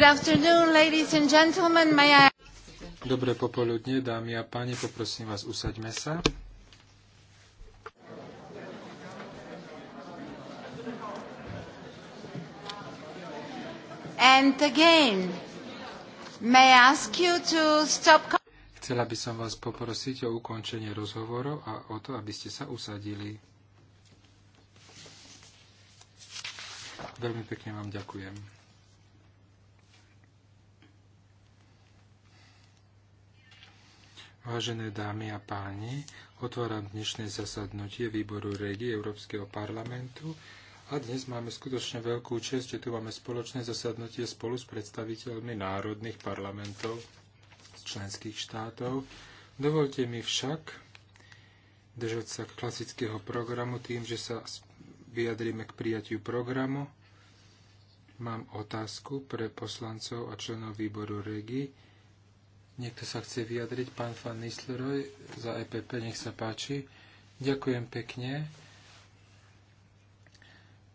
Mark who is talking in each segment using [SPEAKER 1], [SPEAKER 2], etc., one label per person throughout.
[SPEAKER 1] Good afternoon, ladies and gentlemen. May I...
[SPEAKER 2] Dobré popoludne, dámy a páni, poprosím vás, usaďme sa.
[SPEAKER 1] And again, may I ask you to stop...
[SPEAKER 2] Chcela by som vás poprosiť o ukončenie rozhovorov a o to, aby ste sa usadili. Veľmi pekne vám ďakujem. Vážené dámy a páni, otváram dnešné zasadnutie výboru Regi Európskeho parlamentu a dnes máme skutočne veľkú čest, že tu máme spoločné zasadnutie spolu s predstaviteľmi národných parlamentov z členských štátov. Dovolte mi však držať sa k klasického programu tým, že sa vyjadríme k prijatiu programu. Mám otázku pre poslancov a členov výboru REGI Niekto sa chce vyjadriť? Pán Fan Nisleroj za EPP, nech sa páči. Ďakujem pekne.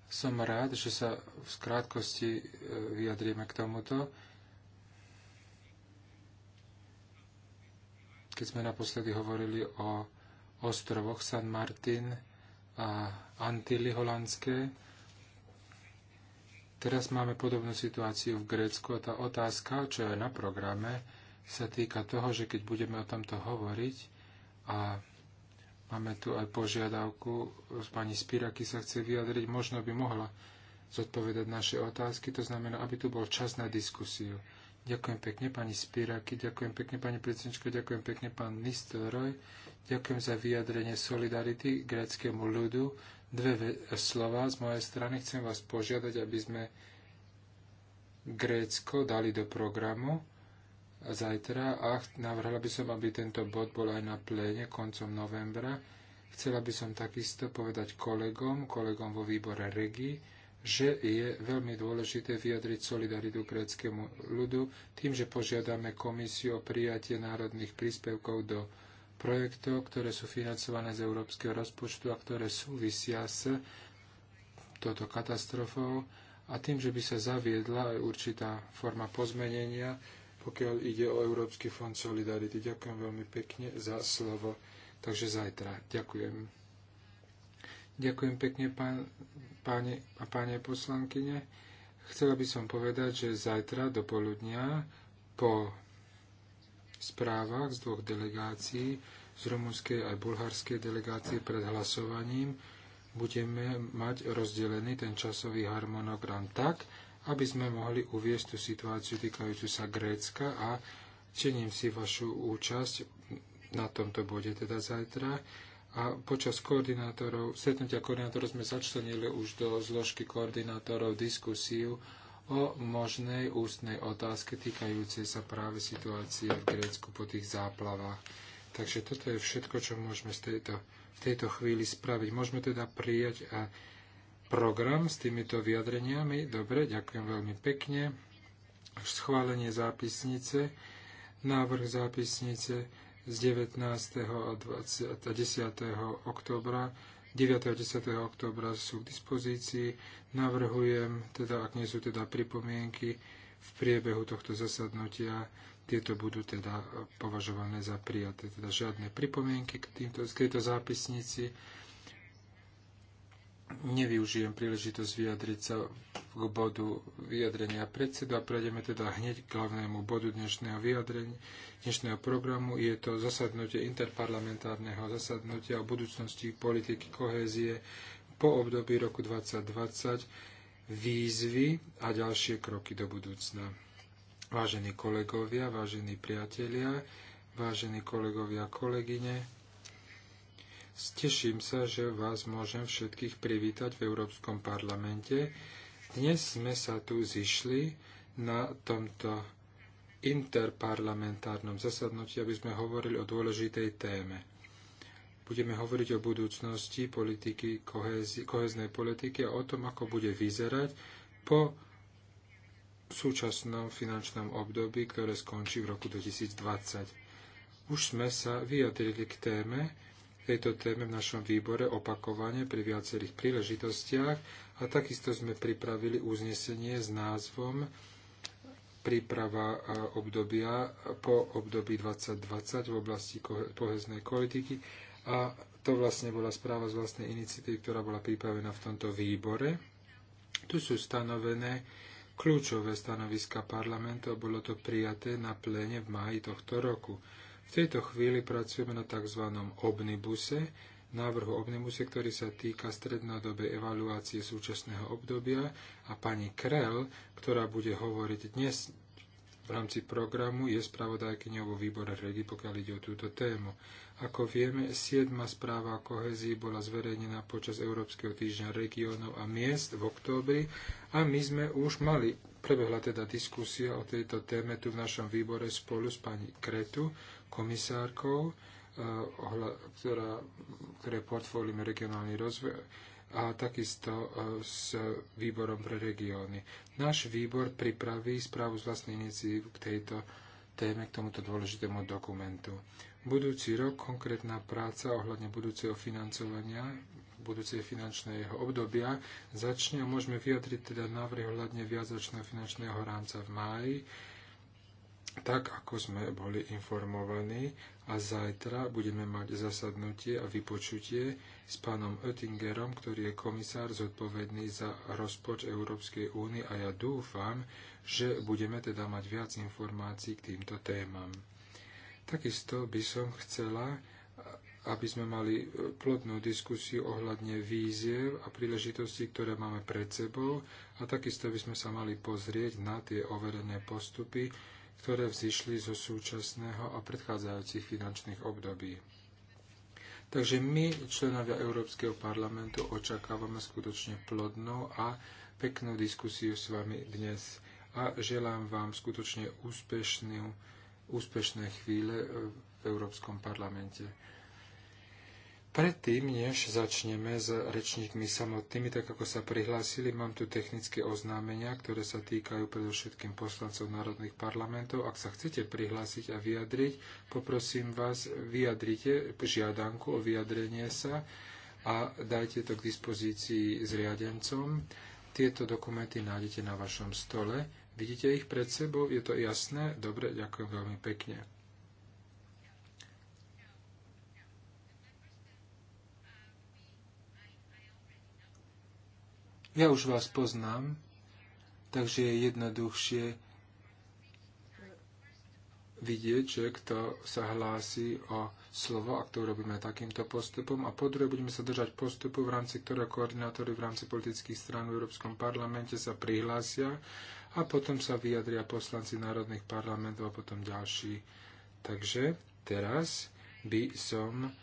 [SPEAKER 2] Som rád, že sa v skrátkosti e, vyjadrieme k tomuto. Keď sme naposledy hovorili o ostrovoch San Martin a Antily holandské, teraz máme podobnú situáciu v Grécku a tá otázka, čo je na programe, sa týka toho, že keď budeme o tomto hovoriť a máme tu aj požiadavku, pani Spiraky sa chce vyjadriť, možno by mohla zodpovedať naše otázky, to znamená, aby tu bol čas na diskusiu. Ďakujem pekne pani Spiraky, ďakujem pekne pani predsednička, ďakujem pekne pán Nistoroj, ďakujem za vyjadrenie solidarity gréckému ľudu. Dve slova z mojej strany chcem vás požiadať, aby sme Grécko dali do programu zajtra a navrhla by som, aby tento bod bol aj na pléne koncom novembra. Chcela by som takisto povedať kolegom, kolegom vo výbore REGI, že je veľmi dôležité vyjadriť solidaritu gréckému ľudu tým, že požiadame komisiu o prijatie národných príspevkov do projektov, ktoré sú financované z európskeho rozpočtu a ktoré súvisia s touto katastrofou a tým, že by sa zaviedla aj určitá forma pozmenenia pokiaľ ide o Európsky fond Solidarity. Ďakujem veľmi pekne za slovo. Takže zajtra. Ďakujem. Ďakujem pekne, pán, páne a páne poslankyne. Chcela by som povedať, že zajtra do poludnia po správach z dvoch delegácií, z rumunskej aj bulharskej delegácie pred hlasovaním, budeme mať rozdelený ten časový harmonogram tak, aby sme mohli uviesť tú situáciu týkajúcu sa Grécka a čením si vašu účasť na tomto bode, teda zajtra. A počas koordinátorov, stretnutia koordinátorov sme začlenili už do zložky koordinátorov diskusiu o možnej ústnej otázke týkajúcej sa práve situácie v Grécku po tých záplavách. Takže toto je všetko, čo môžeme z tejto, v tejto chvíli spraviť. Môžeme teda prijať a program s týmito vyjadreniami. Dobre, ďakujem veľmi pekne. Schválenie zápisnice, návrh zápisnice z 19. a 20, a 10. oktobra 9. a 10. oktobra sú k dispozícii. Navrhujem, teda ak nie sú teda pripomienky, v priebehu tohto zasadnutia tieto budú teda považované za prijaté. Teda žiadne pripomienky k, týmto, k tejto zápisnici nevyužijem príležitosť vyjadriť sa k bodu vyjadrenia predsedu a prejdeme teda hneď k hlavnému bodu dnešného vyjadrenia, dnešného programu. Je to zasadnutie interparlamentárneho zasadnutia o budúcnosti politiky kohézie po období roku 2020, výzvy a ďalšie kroky do budúcna. Vážení kolegovia, vážení priatelia, vážení kolegovia a kolegyne, Teším sa, že vás môžem všetkých privítať v Európskom parlamente. Dnes sme sa tu zišli na tomto interparlamentárnom zasadnutí, aby sme hovorili o dôležitej téme. Budeme hovoriť o budúcnosti politiky, kohézi, koheznej politiky a o tom, ako bude vyzerať po súčasnom finančnom období, ktoré skončí v roku 2020. Už sme sa vyjadrili k téme, tejto téme v našom výbore opakovane pri viacerých príležitostiach a takisto sme pripravili uznesenie s názvom príprava obdobia po období 2020 v oblasti poheznej politiky a to vlastne bola správa z vlastnej iniciatívy, ktorá bola pripravená v tomto výbore. Tu sú stanovené kľúčové stanoviska parlamentu a bolo to prijaté na pléne v máji tohto roku. V tejto chvíli pracujeme na tzv. obnibuse, návrhu obnibuse, ktorý sa týka strednodobej evaluácie súčasného obdobia a pani Krell, ktorá bude hovoriť dnes v rámci programu je spravodajkyňou vo výbore REGI, pokiaľ ide o túto tému. Ako vieme, 7. správa o kohezii bola zverejnená počas Európskeho týždňa regiónov a miest v októbri a my sme už mali Prebehla teda diskusia o tejto téme tu v našom výbore spolu s pani Kretu, komisárkou, eh, ktorá, ktoré portfólium regionálny rozvoj a takisto eh, s výborom pre regióny. Náš výbor pripraví správu z vlastnej iniciatívy k tejto téme, k tomuto dôležitému dokumentu. Budúci rok konkrétna práca ohľadne budúceho financovania budúcej finančného obdobia začne a môžeme vyjadriť teda návrh hľadne viacročného finančného rámca v máji, tak ako sme boli informovaní a zajtra budeme mať zasadnutie a vypočutie s pánom Oettingerom, ktorý je komisár zodpovedný za rozpoč Európskej únie a ja dúfam, že budeme teda mať viac informácií k týmto témam. Takisto by som chcela aby sme mali e, plodnú diskusiu ohľadne víziev a príležitostí, ktoré máme pred sebou a takisto by sme sa mali pozrieť na tie overené postupy, ktoré vzýšli zo súčasného a predchádzajúcich finančných období. Takže my, členovia Európskeho parlamentu, očakávame skutočne plodnú a peknú diskusiu s vami dnes a želám vám skutočne úspešnú, úspešné chvíle e, v Európskom parlamente. Predtým, než začneme s rečníkmi samotnými, tak ako sa prihlásili, mám tu technické oznámenia, ktoré sa týkajú predovšetkým poslancov národných parlamentov. Ak sa chcete prihlásiť a vyjadriť, poprosím vás, vyjadrite žiadanku o vyjadrenie sa a dajte to k dispozícii zriadencom. Tieto dokumenty nájdete na vašom stole. Vidíte ich pred sebou? Je to jasné? Dobre, ďakujem veľmi pekne. Ja už vás poznám, takže je jednoduchšie vidieť, že kto sa hlási o slovo a to robíme takýmto postupom. A po druhé, budeme sa držať postupu, v rámci ktorého koordinátory v rámci politických strán v Európskom parlamente sa prihlásia a potom sa vyjadria poslanci národných parlamentov a potom ďalší. Takže teraz by som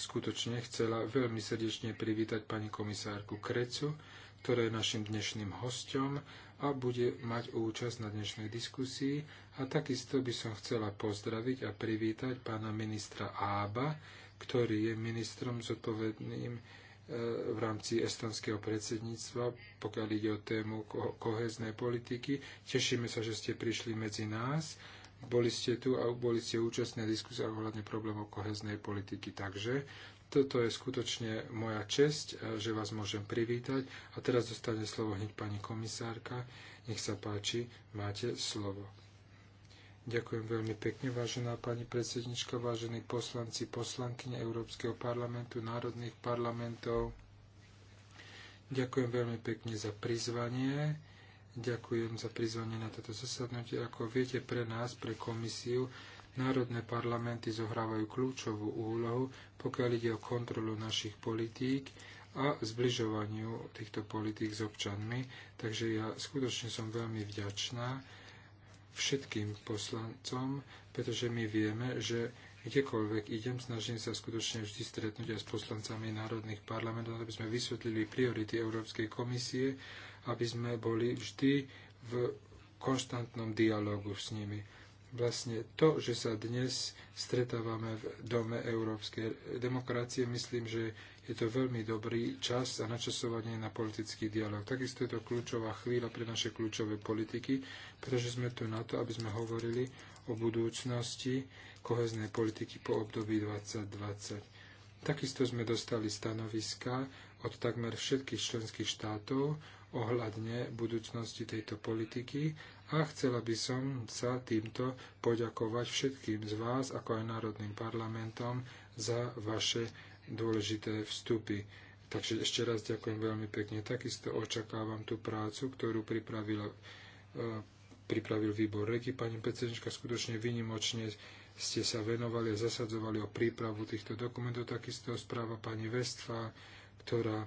[SPEAKER 2] skutočne chcela veľmi srdečne privítať pani komisárku Krecu, ktorá je našim dnešným hostom a bude mať účasť na dnešnej diskusii. A takisto by som chcela pozdraviť a privítať pána ministra Ába, ktorý je ministrom zodpovedným e, v rámci estonského predsedníctva, pokiaľ ide o tému koheznej politiky. Tešíme sa, že ste prišli medzi nás boli ste tu a boli ste účastní na diskusie ohľadne problémov koheznej politiky. Takže toto je skutočne moja česť, e, že vás môžem privítať. A teraz dostane slovo hneď pani komisárka. Nech sa páči, máte slovo. Ďakujem veľmi pekne, vážená pani predsednička, vážení poslanci, poslankyne Európskeho parlamentu, národných parlamentov. Ďakujem veľmi pekne za prizvanie Ďakujem za prizvanie na toto zasadnutie. Ako viete, pre nás, pre komisiu, národné parlamenty zohrávajú kľúčovú úlohu, pokiaľ ide o kontrolu našich politík a zbližovaniu týchto politík s občanmi. Takže ja skutočne som veľmi vďačná všetkým poslancom, pretože my vieme, že kdekoľvek idem, snažím sa skutočne vždy stretnúť aj s poslancami národných parlamentov, aby sme vysvetlili priority Európskej komisie aby sme boli vždy v konštantnom dialogu s nimi. Vlastne to, že sa dnes stretávame v Dome Európskej demokracie, myslím, že je to veľmi dobrý čas a načasovanie na politický dialog. Takisto je to kľúčová chvíľa pre naše kľúčové politiky, pretože sme tu na to, aby sme hovorili o budúcnosti koheznej politiky po období 2020. Takisto sme dostali stanoviska od takmer všetkých členských štátov ohľadne budúcnosti tejto politiky a chcela by som sa týmto poďakovať všetkým z vás, ako aj Národným parlamentom, za vaše dôležité vstupy. Takže ešte raz ďakujem veľmi pekne. Takisto očakávam tú prácu, ktorú pripravil, e, pripravil výbor reky. Pani predsednička, skutočne vynimočne ste sa venovali a zasadzovali o prípravu týchto dokumentov. Takisto správa pani Vestva, ktorá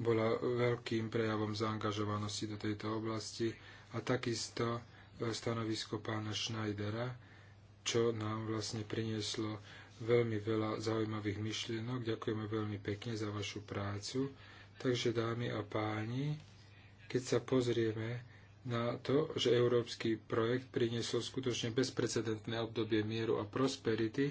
[SPEAKER 2] bola veľkým prejavom zaangažovanosti do tejto oblasti a takisto e, stanovisko pána Schneidera, čo nám vlastne prinieslo veľmi veľa zaujímavých myšlienok. Ďakujeme veľmi pekne za vašu prácu. Takže dámy a páni, keď sa pozrieme na to, že európsky projekt priniesol skutočne bezprecedentné obdobie mieru a prosperity,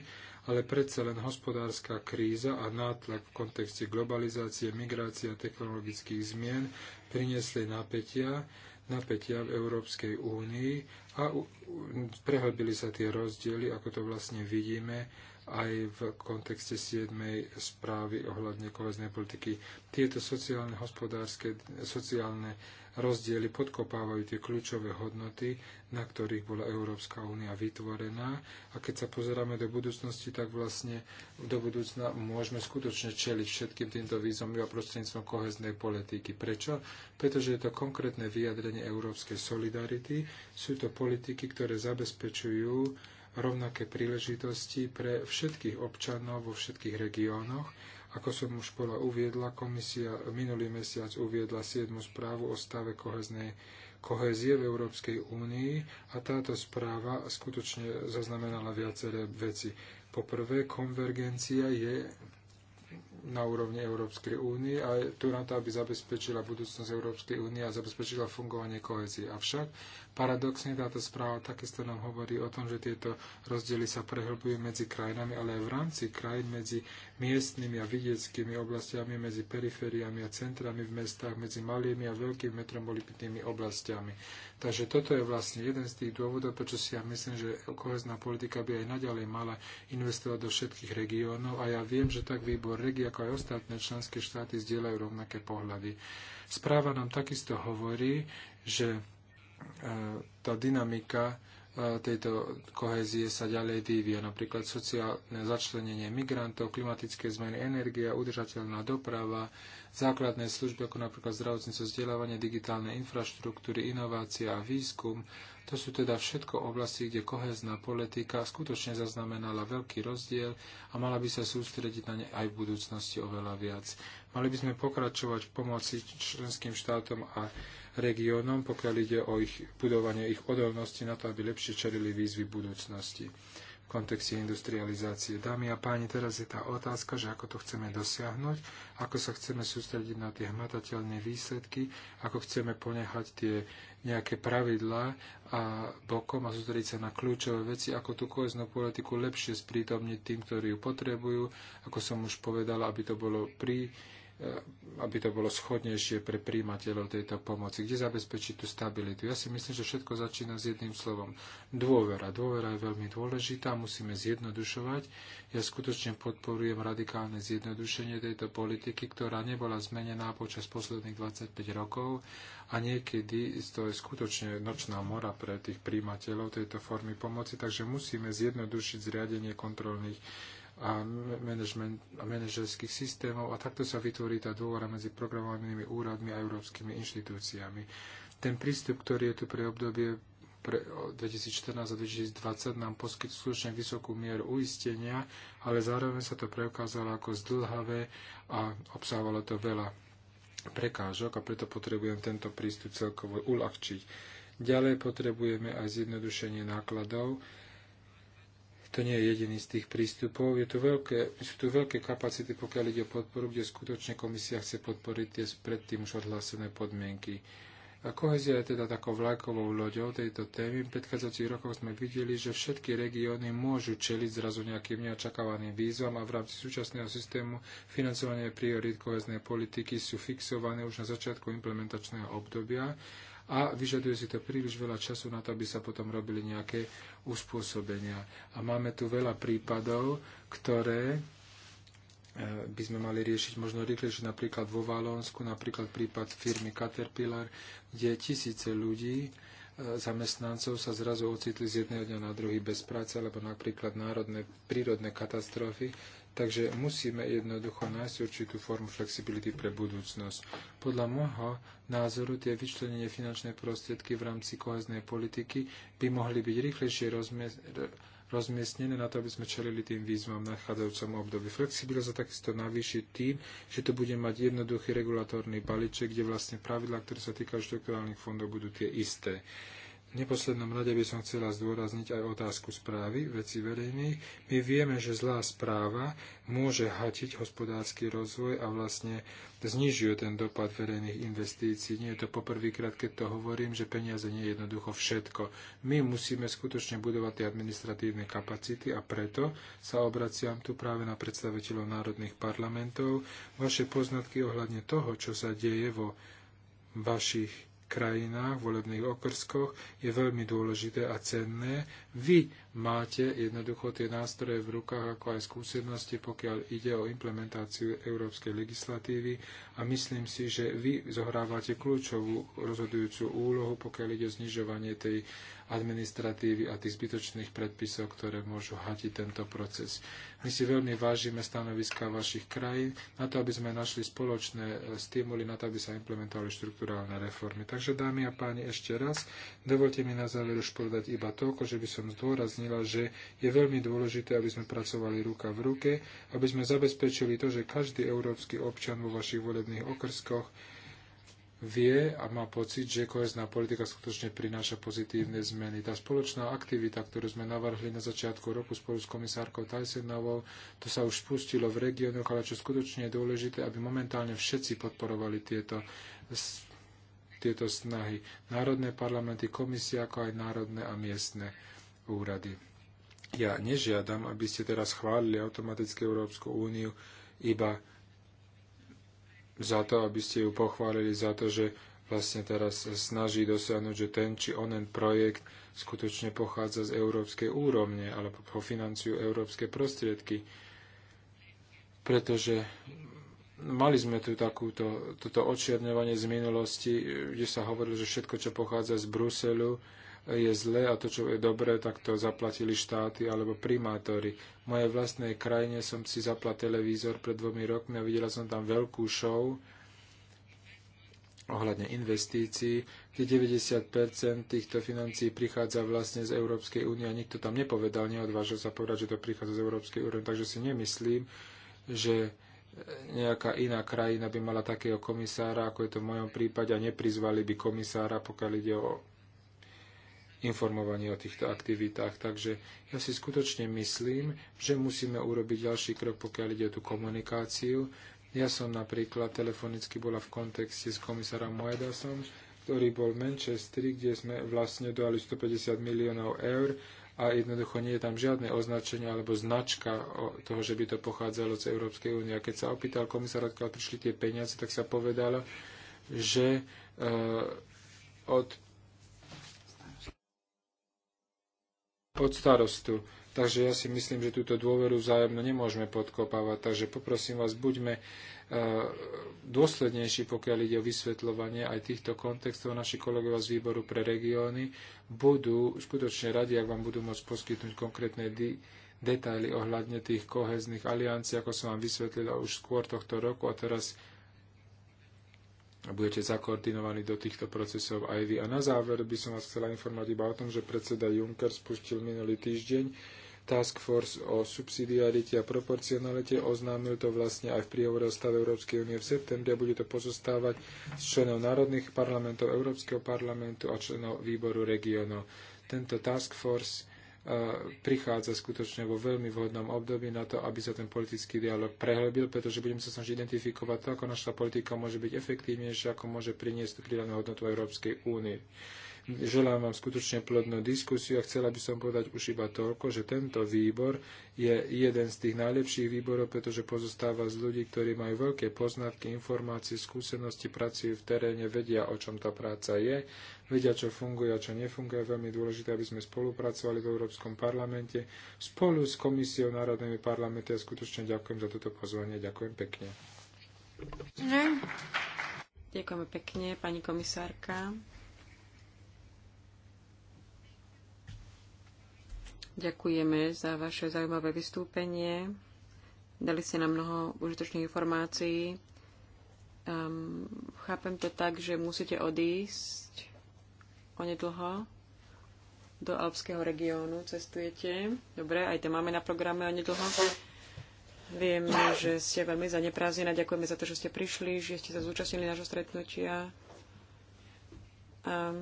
[SPEAKER 2] ale predsa len hospodárska kríza a nátlak v kontexte globalizácie, migrácie a technologických zmien priniesli napätia, napätia v Európskej únii a prehlbili sa tie rozdiely, ako to vlastne vidíme aj v kontexte 7. správy ohľadne koheznej politiky. Tieto sociálne, hospodárske, sociálne rozdiely podkopávajú tie kľúčové hodnoty, na ktorých bola Európska únia vytvorená. A keď sa pozeráme do budúcnosti, tak vlastne do budúcna môžeme skutočne čeliť všetkým týmto výzom a prostredníctvom koheznej politiky. Prečo? Pretože je to konkrétne vyjadrenie európskej solidarity. Sú to politiky, ktoré zabezpečujú rovnaké príležitosti pre všetkých občanov vo všetkých regiónoch ako som už pola uviedla, komisia minulý mesiac uviedla 7. správu o stave koheznej kohézie v Európskej únii a táto správa skutočne zaznamenala viaceré veci. Poprvé, konvergencia je na úrovni Európskej únie a je tu na to, aby zabezpečila budúcnosť Európskej únie a zabezpečila fungovanie kohezie. Avšak Paradoxne táto správa takisto nám hovorí o tom, že tieto rozdiely sa prehlbujú medzi krajinami, ale aj v rámci krajín medzi miestnymi a vidieckými oblastiami, medzi perifériami a centrami v mestách, medzi malými a veľkými metropolitnými oblastiami. Takže toto je vlastne jeden z tých dôvodov, prečo si ja myslím, že kohezná politika by aj naďalej mala investovať do všetkých regiónov a ja viem, že tak výbor regi, ako aj ostatné členské štáty zdieľajú rovnaké pohľady. Správa nám takisto hovorí, že E, tá dynamika e, tejto kohezie sa ďalej vyvíja. Napríklad sociálne začlenenie migrantov, klimatické zmeny, energia, udržateľná doprava, základné služby ako napríklad zdravotníctvo, vzdelávanie, digitálne infraštruktúry, inovácia a výskum. To sú teda všetko oblasti, kde kohezná politika skutočne zaznamenala veľký rozdiel a mala by sa sústrediť na ne aj v budúcnosti oveľa viac. Mali by sme pokračovať v pomoci členským štátom a regiónom, pokiaľ ide o ich budovanie ich odolnosti na to, aby lepšie čelili výzvy budúcnosti v kontexte industrializácie. Dámy a páni, teraz je tá otázka, že ako to chceme dosiahnuť, ako sa chceme sústrediť na tie hmatateľné výsledky, ako chceme ponehať tie nejaké pravidlá a bokom a sústrediť sa na kľúčové veci, ako tú koheznú politiku lepšie sprítomniť tým, ktorí ju potrebujú, ako som už povedala, aby to bolo pri Eh, aby to bolo schodnejšie pre príjimateľov tejto pomoci, kde zabezpečiť tú stabilitu. Ja si myslím, že všetko začína s jedným slovom. Dôvera. Dôvera je veľmi dôležitá, musíme zjednodušovať. Ja skutočne podporujem radikálne zjednodušenie tejto politiky, ktorá nebola zmenená počas posledných 25 rokov a niekedy to je skutočne nočná mora pre tých príjimateľov tejto formy pomoci, takže musíme zjednodušiť zriadenie kontrolných a, a manažerských systémov a takto sa vytvorí tá dôvora medzi programovanými úradmi a európskymi inštitúciami. Ten prístup, ktorý je tu pre obdobie pre 2014 a 2020 nám poskytol slušne vysokú mieru uistenia, ale zároveň sa to preukázalo ako zdlhavé a obsávalo to veľa prekážok a preto potrebujem tento prístup celkovo uľahčiť. Ďalej potrebujeme aj zjednodušenie nákladov, to nie je jediný z tých prístupov. Je tu veľké, sú tu veľké kapacity, pokiaľ ide o podporu, kde skutočne komisia chce podporiť tie predtým už odhlásené podmienky. A kohezia je teda takou vlajkovou loďou tejto témy. V predchádzajúcich rokoch sme videli, že všetky regióny môžu čeliť zrazu nejakým neočakávaným výzvam a v rámci súčasného systému financovanie priorít koheznej politiky sú fixované už na začiatku implementačného obdobia a vyžaduje si to príliš veľa času na to, aby sa potom robili nejaké uspôsobenia. A máme tu veľa prípadov, ktoré e, by sme mali riešiť možno rýchlejšie, napríklad vo Valonsku, napríklad prípad firmy Caterpillar, kde tisíce ľudí, e, zamestnancov sa zrazu ocitli z jedného dňa na druhý bez práce, alebo napríklad národné prírodné katastrofy, Takže musíme jednoducho nájsť určitú formu flexibility pre budúcnosť. Podľa môjho názoru tie vyčlenenie finančné prostriedky v rámci koheznej politiky by mohli byť rýchlejšie rozmiestnené na to, aby sme čelili tým výzvam v nadchádzajúcom období. Flexibilita sa takisto navýši tým, že to bude mať jednoduchý regulatórny balíček, kde vlastne pravidlá, ktoré sa týkajú štrukturálnych fondov, budú tie isté. V neposlednom rade by som chcela zdôrazniť aj otázku správy veci verejných. My vieme, že zlá správa môže hatiť hospodársky rozvoj a vlastne znižuje ten dopad verejných investícií. Nie je to poprvýkrát, keď to hovorím, že peniaze nie je jednoducho všetko. My musíme skutočne budovať tie administratívne kapacity a preto sa obraciam tu práve na predstaviteľov národných parlamentov. Vaše poznatky ohľadne toho, čo sa deje vo vašich krajinách, volebných okrskoch, je veľmi dôležité a cenné. Vy máte jednoducho tie nástroje v rukách, ako aj skúsenosti, pokiaľ ide o implementáciu európskej legislatívy a myslím si, že vy zohrávate kľúčovú rozhodujúcu úlohu, pokiaľ ide o znižovanie tej administratívy a tých zbytočných predpisov, ktoré môžu hatiť tento proces. My si veľmi vážime stanoviska vašich krajín na to, aby sme našli spoločné e, stimuly, na to, aby sa implementovali štruktúrálne reformy. Takže, dámy a páni, ešte raz, dovolte mi na záver už povedať iba toľko, že by som zdôraznil, zdôraznila, že je veľmi dôležité, aby sme pracovali ruka v ruke, aby sme zabezpečili to, že každý európsky občan vo vašich volebných okrskoch vie a má pocit, že kohezná politika skutočne prináša pozitívne zmeny. Tá spoločná aktivita, ktorú sme navrhli na začiatku roku spolu s komisárkou Tysonovou, to sa už spustilo v regiónoch, ale čo skutočne je dôležité, aby momentálne všetci podporovali tieto tieto snahy. Národné parlamenty, komisia, ako aj národné a miestne úrady. Ja nežiadam, aby ste teraz chválili automaticky Európsku úniu iba za to, aby ste ju pochválili za to, že vlastne teraz snaží dosiahnuť, že ten či onen projekt skutočne pochádza z európskej úrovne alebo financujú európske prostriedky. Pretože mali sme tu takúto, toto očierňovanie z minulosti, kde sa hovorilo, že všetko, čo pochádza z Bruselu, je zlé a to, čo je dobré, tak to zaplatili štáty alebo primátori. V mojej vlastnej krajine som si zaplatil televízor pred dvomi rokmi a videla som tam veľkú show ohľadne investícií, kde 90% týchto financií prichádza vlastne z Európskej únie a nikto tam nepovedal, neodvážil sa povedať, že to prichádza z Európskej únie, takže si nemyslím, že nejaká iná krajina by mala takého komisára, ako je to v mojom prípade, a neprizvali by komisára, pokiaľ ide o informovaní o týchto aktivitách. Takže ja si skutočne myslím, že musíme urobiť ďalší krok, pokiaľ ide o tú komunikáciu. Ja som napríklad telefonicky bola v kontexte s komisárom Moedasom, ktorý bol v Manchestri, kde sme vlastne dali 150 miliónov eur a jednoducho nie je tam žiadne označenie alebo značka toho, že by to pochádzalo z Európskej únie. A keď sa opýtal komisár, odkiaľ prišli tie peniaze, tak sa povedalo, že e, od od starostu. Takže ja si myslím, že túto dôveru vzájomno nemôžeme podkopávať. Takže poprosím vás, buďme e, dôslednejší, pokiaľ ide o vysvetľovanie aj týchto kontextov. Naši kolegovia z výboru pre regióny budú skutočne radi, ak vám budú môcť poskytnúť konkrétne detaily ohľadne tých kohezných aliancií, ako som vám vysvetlila už skôr tohto roku a teraz a budete zakoordinovaní do týchto procesov aj vy. A na záver by som vás chcela informovať iba o tom, že predseda Juncker spustil minulý týždeň Task Force o subsidiarite a proporcionalite. Oznámil to vlastne aj v príhovore o stave Európskej únie v septembri a bude to pozostávať z členov národných parlamentov, Európskeho parlamentu a členov výboru regionov. Tento Task Force prichádza skutočne vo veľmi vhodnom období na to, aby sa ten politický dialog prehlbil, pretože budeme sa snažiť identifikovať to, ako naša politika môže byť efektívnejšia, ako môže priniesť tú pridanú hodnotu Európskej únie. Želám vám skutočne plodnú diskusiu a chcela by som povedať už iba toľko, že tento výbor je jeden z tých najlepších výborov, pretože pozostáva z ľudí, ktorí majú veľké poznatky, informácie, skúsenosti, pracujú v teréne, vedia, o čom tá práca je vedia, čo funguje a čo nefunguje. veľmi dôležité, aby sme spolupracovali v Európskom parlamente spolu s Komisiou Národnými parlamenty a skutočne ďakujem za toto pozvanie. Ďakujem pekne.
[SPEAKER 3] Ďakujeme pekne, pani komisárka. Ďakujeme za vaše zaujímavé vystúpenie. Dali ste nám mnoho užitočných informácií. Um, chápem to tak, že musíte odísť onedlho do alpského regiónu cestujete. Dobre, aj to máme na programe onedlho. Viem, že ste veľmi zaneprázdnená. Ďakujeme za to, že ste prišli, že ste sa zúčastnili nášho stretnutia. A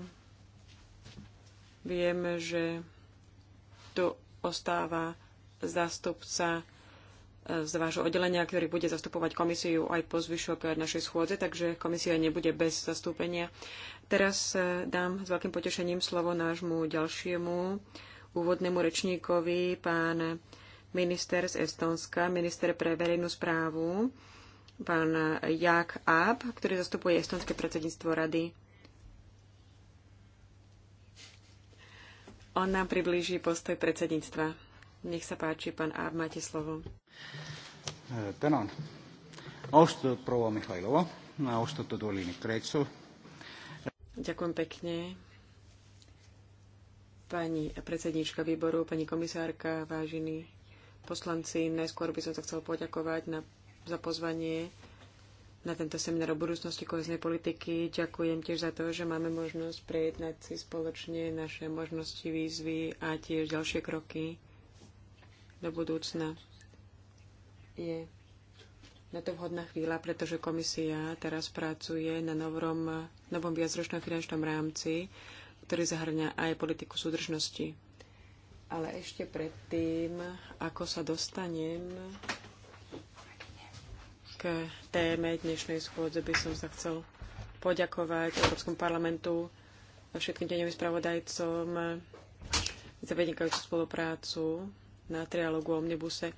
[SPEAKER 3] viem, že tu ostáva zástupca z vášho oddelenia, ktorý bude zastupovať komisiu aj po zvyšok našej schôdze, takže komisia nebude bez zastúpenia. Teraz eh, dám s veľkým potešením slovo nášmu ďalšiemu úvodnému rečníkovi, pán minister z Estonska, minister pre verejnú správu, pán Jak Ab, ktorý zastupuje estonské predsedníctvo rady. On nám priblíži postoj predsedníctva. Nech sa páči, pán Áb, máte slovo.
[SPEAKER 2] Eh, Tänan. Austatud na Mihhailova, austatud volinik Reetsu.
[SPEAKER 3] Ďakujem pekne. Pani predsedníčka výboru, pani komisárka, vážení poslanci, najskôr by som sa chcel poďakovať na, za pozvanie na tento seminár o budúcnosti koheznej politiky. Ďakujem tiež za to, že máme možnosť prejednať si spoločne naše možnosti, výzvy a tiež ďalšie kroky do budúcna. Je na to vhodná chvíľa, pretože komisia teraz pracuje na novom, novom viacročnom finančnom rámci, ktorý zahrňa aj politiku súdržnosti. Ale ešte predtým, ako sa dostanem k téme dnešnej schôdze, by som sa chcel poďakovať Európskom parlamentu a všetkým deňovým spravodajcom za vynikajúcu spoluprácu na trialógu o omnibuse.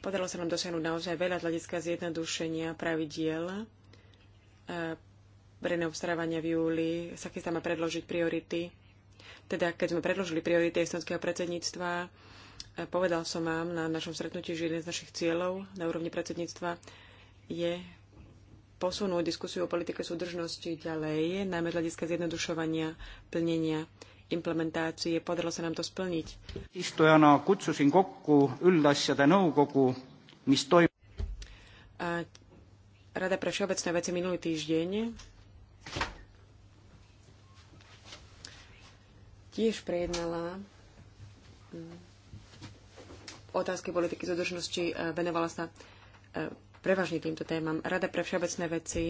[SPEAKER 3] Podarilo sa nám dosiahnuť naozaj veľa hľadiska zjednodušenia pravidiel. E, verejné obstarávania v júli sa chystáme predložiť priority. Teda, keď sme predložili priority estonského predsedníctva, e, povedal som vám na našom stretnutí, že jeden z našich cieľov na úrovni predsedníctva je posunúť diskusiu o politike súdržnosti ďalej, najmä hľadiska zjednodušovania plnenia implementácii, Podarilo sa nám to splniť.
[SPEAKER 4] kutsusin kokku üldasjade nõukogu, mis toim...
[SPEAKER 3] Rada pre všeobecné veci minulý týždeň tiež prejednala mm, otázky politiky zodržnosti, venovala sa e, prevažne týmto témam. Rada pre všeobecné veci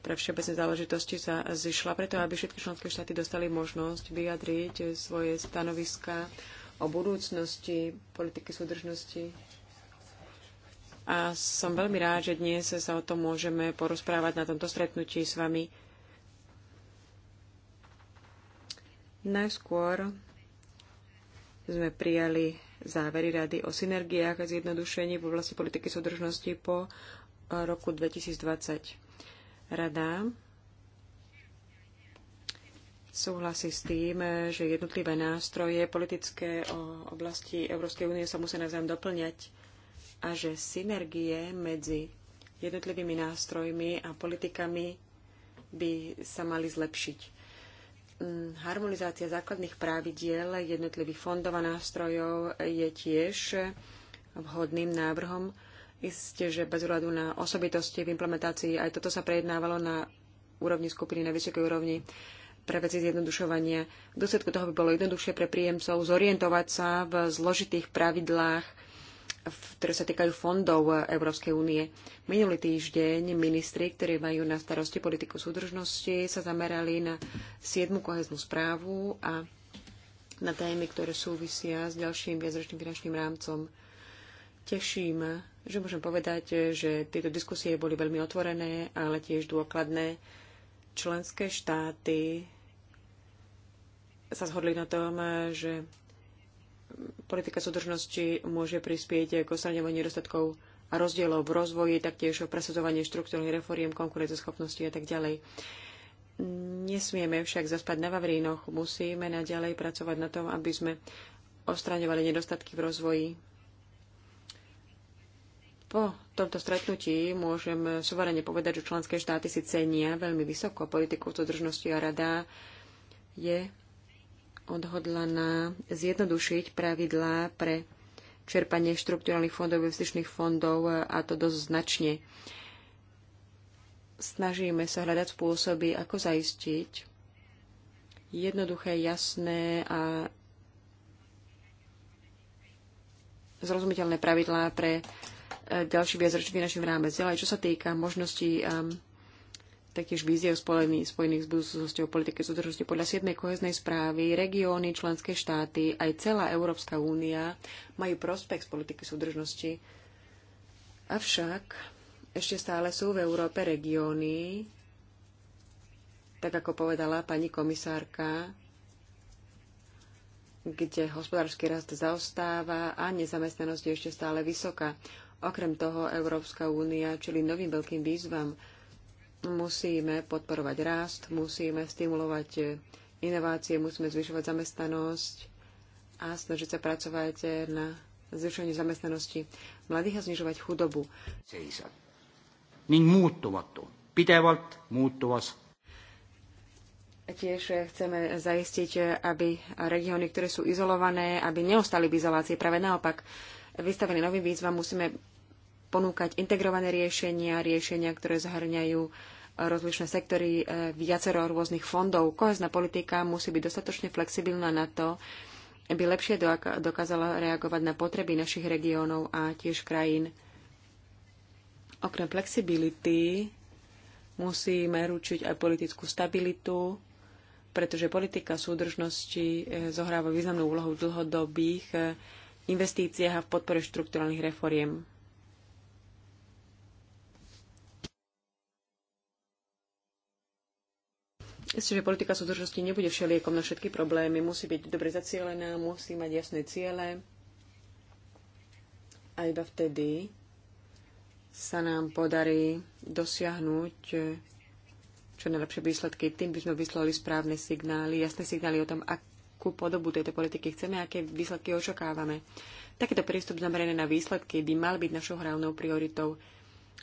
[SPEAKER 3] pre všeobecné záležitosti sa zišla, preto aby všetky členské štáty dostali možnosť vyjadriť svoje stanoviska o budúcnosti politiky súdržnosti. A som veľmi rád, že dnes sa o tom môžeme porozprávať na tomto stretnutí s vami. Najskôr sme prijali závery rady o synergiách a zjednodušení v oblasti politiky súdržnosti po roku 2020. Rada súhlasí s tým, že jednotlivé nástroje politické oblasti Európskej únie sa musia navzájom doplňať a že synergie medzi jednotlivými nástrojmi a politikami by sa mali zlepšiť. Mm, harmonizácia základných právidiel jednotlivých fondov a nástrojov je tiež vhodným návrhom Isté, že bez ohľadu na osobitosti v implementácii, aj toto sa prejednávalo na úrovni skupiny, na vysokej úrovni pre veci zjednodušovania. V dôsledku toho by bolo jednoduchšie pre príjemcov zorientovať sa v zložitých pravidlách, ktoré sa týkajú fondov Európskej únie. Minulý týždeň ministri, ktorí majú na starosti politiku súdržnosti, sa zamerali na 7. koheznú správu a na témy, ktoré súvisia s ďalším viacročným finančným rámcom. Teším že môžem povedať, že tieto diskusie boli veľmi otvorené, ale tiež dôkladné. Členské štáty sa zhodli na tom, že politika súdržnosti môže prispieť k odstraňovaniu nedostatkov a rozdielov v rozvoji, taktiež o presadzovanie štruktúrnych reforiem, konkurenceschopnosti a tak ďalej. Nesmieme však zaspať na Vavrínoch, musíme naďalej pracovať na tom, aby sme ostraňovali nedostatky v rozvoji po tomto stretnutí môžem suverene povedať, že členské štáty si cenia veľmi vysoko politiku súdržnosti a rada je odhodlaná zjednodušiť pravidlá pre čerpanie štruktúrnych fondov, a investičných fondov a to dosť značne. Snažíme sa hľadať spôsoby, ako zaistiť jednoduché, jasné a zrozumiteľné pravidlá pre E, ďalší viacročný finančný rámec. aj čo sa týka možností um, taktiež víziev spojených, spojených s budúcnosťou politiky súdržnosti. Podľa 7. koheznej správy regióny, členské štáty, aj celá Európska únia majú prospekt z politiky súdržnosti. Avšak ešte stále sú v Európe regióny, tak ako povedala pani komisárka, kde hospodársky rast zaostáva a nezamestnanosť je ešte stále vysoká. Okrem toho Európska únia čili novým veľkým výzvam. Musíme podporovať rast, musíme stimulovať inovácie, musíme zvyšovať zamestnanosť a snažiť sa pracovať na zvyšovaní zamestnanosti mladých a znižovať chudobu. Tiež chceme zaistiť, aby regióny, ktoré sú izolované, aby neostali v izolácii. Práve naopak, vystavení novým výzvam musíme ponúkať integrované riešenia, riešenia, ktoré zahrňajú e, rozličné sektory, e, viacero rôznych fondov. Kohezná politika musí byť dostatočne flexibilná na to, aby lepšie dokázala reagovať na potreby našich regiónov a tiež krajín. Okrem flexibility musíme ručiť aj politickú stabilitu, pretože politika súdržnosti e, zohráva významnú úlohu v dlhodobých investíciách a v podpore štrukturálnych reforiem. Isté, že politika súdržnosti nebude všeliekom na všetky problémy. Musí byť dobre zacielená, musí mať jasné ciele. A iba vtedy sa nám podarí dosiahnuť čo najlepšie výsledky. Tým by sme vyslali správne signály, jasné signály o tom, akú podobu tejto politiky chceme, aké výsledky očakávame. Takýto prístup zameraný na výsledky by mal byť našou hlavnou prioritou.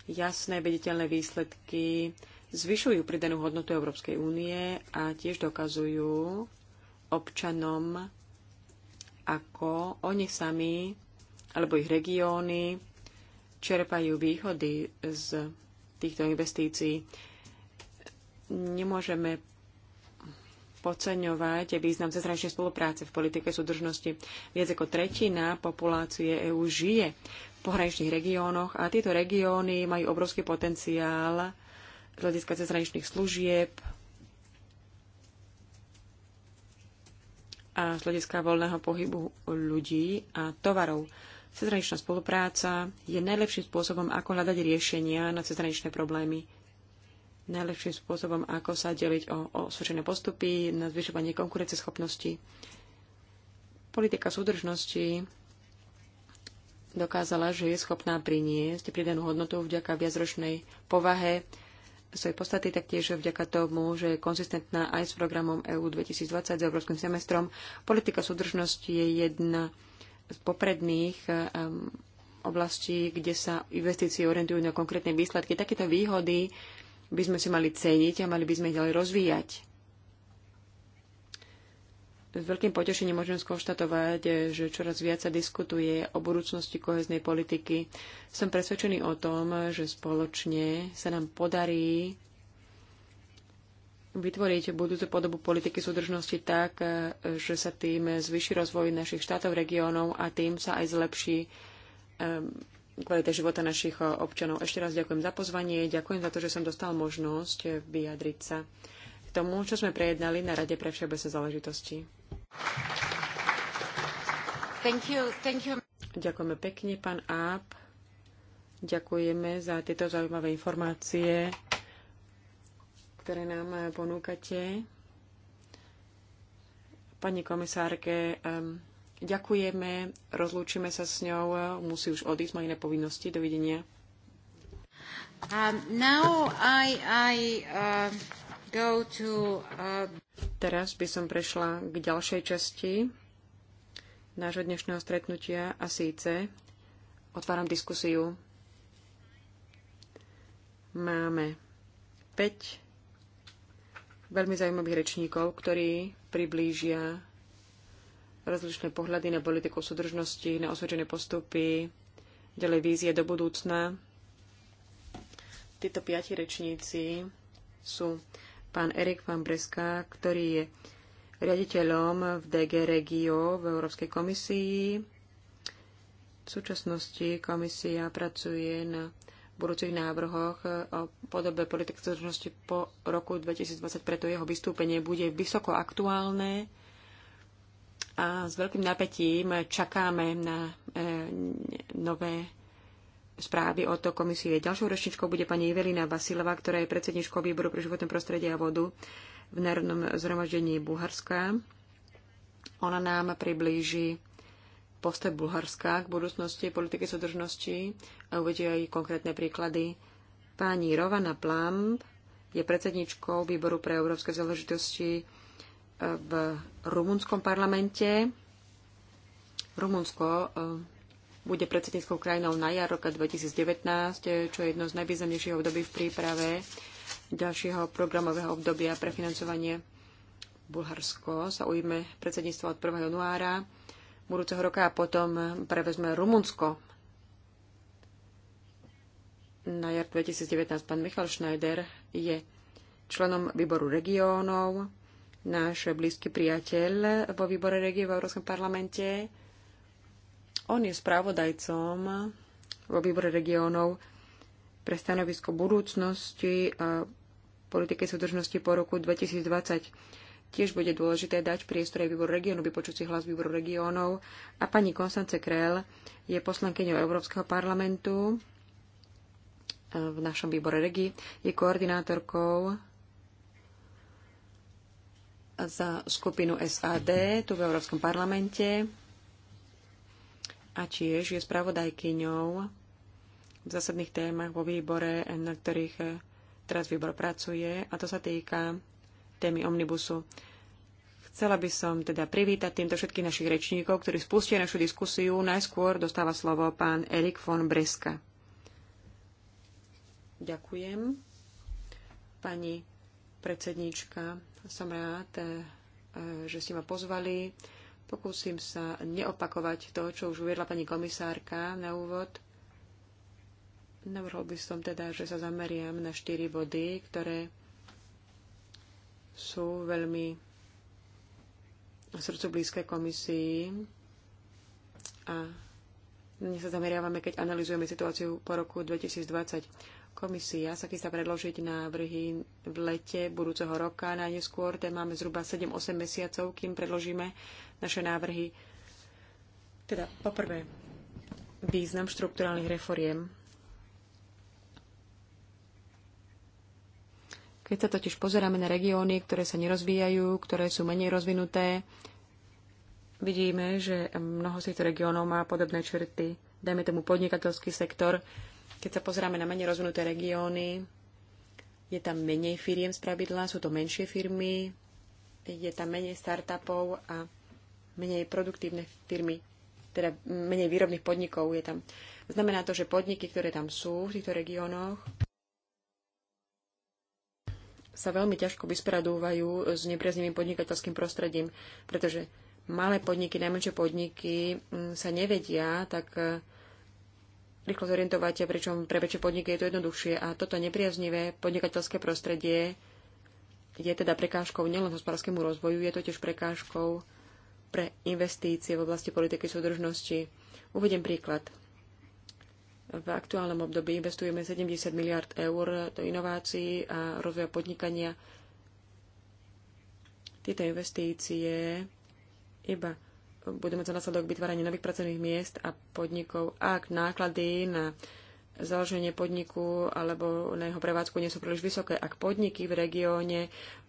[SPEAKER 3] Jasné, viditeľné výsledky, zvyšujú pridanú hodnotu Európskej únie a tiež dokazujú občanom, ako oni sami alebo ich regióny čerpajú výhody z týchto investícií. Nemôžeme podceňovať význam cezhraničnej spolupráce v politike súdržnosti. Viac ako tretina populácie EÚ žije v pohraničných regiónoch a tieto regióny majú obrovský potenciál z hľadiska cezhraničných služieb a z hľadiska voľného pohybu ľudí a tovarov. Cezhraničná spolupráca je najlepším spôsobom, ako hľadať riešenia na cezhraničné problémy. Najlepším spôsobom, ako sa deliť o osvedčené postupy na zvyšovanie konkurenceschopnosti. Politika súdržnosti dokázala, že je schopná priniesť pridanú hodnotu vďaka viacročnej povahe svojej podstaty, taktiež vďaka tomu, že je konzistentná aj s programom EU 2020 s európskym semestrom. Politika súdržnosti je jedna z popredných um, oblastí, kde sa investície orientujú na konkrétne výsledky. Takéto výhody by sme si mali ceniť a mali by sme ich ďalej rozvíjať. S veľkým potešením môžem skonštatovať, že čoraz viac sa diskutuje o budúcnosti koheznej politiky. Som presvedčený o tom, že spoločne sa nám podarí vytvoriť budúcu podobu politiky súdržnosti tak, že sa tým zvýši rozvoj našich štátov, regiónov a tým sa aj zlepší kvalita života našich občanov. Ešte raz ďakujem za pozvanie, ďakujem za to, že som dostal možnosť vyjadriť sa k tomu, čo sme prejednali na Rade pre všeobecné záležitosti.
[SPEAKER 1] Thank you, thank you.
[SPEAKER 3] Ďakujeme pekne, pán Áb. Ďakujeme za tieto zaujímavé informácie, ktoré nám eh, ponúkate. Pani komisárke, ehm, ďakujeme, rozlúčime sa s ňou, eh, musí už odísť, má iné povinnosti. Dovidenia. Um, now I, I, uh go to, uh... Teraz by som prešla k ďalšej časti nášho dnešného stretnutia a síce otváram diskusiu. Máme 5 veľmi zaujímavých rečníkov, ktorí priblížia rozličné pohľady na politiku súdržnosti, na osvedčené postupy, ďalej vízie do budúcna. Títo piati rečníci sú pán Erik van Breska, ktorý je riaditeľom v DG Regio v Európskej komisii. V súčasnosti komisia pracuje na budúcich návrhoch o podobe politické súdržnosti po roku 2020, preto jeho vystúpenie bude vysoko aktuálne a s veľkým napätím čakáme na e, nové správy od komisie. Ďalšou rečničkou bude pani Evelina Vasilová, ktorá je predsedničkou výboru pre životné prostredie a vodu v Národnom zhromaždení Bulharska. Ona nám priblíži postoj Bulharska k budúcnosti politiky súdržnosti a uvedie aj konkrétne príklady. Pani Rovana Plamp je predsedničkou výboru pre európske záležitosti eh, v rumunskom parlamente. Rumunsko eh, bude predsedníckou krajinou na jar roka 2019, čo je jedno z najvýznamnejších období v príprave ďalšieho programového obdobia pre financovanie. Bulharsko sa ujme predsedníctvo od 1. januára budúceho roka a potom prevezme Rumunsko na jar 2019. Pán Michal Schneider je členom výboru regiónov, náš blízky priateľ vo výbore regiónov v Európskom parlamente on je správodajcom vo výbore regiónov pre stanovisko budúcnosti a politike súdržnosti po roku 2020. Tiež bude dôležité dať priestor aj výboru regiónu, vypočuť si hlas výboru regiónov. A pani Konstance Krell je poslankyňou Európskeho parlamentu e, v našom výbore regi. Je koordinátorkou za skupinu SAD tu v Európskom parlamente a tiež je spravodajkyňou v zásadných témach vo výbore, na ktorých eh, teraz výbor pracuje a to sa týka témy omnibusu. Chcela by som teda privítať týmto všetkých našich rečníkov, ktorí spustia našu diskusiu. Najskôr dostáva slovo pán Erik von Breska. Ďakujem. Pani predsedníčka, som rád, eh, že ste ma pozvali. Pokúsim sa neopakovať to, čo už uviedla pani komisárka na úvod. Navrhol by som teda, že sa zameriam na štyri body, ktoré sú veľmi srdcu blízke komisii a dnes sa zameriavame, keď analizujeme situáciu po roku 2020. Komisia sa chystá predložiť návrhy v lete budúceho roka. Najneskôr ten máme zhruba 7-8 mesiacov, kým predložíme naše návrhy. Teda poprvé, význam štrukturálnych reforiem. Keď sa totiž pozeráme na regióny, ktoré sa nerozvíjajú, ktoré sú menej rozvinuté, vidíme, že mnoho z týchto regiónov má podobné črty. Dajme tomu podnikateľský sektor, keď sa pozeráme na menej rozvinuté regióny, je tam menej firiem z pravidla, sú to menšie firmy, je tam menej startupov a menej produktívne firmy, teda menej výrobných podnikov je tam. Znamená to, že podniky, ktoré tam sú v týchto regiónoch, sa veľmi ťažko vysporadúvajú s nepriaznivým podnikateľským prostredím, pretože malé podniky, najmenšie podniky mm, sa nevedia tak rýchlo zorientovať, pričom pre väčšie podniky je to jednoduchšie a toto nepriaznivé podnikateľské prostredie je teda prekážkou nielen hospodárskému rozvoju, je to tiež prekážkou pre investície v oblasti politiky súdržnosti. Uvediem príklad. V aktuálnom období investujeme 70 miliard eur do inovácií a rozvoja podnikania. Tieto investície iba bude mať za následok vytváranie nových pracovných miest a podnikov, ak náklady na založenie podniku alebo na jeho prevádzku nie sú príliš vysoké, ak podniky v regióne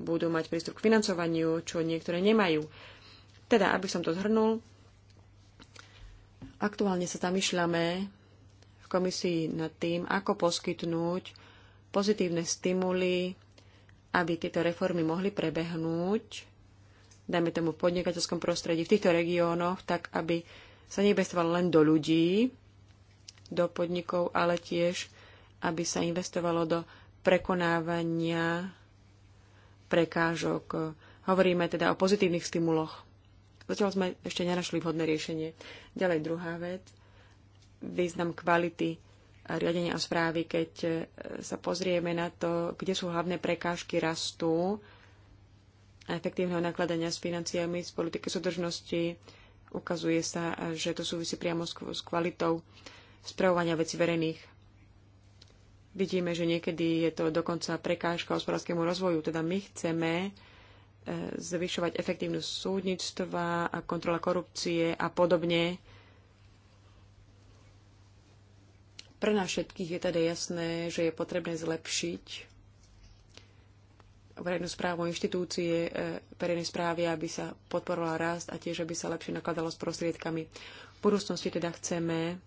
[SPEAKER 3] budú mať prístup k financovaniu, čo niektoré nemajú. Teda, aby som to zhrnul, aktuálne sa zamýšľame v komisii nad tým, ako poskytnúť pozitívne stimuly, aby tieto reformy mohli prebehnúť dajme tomu v podnikateľskom prostredí, v týchto regiónoch, tak aby sa neinvestovalo len do ľudí, do podnikov, ale tiež, aby sa investovalo do prekonávania prekážok. Hovoríme teda o pozitívnych stimuloch. Zatiaľ sme ešte nenašli vhodné riešenie. Ďalej druhá vec, význam kvality riadenia a správy, keď sa pozrieme na to, kde sú hlavné prekážky rastu a efektívneho nakladania s financiami z politiky súdržnosti. Ukazuje sa, že to súvisí priamo s kvalitou spravovania veci verejných. Vidíme, že niekedy je to dokonca prekážka hospodárskému rozvoju, teda my chceme e, zvyšovať efektívnosť súdnictva a kontrola korupcie a podobne. Pre nás všetkých je teda jasné, že je potrebné zlepšiť verejnú správu, inštitúcie e, verejnej správy, aby sa podporoval rast a tiež, aby sa lepšie nakladalo s prostriedkami. V budúcnosti teda chceme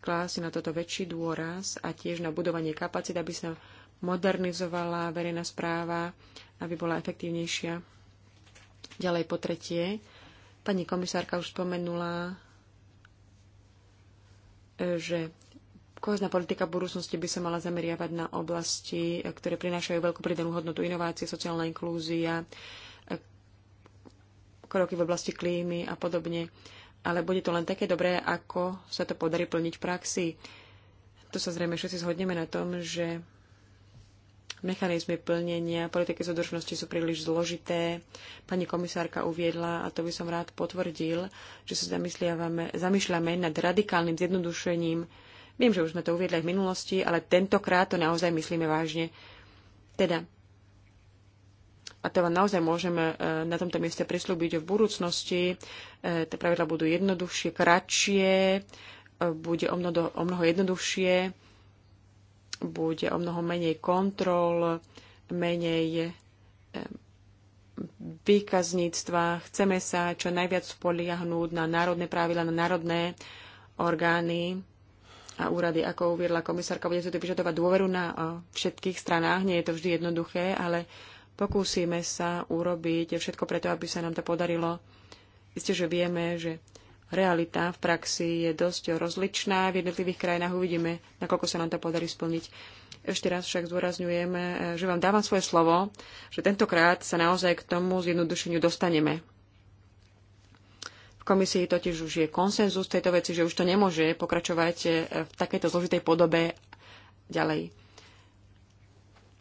[SPEAKER 3] klásť na toto väčší dôraz a tiež na budovanie kapacít, aby sa modernizovala verejná správa, aby bola efektívnejšia. Ďalej po tretie, pani komisárka už spomenula, e, že Kohezná politika v budúcnosti by sa mala zameriavať na oblasti, e, ktoré prinášajú veľkú pridanú hodnotu inovácie, sociálna inklúzia, e, kroky v oblasti klímy a podobne. Ale bude to len také dobré, ako sa to podarí plniť v praxi. To sa zrejme všetci zhodneme na tom, že mechanizmy plnenia politiky súdržnosti sú príliš zložité. Pani komisárka uviedla, a to by som rád potvrdil, že sa zamýšľame nad radikálnym zjednodušením Viem, že už sme to uviedli aj v minulosti, ale tentokrát to naozaj myslíme vážne. Teda, a to vám naozaj môžeme e, na tomto mieste prislúbiť v budúcnosti, e, tie pravidla budú jednoduchšie, kratšie, e, bude o mnoho, o mnoho jednoduchšie, bude o mnoho menej kontrol, menej výkazníctva. Chceme sa čo najviac spoliahnúť na národné pravidla, na národné orgány a úrady. Ako uviedla komisárka, bude si to vyžadovať dôveru na eh, všetkých stranách. Nie je to vždy jednoduché, ale pokúsime sa urobiť všetko preto, aby sa nám to podarilo. Isté, že vieme, že realita v praxi je dosť rozličná. V jednotlivých krajinách uvidíme, nakoľko sa nám to podarí splniť. Ešte raz však zdôrazňujem, eh, že vám dávam svoje slovo, že tentokrát sa naozaj k tomu zjednodušeniu dostaneme. V komisii totiž už je konsenzus tejto veci, že už to nemôže pokračovať e, v takejto zložitej podobe ďalej.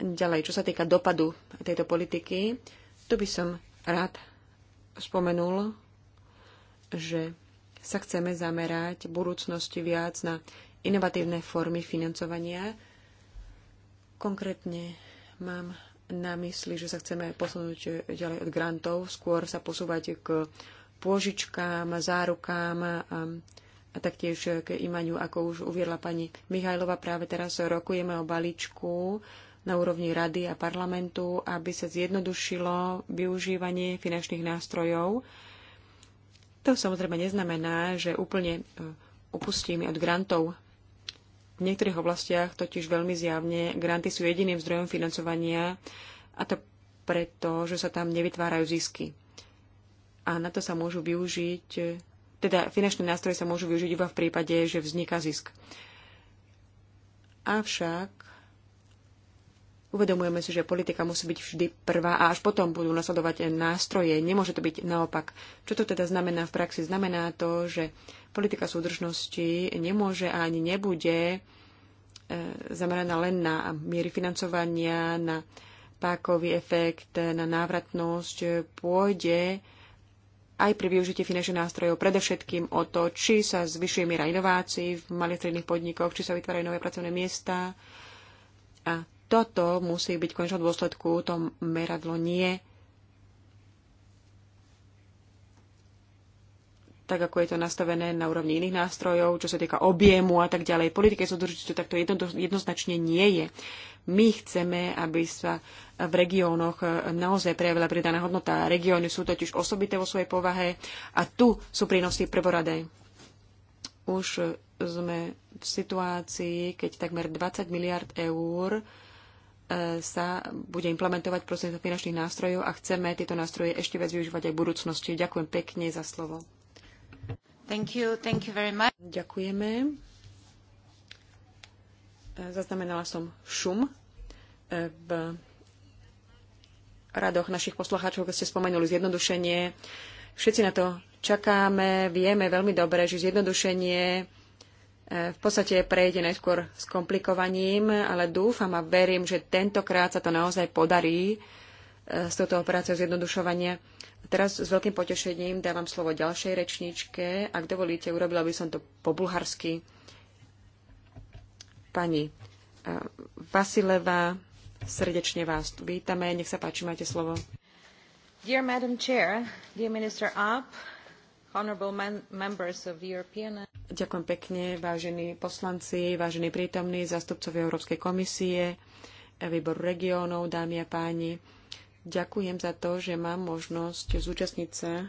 [SPEAKER 3] Ďalej, čo sa týka dopadu tejto politiky, tu by som rád spomenul, že sa chceme zamerať v budúcnosti viac na inovatívne formy financovania. Konkrétne mám na mysli, že sa chceme posunúť ďalej od grantov, skôr sa posúvať k pôžičkám, zárukám a, a taktiež k imaniu, ako už uviedla pani Mihajlova. Práve teraz rokujeme o balíčku na úrovni rady a parlamentu, aby sa zjednodušilo využívanie finančných nástrojov. To samozrejme neznamená, že úplne upustíme e, od grantov. V niektorých oblastiach totiž veľmi zjavne granty sú jediným zdrojom financovania a to preto, že sa tam nevytvárajú zisky a na to sa môžu využiť, teda finančné nástroje sa môžu využiť iba v prípade, že vzniká zisk. Avšak uvedomujeme si, že politika musí byť vždy prvá a až potom budú nasledovať nástroje. Nemôže to byť naopak. Čo to teda znamená v praxi? Znamená to, že politika súdržnosti nemôže a ani nebude e, zameraná len na miery financovania, na pákový efekt, na návratnosť, pôjde aj pri využití finančných nástrojov, predovšetkým o to, či sa zvyšuje miera inovácií v malých stredných podnikoch, či sa vytvárajú nové pracovné miesta. A toto musí byť v konečnom dôsledku to meradlo nie tak ako je to nastavené na úrovni iných nástrojov, čo sa týka objemu a tak ďalej. Politike súdržnosti takto jedno, jednoznačne nie je. My chceme, aby sa v regiónoch naozaj prejavila pridaná hodnota. Regióny sú totiž osobité vo svojej povahe a tu sú prínosy prvoradé. Už sme v situácii, keď takmer 20 miliard eur e, sa bude implementovať prostredníctvom finančných nástrojov a chceme tieto nástroje ešte viac využívať aj v budúcnosti. Ďakujem pekne za slovo. Ďakujeme. E, zaznamenala som šum e, v radoch našich poslucháčov, keď ste spomenuli zjednodušenie. Všetci na to čakáme, vieme veľmi dobre, že zjednodušenie e, v podstate prejde najskôr s komplikovaním, ale dúfam a verím, že tentokrát sa to naozaj podarí s touto operáciou zjednodušovania. Teraz s veľkým potešením dávam slovo ďalšej rečníčke. Ak dovolíte, urobila by som to po bulharsky. Pani eh, Vasileva, srdečne vás vítame. Nech sa páči, máte slovo.
[SPEAKER 1] Dear Madam Chair, dear Minister Up, honorable members of the European...
[SPEAKER 3] Ďakujem pekne, vážení poslanci, vážení prítomní, zastupcovi Európskej komisie, eh, výboru regiónov, dámy a páni. Ďakujem za to, že mám možnosť zúčastniť sa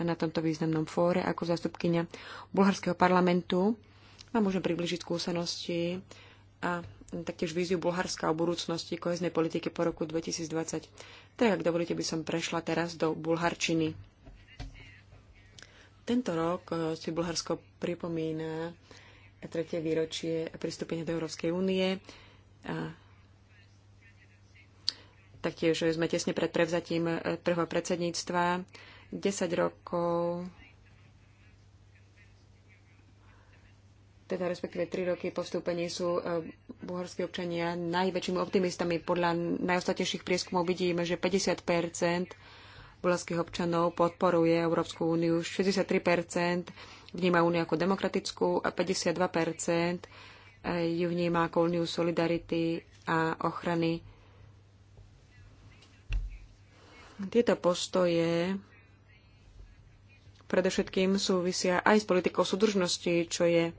[SPEAKER 3] na tomto významnom fóre ako zástupkynia bulharského parlamentu a môžem približiť skúsenosti a taktiež víziu Bulharska o budúcnosti koheznej politiky po roku 2020. Tak, ak dovolíte, by som prešla teraz do bulharčiny. Tento rok eh, si Bulharsko pripomína tretie výročie pristúpenia do Európskej únie. A Taktiež sme tesne pred prevzatím prvého eh, predsedníctva. 10 rokov, teda respektíve 3 roky po vstúpení sú eh, buhorskí občania najväčšími optimistami. Podľa najostatnejších prieskumov vidíme, že 50 buhorských občanov podporuje Európsku úniu, 63% vníma úniu ako demokratickú a 52% eh, ju vníma ako úniu solidarity a ochrany Tieto postoje predovšetkým súvisia aj s politikou súdržnosti, čo je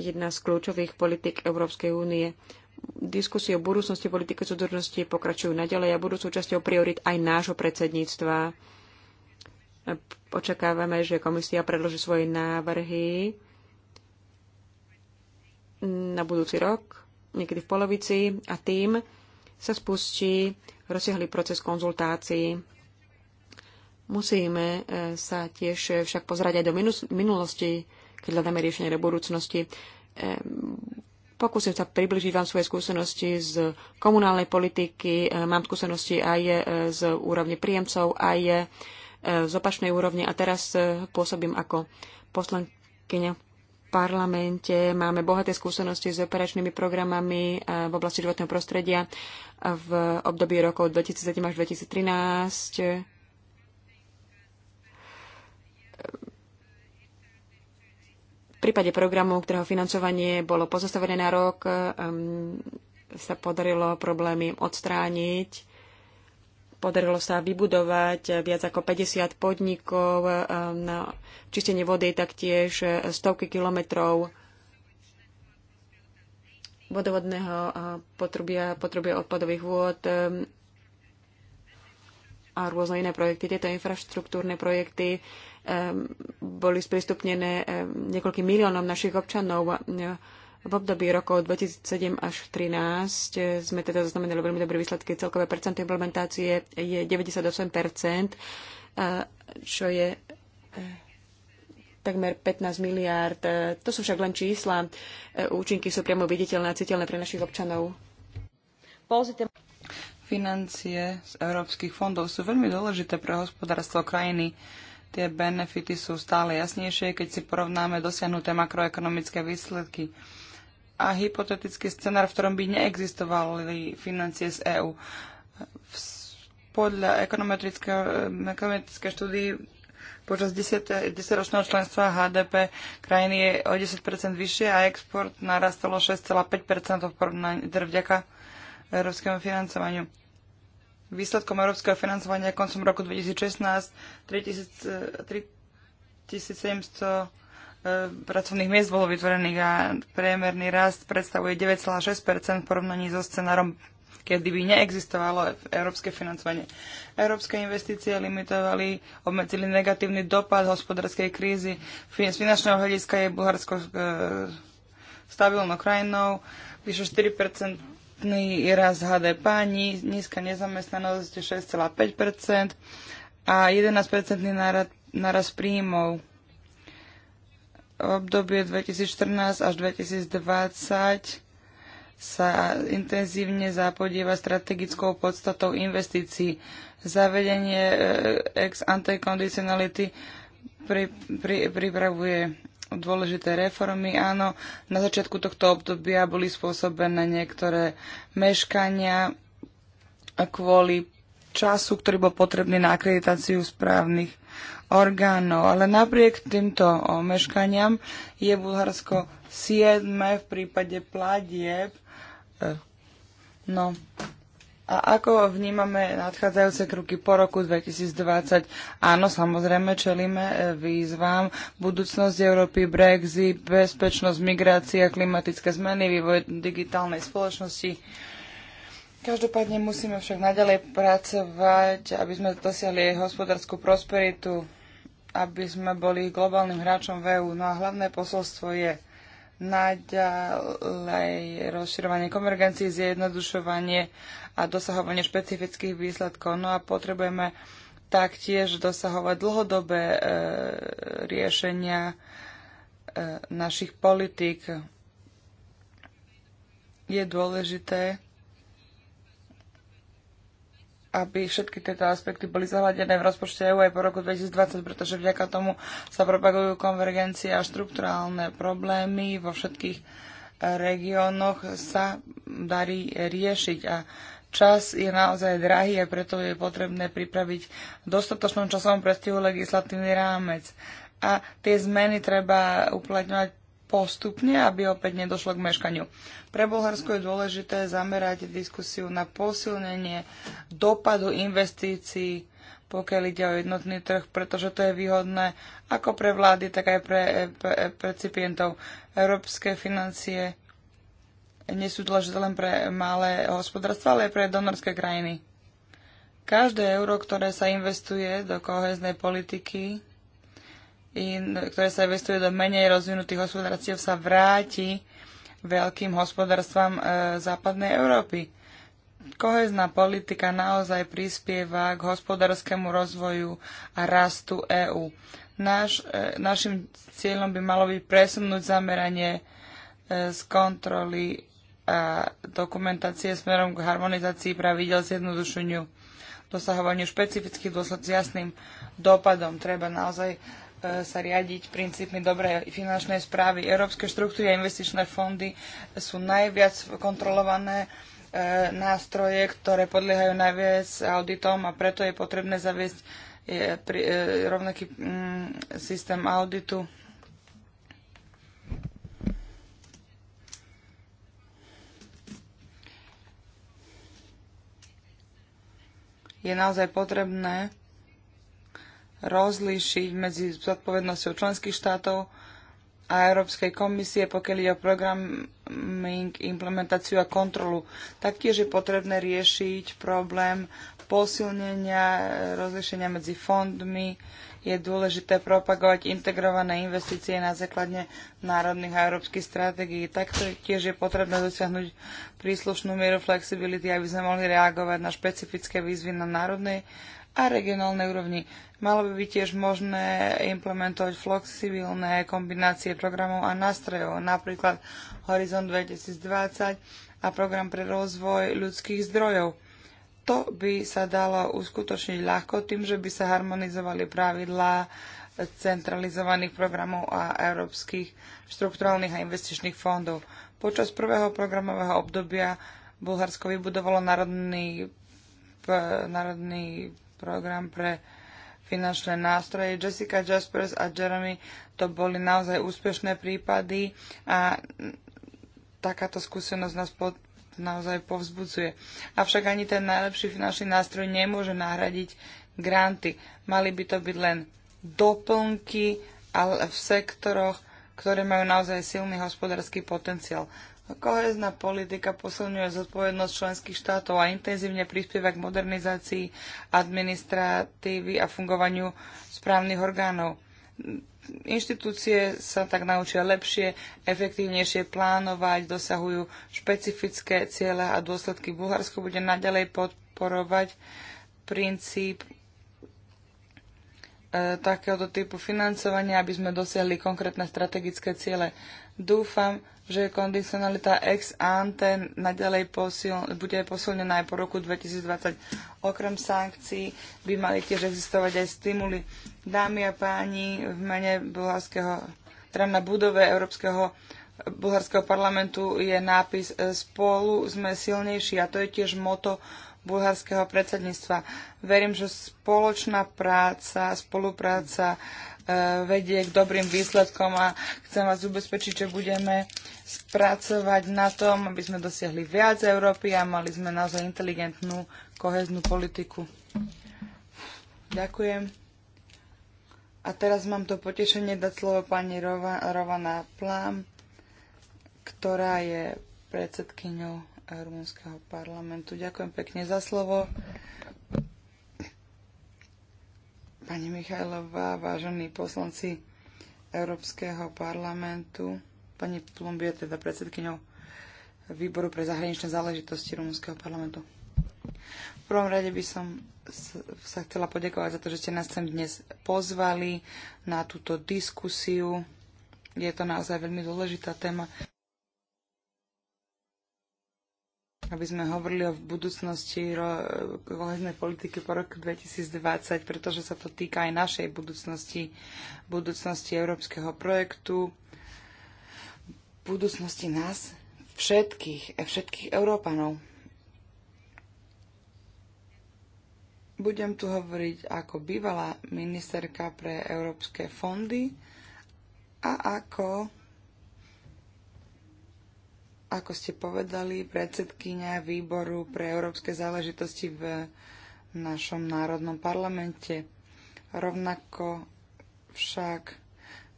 [SPEAKER 3] jedna z kľúčových politik Európskej únie. Diskusie o budúcnosti politiky súdržnosti pokračujú naďalej a budú súčasťou priorit aj nášho predsedníctva. Očakávame, že komisia predloží svoje návrhy na budúci rok, niekedy v polovici, a tým sa spustí rozsiahly proces konzultácií Musíme e, sa tiež však pozrieť aj do minulosti, keď hľadáme riešenie do budúcnosti. E, pokúsim sa približiť vám svoje skúsenosti z komunálnej politiky, e, mám skúsenosti aj z úrovne príjemcov, aj z opačnej úrovne a teraz pôsobím ako poslankyňa v parlamente. Máme bohaté skúsenosti s operačnými programami v oblasti životného prostredia v období rokov 2007 až 2013 V prípade programu, ktorého financovanie bolo pozastavené na rok, um, sa podarilo problémy odstrániť. Podarilo sa vybudovať viac ako 50 podnikov um, na čistenie vody, taktiež stovky kilometrov vodovodného potrubia, potrubia odpadových vôd um, a rôzne iné projekty. Tieto infraštruktúrne projekty boli sprístupnené niekoľkým miliónom našich občanov. V období rokov 2007 až 2013 sme teda zaznamenali veľmi dobré výsledky. Celkové percento implementácie je 98%, čo je e, takmer 15 miliárd. To sú však len čísla. E, účinky sú priamo viditeľné a citeľné pre našich občanov.
[SPEAKER 4] Financie z európskych fondov sú veľmi dôležité pre hospodárstvo krajiny Tie benefity sú stále jasnejšie, keď si porovnáme dosiahnuté makroekonomické výsledky a hypotetický scenár, v ktorom by neexistovali financie z EÚ. Podľa ekonometrické štúdii počas 10, 10-ročného členstva HDP krajiny je o 10 vyššie a export narastalo 6,5 v porovnaní teda vďaka európskemu financovaniu výsledkom európskeho financovania koncom roku 2016 3700 e, e, pracovných miest bolo vytvorených a priemerný rast predstavuje 9,6 v porovnaní so scenárom kedy by neexistovalo európske financovanie. Európske investície limitovali, obmedzili negatívny dopad hospodárskej krízy. Z finančného hľadiska je Bulharsko e, stabilnou krajinou. Vyše 4 štátny rast HDP, nízka nezamestnanosť 6,5% a 11-percentný nárast príjmov. Obdobie 2014 až 2020 sa intenzívne zapodieva strategickou podstatou investícií. Zavedenie eh, ex ante conditionality pripravuje dôležité reformy. Áno, na začiatku tohto obdobia boli spôsobené niektoré meškania kvôli času, ktorý bol potrebný na akreditáciu správnych orgánov. Ale napriek týmto meškaniam je Bulharsko 7 v prípade pladieb. E, no, a ako vnímame nadchádzajúce kroky po roku 2020? Áno, samozrejme, čelíme e, výzvam. Budúcnosť Európy, Brexit, bezpečnosť, migrácia, klimatické zmeny, vývoj digitálnej spoločnosti. Každopádne musíme však naďalej pracovať, aby sme dosiahli hospodárskú prosperitu, aby sme boli globálnym hráčom v EÚ. No a hlavné posolstvo je, naďalej rozširovanie konvergencií, zjednodušovanie a dosahovanie špecifických výsledkov. No a potrebujeme taktiež dosahovať dlhodobé e, riešenia e, našich politík. Je dôležité, aby všetky tieto aspekty boli zahľadené v rozpočte EU aj po roku 2020, pretože vďaka tomu sa propagujú konvergencie a štruktúrálne problémy vo všetkých eh, regiónoch sa darí riešiť a čas je naozaj drahý a preto je potrebné pripraviť v dostatočnom časovom predstihu legislatívny rámec. A tie zmeny treba uplatňovať postupne, aby opäť nedošlo k meškaniu. Pre Bulharsko je dôležité zamerať diskusiu na posilnenie dopadu investícií, pokiaľ ide o jednotný trh, pretože to je výhodné ako pre vlády, tak aj pre, precipientov. Európske financie nie sú dôležité len pre malé hospodárstva, ale aj pre donorské krajiny. Každé euro, ktoré sa investuje do koheznej politiky, in, ktoré sa investuje do menej rozvinutých hospodárstiev, sa vráti veľkým hospodárstvam e, západnej Európy. Kohezná politika naozaj prispieva k hospodárskému rozvoju a rastu EÚ. Naším e, našim cieľom by malo byť presunúť zameranie e, z kontroly a dokumentácie smerom k harmonizácii pravidel zjednodušeniu dosahovaniu špecifických dôsledkov s jasným dopadom. Treba naozaj E, sa riadiť princípmi dobrej finančnej správy. Európske štruktúry a investičné fondy sú najviac kontrolované e, nástroje, ktoré podliehajú najviac auditom a preto je potrebné zaviesť e, rovnaký mm, systém auditu je naozaj potrebné rozlíšiť medzi zodpovednosťou členských štátov a Európskej komisie, pokiaľ ide o programming, implementáciu a kontrolu. Taktiež je potrebné riešiť problém posilnenia rozlišenia medzi fondmi. Je dôležité propagovať integrované investície na základne národných a európskych stratégií. Taktiež je potrebné dosiahnuť príslušnú mieru flexibility, aby sme mohli reagovať na špecifické výzvy na národnej a regionálnej úrovni. Malo by byť tiež možné implementovať flexibilné kombinácie programov a nástrojov, napríklad Horizon 2020 a program pre rozvoj ľudských zdrojov. To by sa dalo uskutočniť ľahko tým, že by sa harmonizovali pravidlá centralizovaných programov a európskych štrukturálnych a investičných fondov. Počas prvého programového obdobia Bulharsko vybudovalo národný, národný program pre finančné nástroje. Jessica Jaspers a Jeremy to boli naozaj úspešné prípady a takáto skúsenosť nás pod, naozaj povzbudzuje. Avšak ani ten najlepší finančný nástroj nemôže nahradiť granty. Mali by to byť len doplnky ale v sektoroch, ktoré majú naozaj silný hospodársky potenciál. Kohezná politika posilňuje zodpovednosť členských štátov a intenzívne prispieva k modernizácii administratívy a fungovaniu správnych orgánov. Inštitúcie sa tak naučia lepšie, efektívnejšie plánovať, dosahujú špecifické ciele a dôsledky. Bulharsko bude naďalej podporovať princíp e, takéhoto typu financovania, aby sme dosiahli konkrétne strategické ciele. Dúfam, že kondicionalita ex ante naďalej posil, bude posilnená aj po roku 2020. Okrem sankcií by mali tiež existovať aj stimuly. Dámy a páni, v mene bulharského, teda na budove Európskeho bulharského parlamentu je nápis e, Spolu sme silnejší a to je tiež moto bulharského predsedníctva. Verím, že spoločná práca, spolupráca, Eh, vedie k dobrým výsledkom a chcem vás ubezpečiť, že budeme spracovať na tom, aby sme dosiahli viac Európy a mali sme naozaj inteligentnú, koheznú politiku. Ďakujem. A teraz mám to potešenie dať slovo pani Rova, Rovana Plám, ktorá je predsedkyňou Rumunského parlamentu. Ďakujem pekne za slovo. Pani Michajlová, vážení poslanci Európskeho parlamentu, pani Plumb teda predsedkyňou výboru pre zahraničné záležitosti Rumunského parlamentu. V prvom rade by som sa chcela poďakovať za to, že ste nás sem dnes pozvali na túto diskusiu. Je to naozaj veľmi dôležitá téma. aby sme hovorili o budúcnosti koheznej politiky po roku 2020, pretože sa to týka aj našej budúcnosti, budúcnosti európskeho projektu, budúcnosti nás, všetkých, všetkých Európanov. Budem tu hovoriť ako bývalá ministerka pre európske fondy a ako ako ste povedali, predsedkynia výboru pre európske záležitosti v našom národnom parlamente. Rovnako však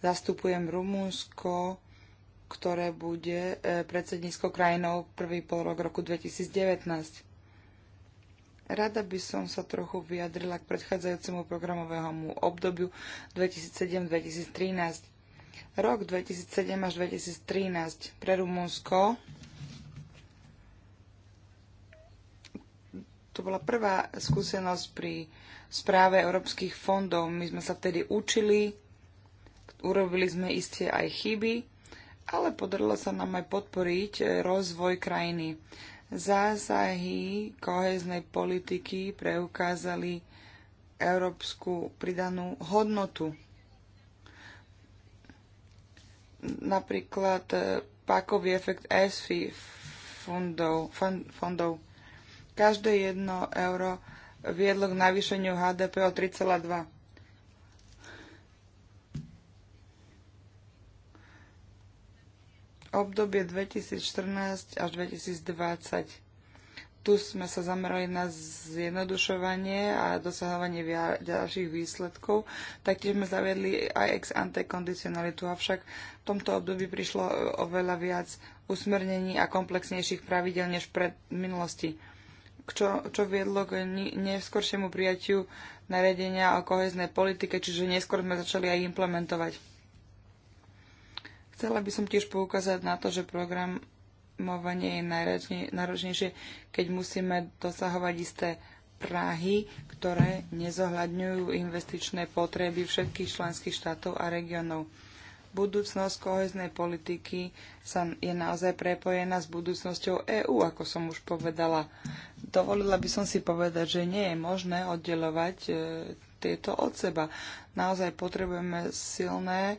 [SPEAKER 4] zastupujem Rumunsko, ktoré bude e, predsedníckou krajinou prvý pol rok roku 2019. Rada by som sa trochu vyjadrila k predchádzajúcemu programovému obdobiu 2007-2013 Rok 2007 až 2013 pre Rumunsko to bola prvá skúsenosť pri správe európskych fondov. My sme sa vtedy učili, urobili sme isté aj chyby, ale podarilo sa nám aj podporiť e, rozvoj krajiny. Zásahy koheznej politiky preukázali európsku pridanú hodnotu napríklad e, pákový efekt ESFI fondov, fondov. Každé jedno euro viedlo k navýšeniu HDP o 3,2. Obdobie 2014 až 2020 tu sme sa zamerali na zjednodušovanie a dosahovanie ďalších výsledkov. Taktiež sme zaviedli aj ex ante kondicionalitu, avšak v tomto období prišlo e, oveľa viac usmernení a komplexnejších pravidel než pred minulosti, čo, čo viedlo k neskoršiemu prijatiu nariadenia o koheznej politike, čiže neskôr sme začali aj implementovať. Chcela by som tiež poukázať na to, že program programovanie je náročnejšie, keď musíme dosahovať isté Prahy, ktoré nezohľadňujú investičné potreby všetkých členských štátov a regionov. Budúcnosť koheznej politiky sa je naozaj prepojená s budúcnosťou EÚ, ako som už povedala. Dovolila by som si povedať, že nie je možné oddelovať e, tieto od seba. Naozaj potrebujeme silné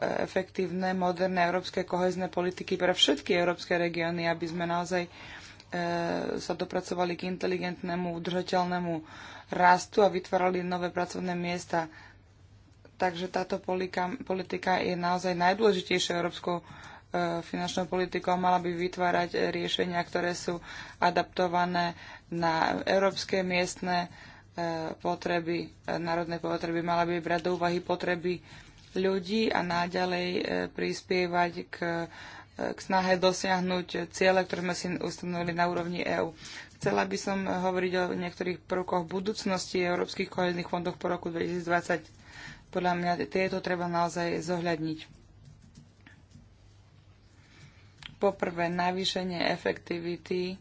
[SPEAKER 4] efektívne, moderné európske kohezné politiky pre všetky európske regióny, aby sme naozaj e, sa dopracovali k inteligentnému, udržateľnému rastu a vytvárali nové pracovné miesta. Takže táto politika je naozaj najdôležitejšou európskou e, finančnou politikou mala by vytvárať riešenia, ktoré sú adaptované na európske miestne e, potreby, národné potreby. Mala by brať do úvahy potreby ľudí a naďalej e, prispievať k, e, k snahe dosiahnuť ciele, ktoré sme si ustanovili na úrovni EÚ. Chcela by som e, hovoriť o niektorých prvkoch budúcnosti európskych kohezných fondov po roku 2020. Podľa mňa tieto treba naozaj zohľadniť poprvé navýšenie efektivity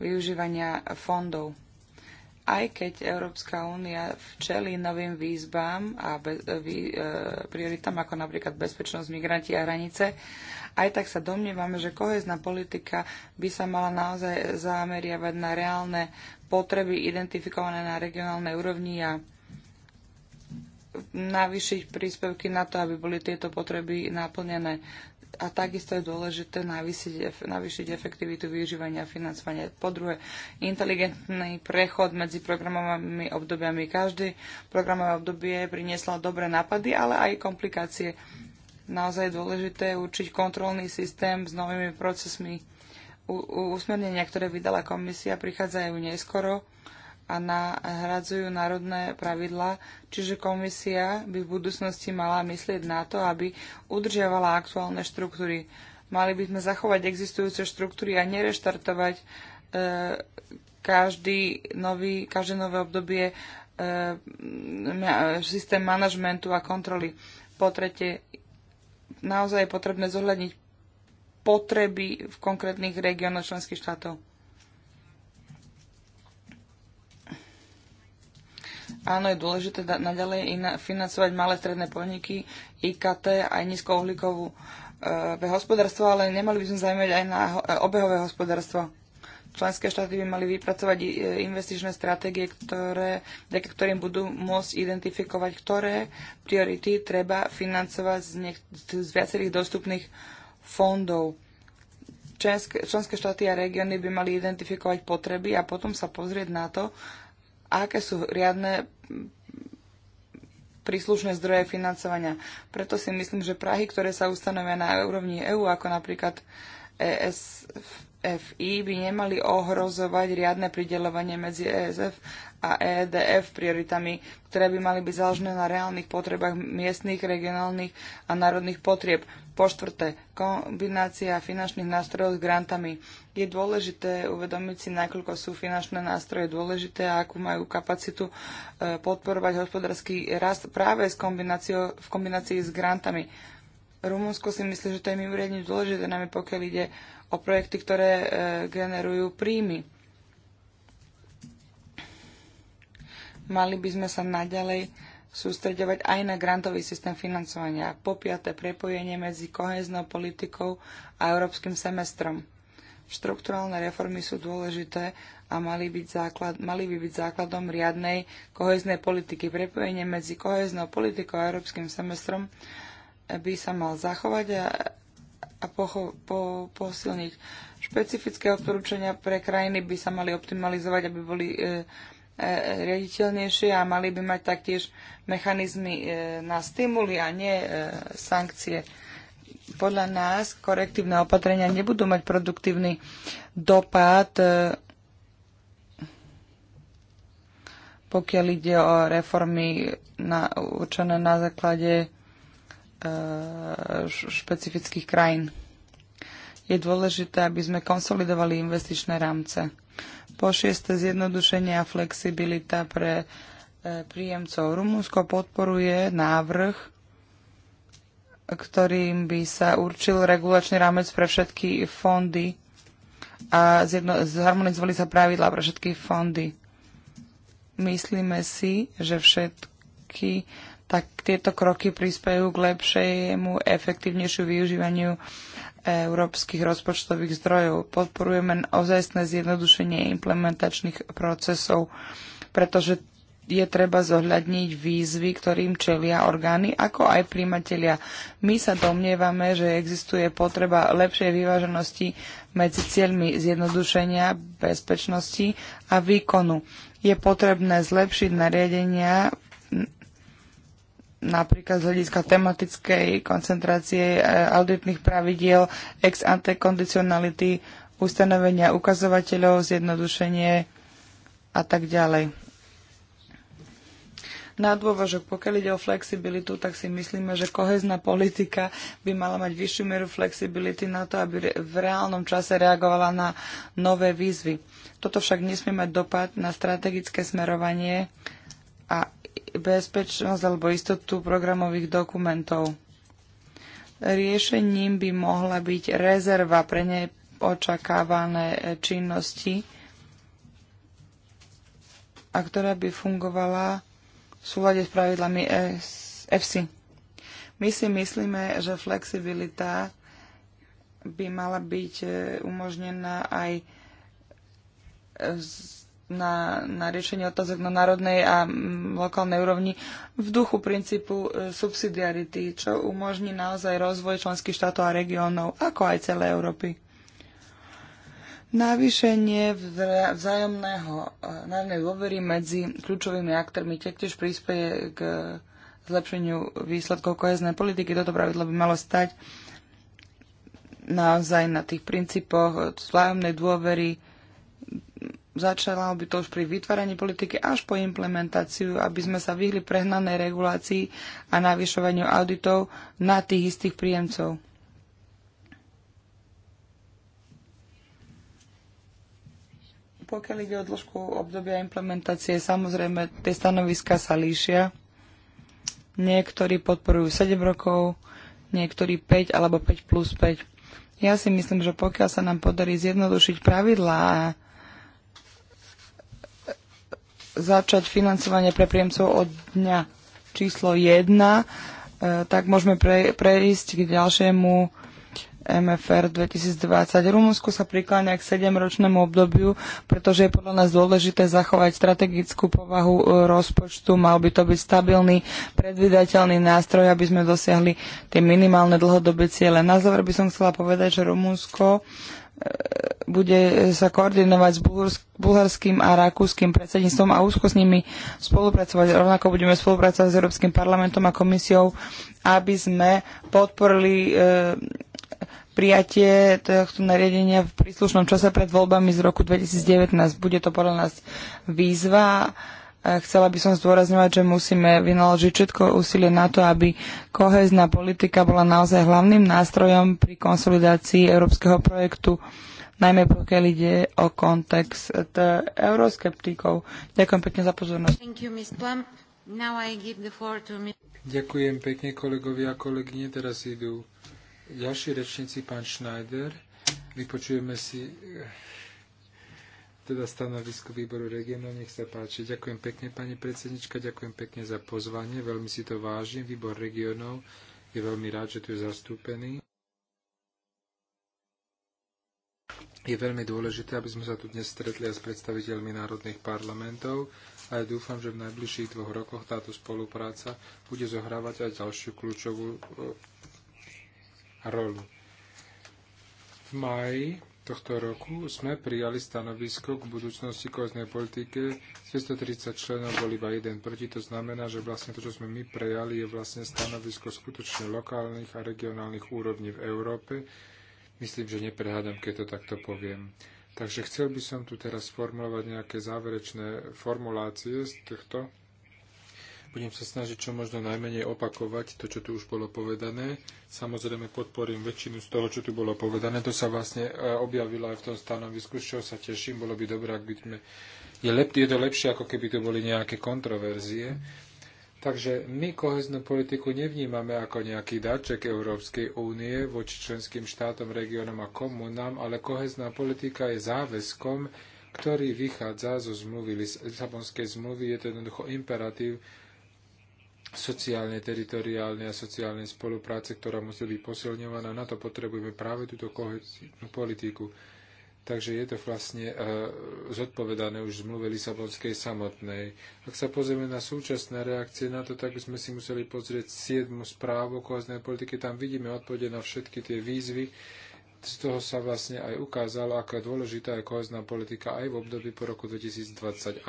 [SPEAKER 4] využívania fondov aj keď Európska únia včeli novým výzvam a e, vý, e, prioritám ako napríklad bezpečnosť migranti a hranice, aj tak sa domnievame, že kohezná politika by sa mala naozaj zameriavať na reálne potreby identifikované na regionálnej úrovni a navýšiť príspevky na to, aby boli tieto potreby naplnené a takisto je dôležité navýšiť, navýšiť efektivitu využívania financovania. Po druhé, inteligentný prechod medzi programovými obdobiami. Každé programové obdobie prinieslo dobré nápady, ale aj komplikácie. Naozaj je dôležité určiť kontrolný systém s novými procesmi. U, u, usmernenia, ktoré vydala komisia, prichádzajú neskoro a nahradzujú národné pravidlá, čiže komisia by v budúcnosti mala myslieť na to, aby udržiavala aktuálne štruktúry. Mali by sme zachovať existujúce štruktúry a nereštartovať e, každý nový, každé nové obdobie e, systém manažmentu a kontroly. Po tretie, naozaj je potrebné zohľadniť potreby v konkrétnych regiónoch členských štátov. Áno, je dôležité naďalej financovať malé stredné podniky, IKT aj nízkouhlíkovú e, hospodárstvo, ale nemali by sme zaujímať aj na e, obehové hospodárstvo. Členské štáty by mali vypracovať e, investičné stratégie, ktoré, ktorým budú môcť identifikovať, ktoré priority treba financovať z, nech, z viacerých dostupných fondov. Členské, členské štáty a regióny by mali identifikovať potreby a potom sa pozrieť na to, aké sú riadne príslušné zdroje financovania. Preto si myslím, že Prahy, ktoré sa ustanovia na úrovni EÚ, ako napríklad ESFI, e by nemali ohrozovať riadne pridelovanie medzi ESF a EDF prioritami, ktoré by mali byť založené na reálnych potrebách miestnych, regionálnych a národných potrieb. Po štvrté, kombinácia finančných nástrojov s grantami. Je dôležité uvedomiť si, nakoľko sú finančné nástroje dôležité a akú majú kapacitu e, podporovať hospodársky rast práve s v kombinácii s grantami. Rumunsko si myslí, že to je mimoriadne dôležité, najmä pokiaľ ide o projekty, ktoré e, generujú príjmy Mali by sme sa naďalej sústredovať aj na grantový systém financovania. Po piaté, prepojenie medzi koheznou politikou a európskym semestrom. Štrukturálne reformy sú dôležité a mali, byť základ, mali by byť základom riadnej koheznej politiky. Prepojenie medzi koheznou politikou a európskym semestrom by sa mal zachovať a, a pocho, po, posilniť. Špecifické odporúčania pre krajiny by sa mali optimalizovať, aby boli e, E, riaditeľnejšie a mali by mať taktiež mechanizmy e, na stimuly a nie e, sankcie. Podľa nás korektívne opatrenia nebudú mať produktívny dopad, pokiaľ ide o reformy na, určené na základe špecifických krajín. Je dôležité, aby sme konsolidovali investičné rámce po šieste zjednodušenie a flexibilita pre e, príjemcov. Rumunsko podporuje návrh, ktorým by sa určil regulačný rámec pre všetky fondy a zjedno, zharmonizovali sa pravidlá pre všetky fondy. Myslíme si, že všetky tak tieto kroky prispejú k lepšiemu, efektívnejšiu využívaniu európskych rozpočtových zdrojov. Podporujeme ozajstné zjednodušenie implementačných procesov, pretože je treba zohľadniť výzvy, ktorým čelia orgány, ako aj príjmatelia. My sa domnievame, že existuje potreba lepšej vyváženosti medzi cieľmi zjednodušenia, bezpečnosti a výkonu. Je potrebné zlepšiť nariadenia napríklad z hľadiska tematickej koncentrácie e, auditných pravidiel, ex ante kondicionality, ustanovenia ukazovateľov, zjednodušenie a tak ďalej. Na dôvažok, pokiaľ ide o flexibilitu, tak si myslíme, že kohezná politika by mala mať vyššiu mieru flexibility na to, aby v reálnom čase reagovala na nové výzvy. Toto však nesmie mať dopad na strategické smerovanie a bezpečnosť alebo istotu programových dokumentov. Riešením by mohla byť rezerva pre neočakávané činnosti, a ktorá by fungovala v súlade s pravidlami FC. My si myslíme, že flexibilita by mala byť e, umožnená aj z na, na riešenie otázok na národnej a lokálnej úrovni v duchu princípu e, subsidiarity, čo umožní naozaj rozvoj členských štátov a regiónov, ako aj celej Európy. Navýšenie vzájomného e, národnej dôvery medzi kľúčovými aktérmi taktiež prispieje k zlepšeniu výsledkov koheznej politiky. Toto pravidlo by malo stať naozaj na tých princípoch vzájomnej dôvery Začalo by to už pri vytváraní politiky až po implementáciu, aby sme sa vyhli prehnanej regulácii a navyšovaniu auditov na tých istých príjemcov. Pokiaľ ide o dĺžku obdobia implementácie, samozrejme tie stanoviska sa líšia. Niektorí podporujú 7 rokov, niektorí 5 alebo 5 plus 5. Ja si myslím, že pokiaľ sa nám podarí zjednodušiť pravidlá a začať financovanie pre príjemcov od dňa číslo 1, e, tak môžeme pre, prejsť k ďalšiemu MFR 2020. Rumunsko sa prikláňa k 7-ročnému obdobiu, pretože je podľa nás dôležité zachovať strategickú povahu e, rozpočtu. Mal by to byť stabilný, predvydateľný nástroj, aby sme dosiahli tie minimálne dlhodobé ciele. Na záver by som chcela povedať, že Rumunsko bude e, sa koordinovať s bulharským a rakúskym predsedníctvom a úzko s nimi spolupracovať. Rovnako budeme spolupracovať s Európskym parlamentom a komisiou, aby sme podporili e, prijatie tohto nariadenia v príslušnom čase pred voľbami z roku 2019. Bude to podľa nás výzva Chcela by som zdôrazňovať, že musíme vynaložiť všetko úsilie na to, aby kohezná politika bola naozaj hlavným nástrojom pri konsolidácii európskeho projektu, najmä pokiaľ ide o kontext euroskeptikov. Ďakujem pekne za pozornosť.
[SPEAKER 2] Ďakujem pekne kolegovi a kolegyne. Teraz idú ďalší rečníci, pán Schneider. Vypočujeme si eh, teda stanovisko výboru regionov. Nech sa páči. Ďakujem pekne, pani predsednička, ďakujem pekne za pozvanie. Veľmi si to vážim. Výbor regionov je veľmi rád, že tu je zastúpený. Je veľmi dôležité, aby sme sa tu dnes stretli aj s predstaviteľmi národných parlamentov a ja dúfam, že v najbližších dvoch rokoch táto spolupráca bude zohrávať aj ďalšiu kľúčovú e, rolu. V maji tohto roku sme prijali stanovisko k budúcnosti koheznej politike. 230 členov bol iba jeden proti. To znamená, že vlastne to, čo sme my prejali, je vlastne stanovisko skutočne lokálnych a regionálnych úrovní v Európe. Myslím, že neprehádam, keď to takto poviem. Takže chcel by som tu teraz formulovať nejaké záverečné formulácie z týchto budem sa snažiť čo možno najmenej opakovať to, čo tu už bolo povedané. Samozrejme podporím väčšinu z toho, čo tu bolo povedané. To sa vlastne e, objavilo aj v tom stanovisku, z čoho sa teším. Bolo by dobré, ak by sme... Je, lep... je to lepšie, ako keby tu boli nejaké kontroverzie. Takže my koheznú politiku nevnímame ako nejaký darček Európskej únie voči členským štátom, regiónom a komunám, ale kohezná politika je záväzkom, ktorý vychádza zo zmluvy, Lisabonskej zmluvy. Je to jednoducho imperatív sociálnej, teritoriálnej a sociálnej spolupráce, ktorá musí byť posilňovaná. Na to potrebujeme práve túto kohezívnu politiku. Takže je to vlastne uh, zodpovedané už v zmluve Lisabonskej samotnej. Ak sa pozrieme na súčasné reakcie na to, tak by sme si museli pozrieť 7. správu o koheznej politiky. Tam vidíme odpovede na všetky tie výzvy, z toho sa vlastne aj ukázalo, aká dôležitá je kohezná politika aj v období po roku 2020.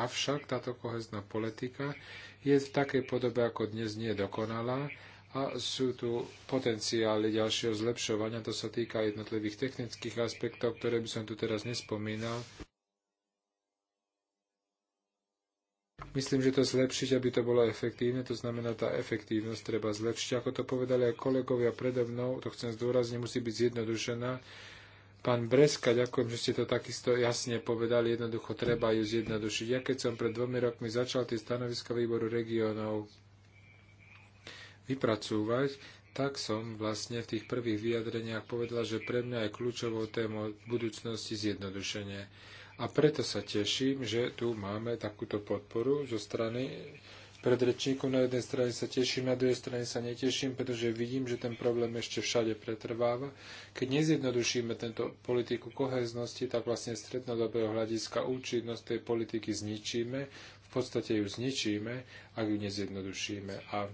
[SPEAKER 2] Avšak táto kohezná politika je v takej podobe, ako dnes nie dokonalá a sú tu potenciály ďalšieho zlepšovania. To sa týka jednotlivých technických aspektov, ktoré by som tu teraz nespomínal. Myslím, že to zlepšiť, aby to bolo efektívne, to znamená, tá efektívnosť treba zlepšiť. Ako to povedali aj kolegovia predo mnou, to chcem zdôrazniť, musí byť zjednodušená. Pán Breska, ďakujem, že ste to takisto jasne povedali, jednoducho treba ju zjednodušiť. Ja keď som pred dvomi rokmi začal tie stanoviska výboru regiónov vypracúvať, tak som vlastne v tých prvých vyjadreniach povedala, že pre mňa je kľúčovou témou budúcnosti zjednodušenie a preto sa teším, že tu máme takúto podporu zo strany predrečníkov. Na jednej strane sa teším, na druhej strane sa neteším, pretože vidím, že ten problém ešte všade pretrváva. Keď nezjednodušíme tento politiku koheznosti, tak vlastne strednodobého hľadiska účinnosť tej politiky zničíme, v podstate ju zničíme, ak ju nezjednodušíme. A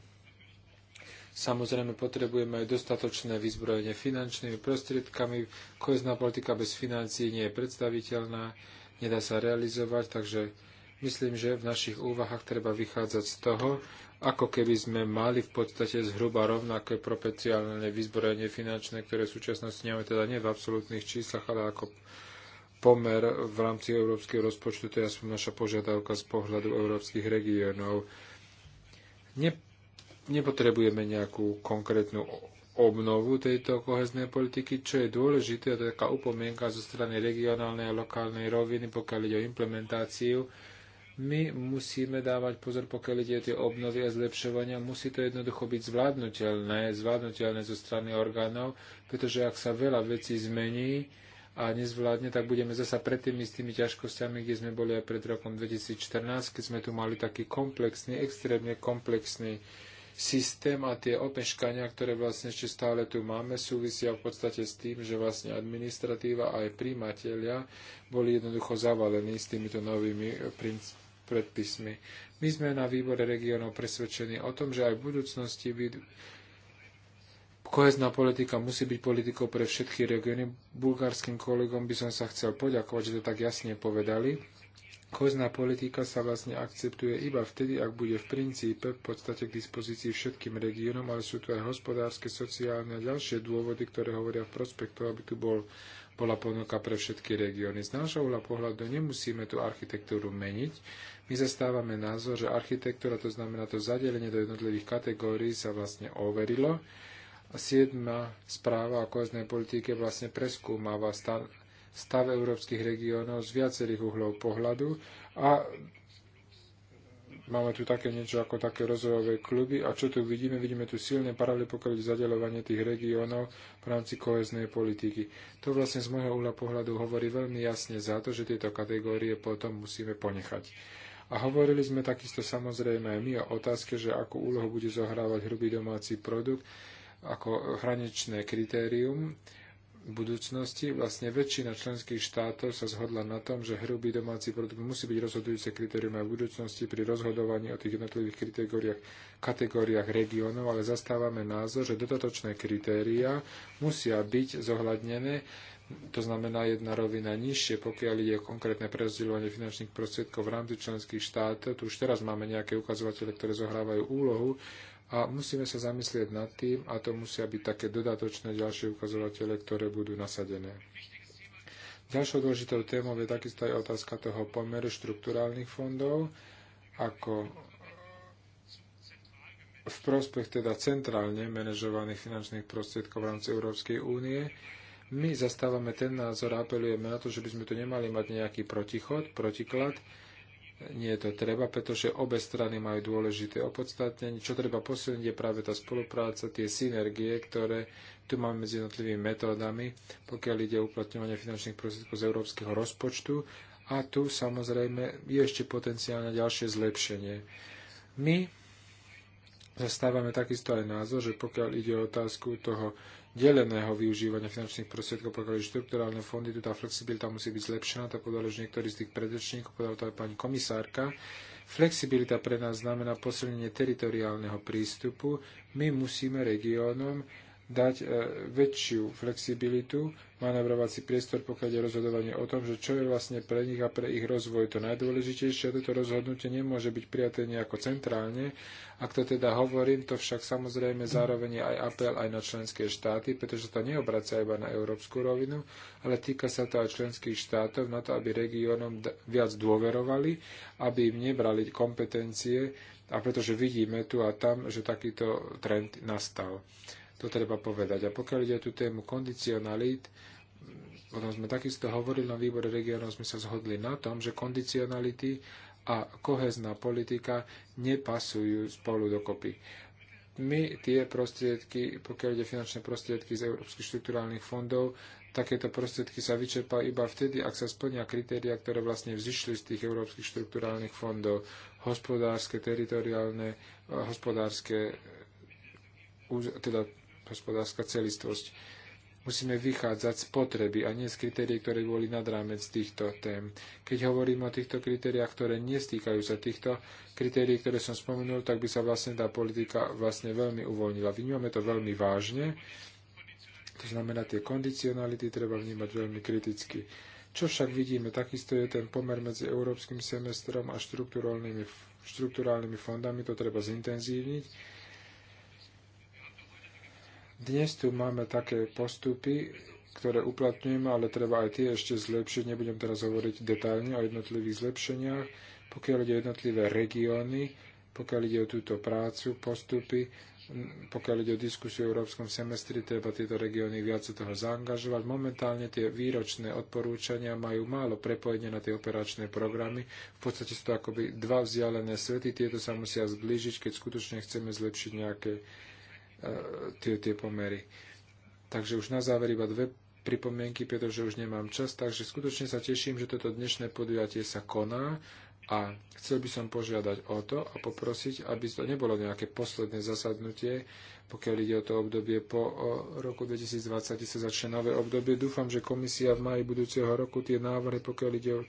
[SPEAKER 2] Samozrejme potrebujeme aj dostatočné vyzbrojenie finančnými prostriedkami. Kohezná politika bez financií nie je predstaviteľná, nedá sa realizovať, takže myslím, že v našich úvahách treba vychádzať z toho, ako keby sme mali v podstate zhruba rovnaké propeciálne vyzbrojenie finančné, ktoré v súčasnosti nemáme, teda nie v absolútnych číslach, ale ako pomer v rámci európskeho rozpočtu, to je aspoň naša požiadavka z pohľadu európskych regiónov. Ne nepotrebujeme nejakú konkrétnu obnovu tejto koheznej politiky, čo je dôležité, a to je taká upomienka zo strany regionálnej a lokálnej roviny, pokiaľ ide o implementáciu. My musíme dávať pozor, pokiaľ ide o tie obnovy a zlepšovania. Musí to jednoducho byť zvládnutelné, zvládnutelné zo strany orgánov, pretože ak sa veľa vecí zmení a nezvládne, tak budeme zasa pred tými istými ťažkosťami, kde sme boli aj pred rokom 2014, keď sme tu mali taký komplexný, extrémne komplexný systém a tie opeškania, ktoré vlastne ešte stále tu máme, súvisia v podstate s tým, že vlastne administratíva a aj príjmatelia boli jednoducho zavalení s týmito novými eh, predpismi. My sme na výbore regionov presvedčení o tom, že aj v budúcnosti by kohezná politika musí byť politikou pre všetky regióny. Bulgárskym kolegom by som sa chcel poďakovať, že to tak jasne povedali. Kozná politika sa vlastne akceptuje iba vtedy, ak bude v princípe v podstate k dispozícii všetkým regiónom, ale sú tu aj hospodárske, sociálne a ďalšie dôvody, ktoré hovoria v prospektu, aby tu bol, bola ponuka pre všetky regióny. Z nášho uhla pohľadu nemusíme tú architektúru meniť. My zastávame názor, že architektúra, to znamená to zadelenie do jednotlivých kategórií, sa vlastne overilo. A siedma správa o koznej politike vlastne preskúmava stan- stav európskych regiónov z viacerých uhlov pohľadu a máme tu také niečo ako také rozvojové kluby a čo tu vidíme? Vidíme tu silné paralely, pokiaľ zadeľovanie tých regiónov v rámci koheznej politiky. To vlastne z môjho uhla pohľadu hovorí veľmi jasne za to, že tieto kategórie potom musíme ponechať. A hovorili sme takisto samozrejme aj my o otázke, že akú úlohu bude zohrávať hrubý domáci produkt ako hraničné kritérium v budúcnosti vlastne väčšina členských štátov sa zhodla na tom, že hrubý domáci produkt musí byť rozhodujúce kritérium aj v budúcnosti pri rozhodovaní o tých jednotlivých kategóriách, kategóriách regiónov, ale zastávame názor, že dodatočné kritériá musia byť zohľadnené to znamená jedna rovina nižšie, pokiaľ ide o konkrétne prerozdeľovanie finančných prostriedkov v rámci členských štátov. Tu už teraz máme nejaké ukazovatele, ktoré zohrávajú úlohu, a musíme sa zamyslieť nad tým, a to musia byť také dodatočné ďalšie ukazovatele, ktoré budú nasadené. Ďalšou dôležitou témou je takisto aj otázka toho pomeru štruktúrálnych fondov, ako v prospech teda centrálne manažovaných finančných prostriedkov v rámci Európskej únie. My zastávame ten názor a apelujeme na to, že by sme tu nemali mať nejaký protichod, protiklad, nie je to treba, pretože obe strany majú dôležité opodstatnenie. Čo treba posilniť je práve tá spolupráca, tie synergie, ktoré tu máme medzi jednotlivými metódami, pokiaľ ide o uplatňovanie finančných prostriedkov z európskeho rozpočtu. A tu samozrejme je ešte potenciálne ďalšie zlepšenie. My zastávame takisto aj názor, že pokiaľ ide o otázku toho deleného využívania finančných prostriedkov, pokiaľ štrukturálne fondy, tu tá flexibilita musí byť zlepšená, to povedal už niektorý z tých predrečníkov, povedal to aj pani komisárka. Flexibilita pre nás znamená posilnenie teritoriálneho prístupu. My musíme regiónom dať e, väčšiu flexibilitu, manevrovací priestor, pokiaľ je rozhodovanie o tom, že čo je vlastne pre nich a pre ich rozvoj to najdôležitejšie. Toto rozhodnutie nemôže byť prijaté nejako centrálne. Ak to teda hovorím, to však samozrejme zároveň je aj apel aj na členské štáty, pretože to neobracia iba na európsku rovinu, ale týka sa to aj členských štátov na to, aby regiónom viac dôverovali, aby im nebrali kompetencie, a pretože vidíme tu a tam, že takýto trend nastal. To treba povedať. A pokiaľ ide o tú tému kondicionalit, o tom sme takisto hovorili na výbore regionov, sme sa zhodli na tom, že kondicionality a kohezná politika nepasujú spolu dokopy. My tie prostriedky, pokiaľ ide finančné prostriedky z európskych štruktúrálnych fondov, takéto prostriedky sa vyčerpajú iba vtedy, ak sa splnia kritéria, ktoré vlastne vzýšli z tých európskych štruktúrálnych fondov, hospodárske, teritoriálne, hospodárske, teda hospodárska celistvosť. Musíme vychádzať z potreby a nie z kritérií, ktoré boli nad rámec týchto tém. Keď hovorím o týchto kritériách, ktoré nestýkajú sa týchto kritérií, ktoré som spomenul, tak by sa vlastne tá politika vlastne veľmi uvoľnila. Vnímame to veľmi vážne. To znamená, tie kondicionality treba vnímať veľmi kriticky. Čo však vidíme, takisto je ten pomer medzi európskym semestrom a štruktúrálnymi fondami, to treba zintenzívniť dnes tu máme také postupy, ktoré uplatňujeme, ale treba aj tie ešte zlepšiť. Nebudem teraz hovoriť detailne o jednotlivých zlepšeniach. Pokiaľ ide o jednotlivé regióny, pokiaľ ide o túto prácu, postupy, pokiaľ ide o diskusiu o európskom semestri, treba tieto regióny viac toho zaangažovať. Momentálne tie výročné odporúčania majú málo prepojenie na tie operačné programy. V podstate sú to akoby dva vzdialené svety, tieto sa musia zblížiť, keď skutočne chceme zlepšiť nejaké E, tie, tie pomery. Takže už na záver iba dve pripomienky, pretože už nemám čas, takže skutočne sa teším, že toto dnešné podujatie sa koná a chcel by som požiadať o to a poprosiť, aby to nebolo nejaké posledné zasadnutie, pokiaľ ide o to obdobie po roku 2020, sa začne nové obdobie. Dúfam, že komisia v maji budúceho roku tie návrhy, pokiaľ ide o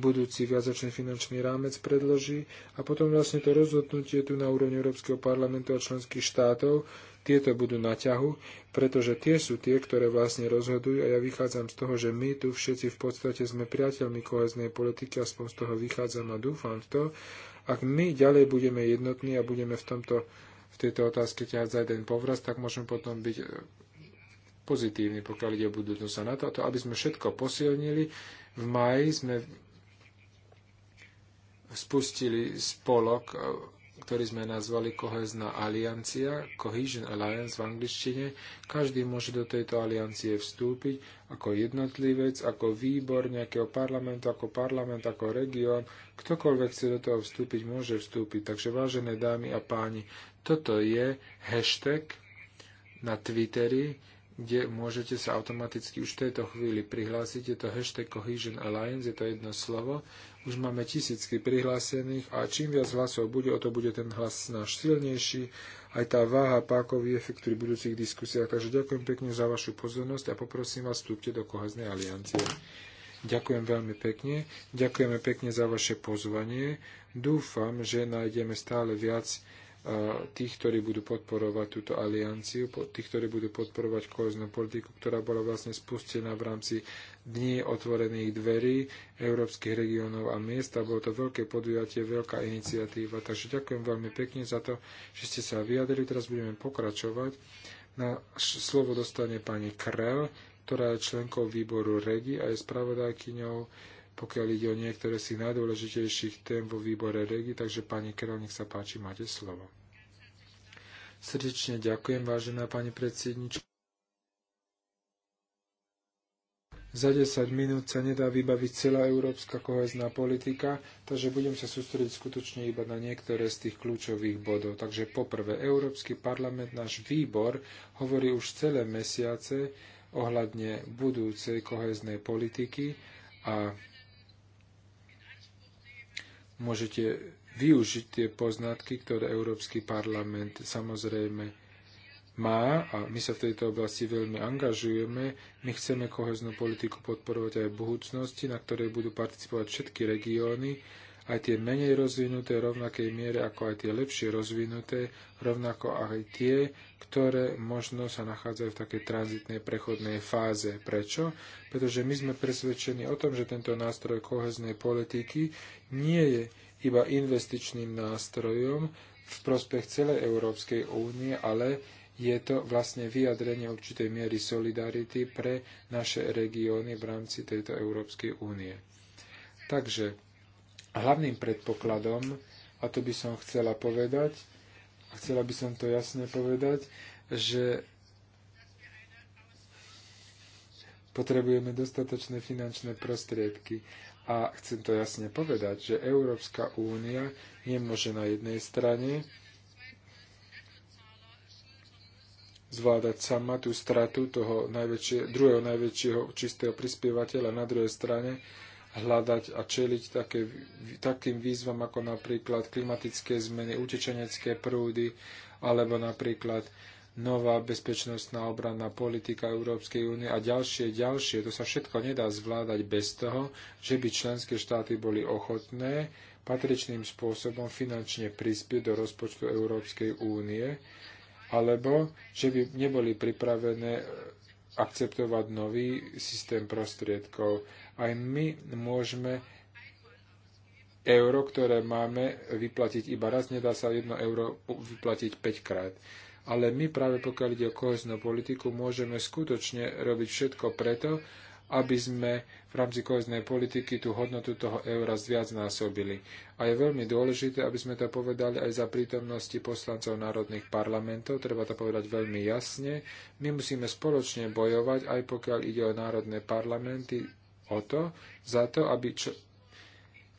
[SPEAKER 2] budúci viacročný finančný rámec predloží a potom vlastne to rozhodnutie tu na úrovni Európskeho parlamentu a členských štátov, tieto budú na ťahu, pretože tie sú tie, ktoré vlastne rozhodujú a ja vychádzam z toho, že my tu všetci v podstate sme priateľmi koheznej politiky, aspoň z toho vychádzam a dúfam v to. Ak my ďalej budeme jednotní a budeme v, tomto, v tejto otázke ťahať za jeden povraz, tak môžeme potom byť e, pozitívni, pokiaľ ide o budúcnosť a na to, a to, aby sme všetko posilnili. V maji sme spustili spolok, e, ktorý sme nazvali Kohezná aliancia, Cohesion Alliance v angličtine. Každý môže do tejto aliancie vstúpiť ako jednotlivec, ako výbor nejakého parlamentu, ako parlament, ako región. Ktokoľvek chce do toho vstúpiť, môže vstúpiť. Takže vážené dámy a páni, toto je hashtag na Twitteri, kde môžete sa automaticky už v tejto chvíli prihlásiť. Je to hashtag Cohesion Alliance, je to jedno slovo. Už máme tisícky prihlásených a čím viac hlasov bude, o to bude ten hlas náš silnejší. Aj tá váha pákový efekt pri budúcich diskusiách. Takže ďakujem pekne za vašu pozornosť a poprosím vás, vstúpte do koheznej aliancie. Ďakujem veľmi pekne. Ďakujeme pekne za vaše pozvanie. Dúfam, že nájdeme stále viac tých, ktorí budú podporovať túto alianciu, tých, ktorí budú podporovať koheznú politiku, ktorá bola vlastne spustená v rámci Dní otvorených dverí európskych regiónov a miest. A bolo to veľké podujatie, veľká iniciatíva. Takže ďakujem veľmi pekne za to, že ste sa vyjadrili. Teraz budeme pokračovať. Na slovo dostane pani Krel, ktorá je členkou výboru REGI a je spravodajkyňou pokiaľ ide o niektoré z tých najdôležitejších tém vo výbore REGI, takže pani Kerel, nech sa páči, máte slovo. Srdečne ďakujem, vážená pani predsednička. Za 10 minút sa nedá vybaviť celá európska kohezná politika, takže budem sa sústrediť skutočne iba na niektoré z tých kľúčových bodov. Takže poprvé, Európsky parlament, náš výbor, hovorí už celé mesiace ohľadne budúcej koheznej politiky a môžete využiť tie poznatky, ktoré Európsky parlament samozrejme má a my sa v tejto oblasti veľmi angažujeme. My chceme koheznú politiku podporovať aj v budúcnosti, na ktorej budú participovať všetky regióny aj tie menej rozvinuté rovnakej miere, ako aj tie lepšie rozvinuté, rovnako aj tie, ktoré možno sa nachádzajú v takej tranzitnej prechodnej fáze. Prečo? Pretože my sme presvedčení o tom, že tento nástroj koheznej politiky nie je iba investičným nástrojom v prospech celej Európskej únie, ale je to vlastne vyjadrenie určitej miery solidarity pre naše regióny v rámci tejto Európskej únie. Takže hlavným predpokladom, a to by som chcela povedať, a chcela by som to jasne povedať, že potrebujeme dostatočné finančné prostriedky. A chcem to jasne povedať, že Európska únia nemôže na jednej strane zvládať sama tú stratu toho najväčšie, druhého najväčšieho čistého prispievateľa, na druhej strane hľadať a čeliť také, takým výzvam ako napríklad klimatické zmeny, utečenecké prúdy alebo napríklad nová bezpečnostná obranná politika Európskej únie a ďalšie, ďalšie. To sa všetko nedá zvládať bez toho, že by členské štáty boli ochotné patričným spôsobom finančne prispieť do rozpočtu Európskej únie, alebo že by neboli pripravené akceptovať nový systém prostriedkov. Aj my môžeme euro, ktoré máme vyplatiť iba raz, nedá sa jedno euro vyplatiť 5 krát. Ale my práve pokiaľ ide o koheznú politiku, môžeme skutočne robiť všetko preto, aby sme v rámci koheznej politiky tú hodnotu toho eura zviacnásobili. A je veľmi dôležité, aby sme to povedali aj za prítomnosti poslancov národných parlamentov, treba to povedať veľmi jasne. My musíme spoločne bojovať, aj pokiaľ ide o národné parlamenty, o to, za to, aby čo,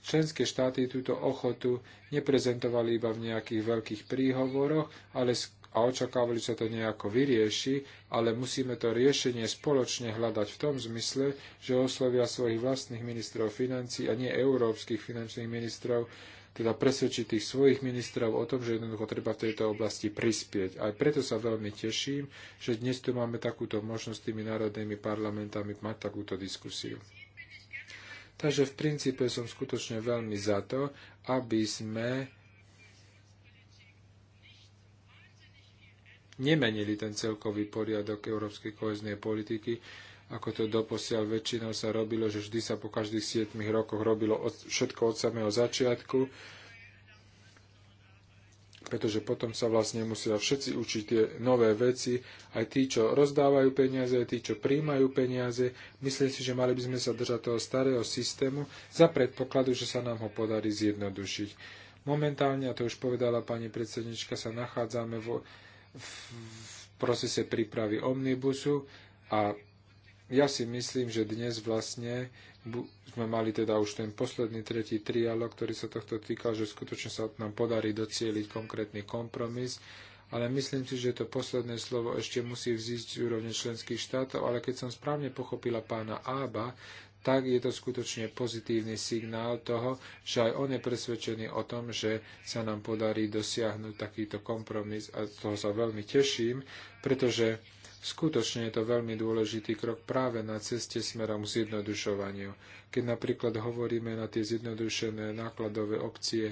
[SPEAKER 2] členské štáty túto ochotu neprezentovali iba v nejakých veľkých príhovoroch, ale a očakávali, že sa to nejako vyrieši, ale musíme to riešenie spoločne hľadať v tom zmysle, že oslovia svojich vlastných ministrov financí a nie európskych finančných ministrov teda presvedčiť tých svojich ministrov o tom, že jednoducho treba v tejto oblasti prispieť. Aj preto sa veľmi teším, že dnes tu máme takúto možnosť s tými národnými parlamentami mať takúto diskusiu. Takže v princípe som skutočne veľmi za to, aby sme nemenili ten celkový poriadok európskej koheznej politiky, ako to doposiaľ väčšinou sa robilo, že vždy sa po každých 7 rokoch robilo od, všetko od samého začiatku, pretože potom sa vlastne musia všetci učiť tie nové veci, aj tí, čo rozdávajú peniaze, aj tí, čo príjmajú peniaze. Myslím si, že mali by sme sa držať toho starého systému za predpokladu, že sa nám ho podarí zjednodušiť. Momentálne, a to už povedala pani predsednička, sa nachádzame vo, v, v procese prípravy omnibusu a ja si myslím, že dnes vlastne sme mali teda už ten posledný tretí trialog, ktorý sa tohto týkal, že skutočne sa nám podarí docieliť konkrétny kompromis, ale myslím si, že to posledné slovo ešte musí vzísť z úrovne členských štátov, ale keď som správne pochopila pána Ába, tak je to skutočne pozitívny signál toho, že aj on je presvedčený o tom, že sa nám podarí dosiahnuť takýto kompromis a z toho sa veľmi teším, pretože Skutočne je to veľmi dôležitý krok práve na ceste smerom k zjednodušovaniu. Keď napríklad hovoríme na tie zjednodušené nákladové opcie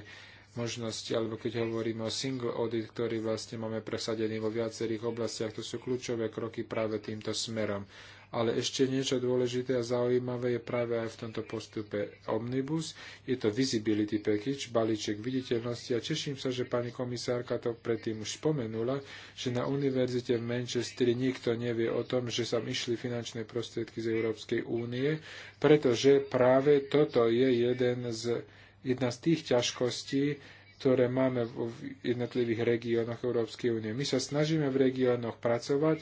[SPEAKER 2] možnosti, alebo keď hovoríme o single audit, ktorý vlastne máme presadený vo viacerých oblastiach, to sú kľúčové kroky práve týmto smerom. Ale ešte niečo dôležité a zaujímavé je práve aj v tomto postupe Omnibus. Je to Visibility Package, balíček viditeľnosti a teším sa, že pani komisárka to predtým už spomenula, že na univerzite v Manchester nikto nevie o tom, že sa išli finančné prostriedky z Európskej únie, pretože práve toto je jeden z, jedna z tých ťažkostí, ktoré máme v jednotlivých regiónoch Európskej únie. My sa snažíme v regiónoch pracovať,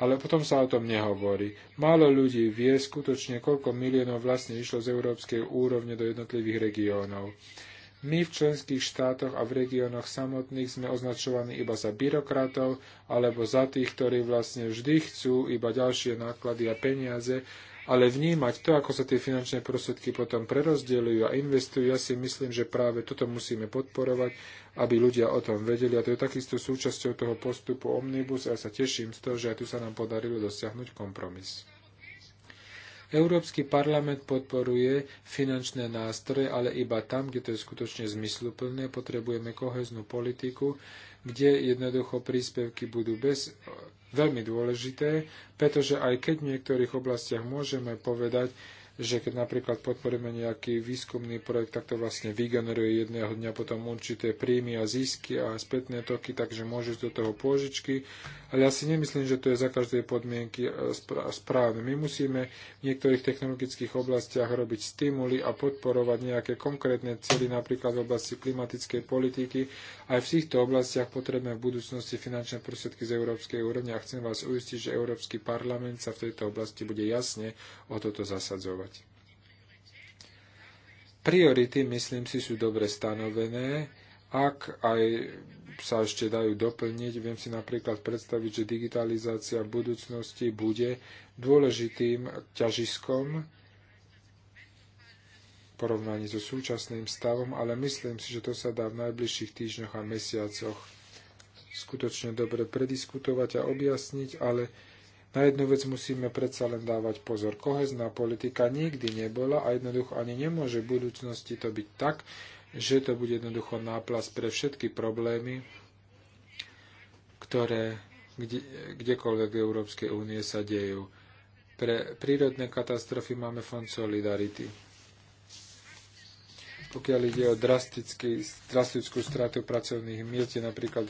[SPEAKER 2] ale potom sa o tom nehovorí. Málo ľudí vie skutočne, koľko miliónov vlastne išlo z európskej úrovne do jednotlivých regiónov. My v členských štátoch a v regiónoch samotných sme označovaní iba za byrokratov alebo za tých, ktorí vlastne vždy chcú iba ďalšie náklady a peniaze ale vnímať to, ako sa tie finančné prostriedky potom prerozdeľujú a investujú, ja si myslím, že práve toto musíme podporovať, aby ľudia o tom vedeli. A to je takisto súčasťou toho postupu Omnibus a ja sa teším z toho, že aj tu sa nám podarilo dosiahnuť kompromis. Európsky parlament podporuje finančné nástroje, ale iba tam, kde to je skutočne zmysluplné. Potrebujeme koheznú politiku, kde jednoducho príspevky budú bez veľmi dôležité, pretože aj keď v niektorých oblastiach môžeme povedať, že keď napríklad podporíme nejaký výskumný projekt, tak to vlastne vygeneruje jedného dňa potom určité príjmy a zisky a spätné toky, takže môžeš do toho pôžičky. Ale ja si nemyslím, že to je za každej podmienky e, správne. My musíme v niektorých technologických oblastiach robiť stimuly a podporovať nejaké konkrétne cely, napríklad v oblasti klimatickej politiky. Aj v týchto oblastiach potrebujeme v budúcnosti finančné prostriedky z európskej úrovne a chcem vás uistiť, že Európsky parlament sa v tejto oblasti bude jasne o toto zasadzovať. Priority, myslím si, sú dobre stanovené. Ak aj sa ešte dajú doplniť, viem si napríklad predstaviť, že digitalizácia v budúcnosti bude dôležitým ťažiskom v porovnaní so súčasným stavom, ale myslím si, že to sa dá v najbližších týždňoch a mesiacoch skutočne dobre prediskutovať a objasniť, ale na jednu vec musíme predsa len dávať pozor. Kohezná politika nikdy nebola a jednoducho ani nemôže v budúcnosti to byť tak, že to bude jednoducho náplas pre všetky problémy, ktoré kde, kdekoľvek v Európskej únie sa dejú. Pre prírodné katastrofy máme fond Solidarity. Pokiaľ ide o drastickú stratu pracovných miest, je napríklad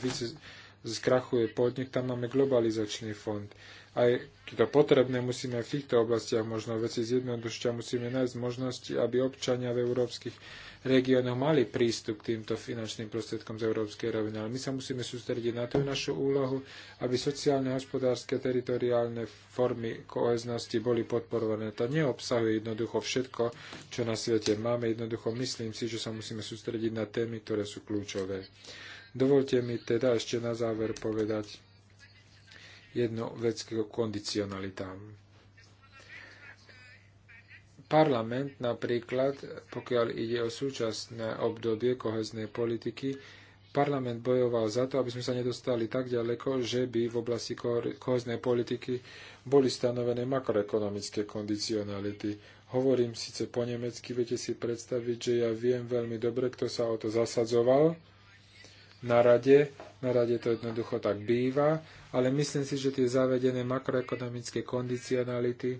[SPEAKER 2] zkrachuje podnik, tam máme globalizačný fond. Aj keď to potrebné, musíme v týchto oblastiach možno veci zjednodušiť a musíme nájsť možnosti, aby občania v európskych regiónoch mali prístup k týmto finančným prostriedkom z európskej roviny. Ale my sa musíme sústrediť na tú našu úlohu, aby sociálne, hospodárske, teritoriálne formy koheznosti boli podporované. To neobsahuje jednoducho všetko, čo na svete máme. Jednoducho myslím si, že sa musíme sústrediť na témy, ktoré sú kľúčové. Dovolte mi teda ešte na záver povedať jednu vec k kondicionalitám. Parlament napríklad, pokiaľ ide o súčasné obdobie koheznej politiky, parlament bojoval za to, aby sme sa nedostali tak ďaleko, že by v oblasti koheznej politiky boli stanovené makroekonomické kondicionality. Hovorím síce po nemecky, viete si predstaviť, že ja viem veľmi dobre, kto sa o to zasadzoval na rade. Na rade to jednoducho tak býva, ale myslím si, že tie zavedené makroekonomické kondicionality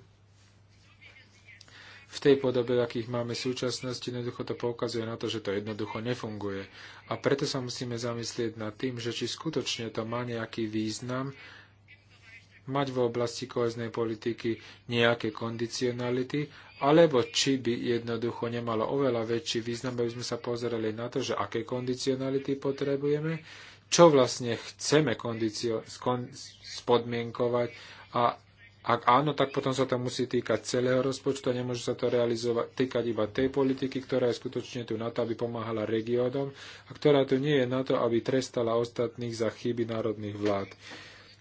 [SPEAKER 2] v tej podobe, akých máme v súčasnosti, jednoducho to poukazuje na to, že to jednoducho nefunguje. A preto sa musíme zamyslieť nad tým, že či skutočne to má nejaký význam, mať v oblasti koheznej politiky nejaké kondicionality, alebo či by jednoducho nemalo oveľa väčší význam, aby sme sa pozerali na to, že aké kondicionality potrebujeme, čo vlastne chceme kondicio- skon- spodmienkovať a ak áno, tak potom sa to musí týkať celého rozpočtu a nemôže sa to realizovať, týkať iba tej politiky, ktorá je skutočne tu na to, aby pomáhala regiónom a ktorá tu nie je na to, aby trestala ostatných za chyby národných vlád.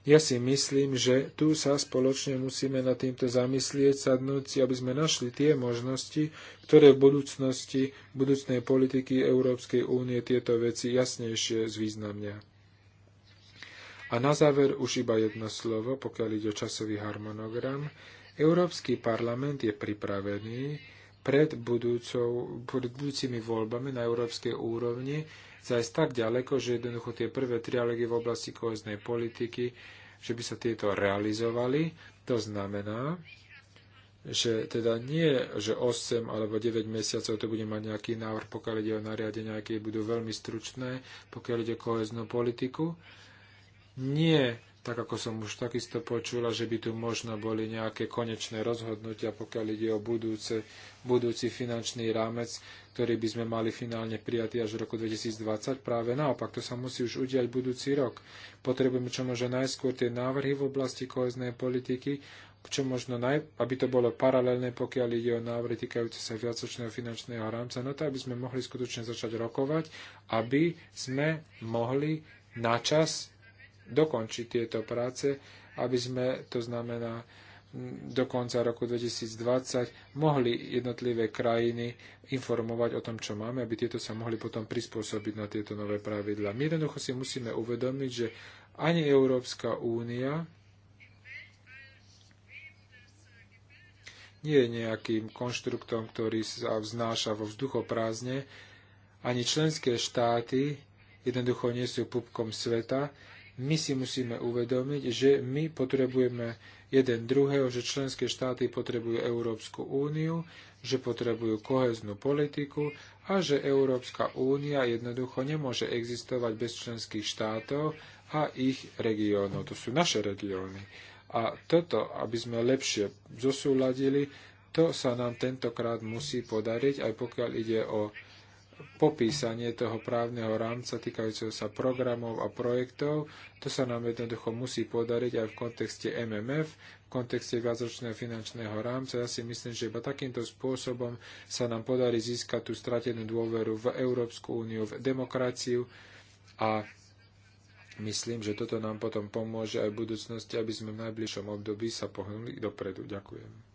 [SPEAKER 2] Ja si myslím, že tu sa spoločne musíme nad týmto zamyslieť, sadnúť si, aby sme našli tie možnosti, ktoré v budúcnosti, v budúcnej politiky Európskej únie tieto veci jasnejšie zvýznamnia. A na záver už iba jedno slovo, pokiaľ ide o časový harmonogram. Európsky parlament je pripravený pred, budúcou, pred budúcimi voľbami na európskej úrovni zajsť tak ďaleko, že jednoducho tie prvé trialógy v oblasti koheznej politiky, že by sa tieto realizovali. To znamená, že teda nie, že 8 alebo 9 mesiacov to bude mať nejaký návrh, pokiaľ ide o nariadenia, aké budú veľmi stručné, pokiaľ ide o koheznú politiku. Nie tak ako som už takisto počula, že by tu možno boli nejaké konečné rozhodnutia, pokiaľ ide o budúce, budúci finančný rámec, ktorý by sme mali finálne prijatý až v roku 2020. Práve naopak, to sa musí už udiať budúci rok. Potrebujeme čo možno najskôr tie návrhy v oblasti koheznej politiky, čo možno naj, aby to bolo paralelné, pokiaľ ide o návrhy týkajúce sa viacočného finančného rámca, no to, aby sme mohli skutočne začať rokovať, aby sme mohli načas dokončiť tieto práce, aby sme, to znamená, mm, do konca roku 2020 mohli jednotlivé krajiny informovať o tom, čo máme, aby tieto sa mohli potom prispôsobiť na tieto nové pravidla. My jednoducho si musíme uvedomiť, že ani Európska únia nie je nejakým konštruktom, ktorý sa vznáša vo vzduchoprázdne, ani členské štáty jednoducho nie sú pupkom sveta, my si musíme uvedomiť, že my potrebujeme jeden druhého, že členské štáty potrebujú Európsku úniu, že potrebujú koheznú politiku a že Európska únia jednoducho nemôže existovať bez členských štátov a ich regiónov. To sú naše regióny. A toto, aby sme lepšie zosúladili, to sa nám tentokrát musí podariť, aj pokiaľ ide o popísanie toho právneho rámca týkajúceho sa programov a projektov. To sa nám jednoducho musí podariť aj v kontexte MMF, v kontexte viacročného finančného rámca. Ja si myslím, že iba takýmto spôsobom sa nám podarí získať tú stratenú dôveru v Európsku úniu, v demokraciu a myslím, že toto nám potom pomôže aj v budúcnosti, aby sme v najbližšom období sa pohnuli dopredu. Ďakujem.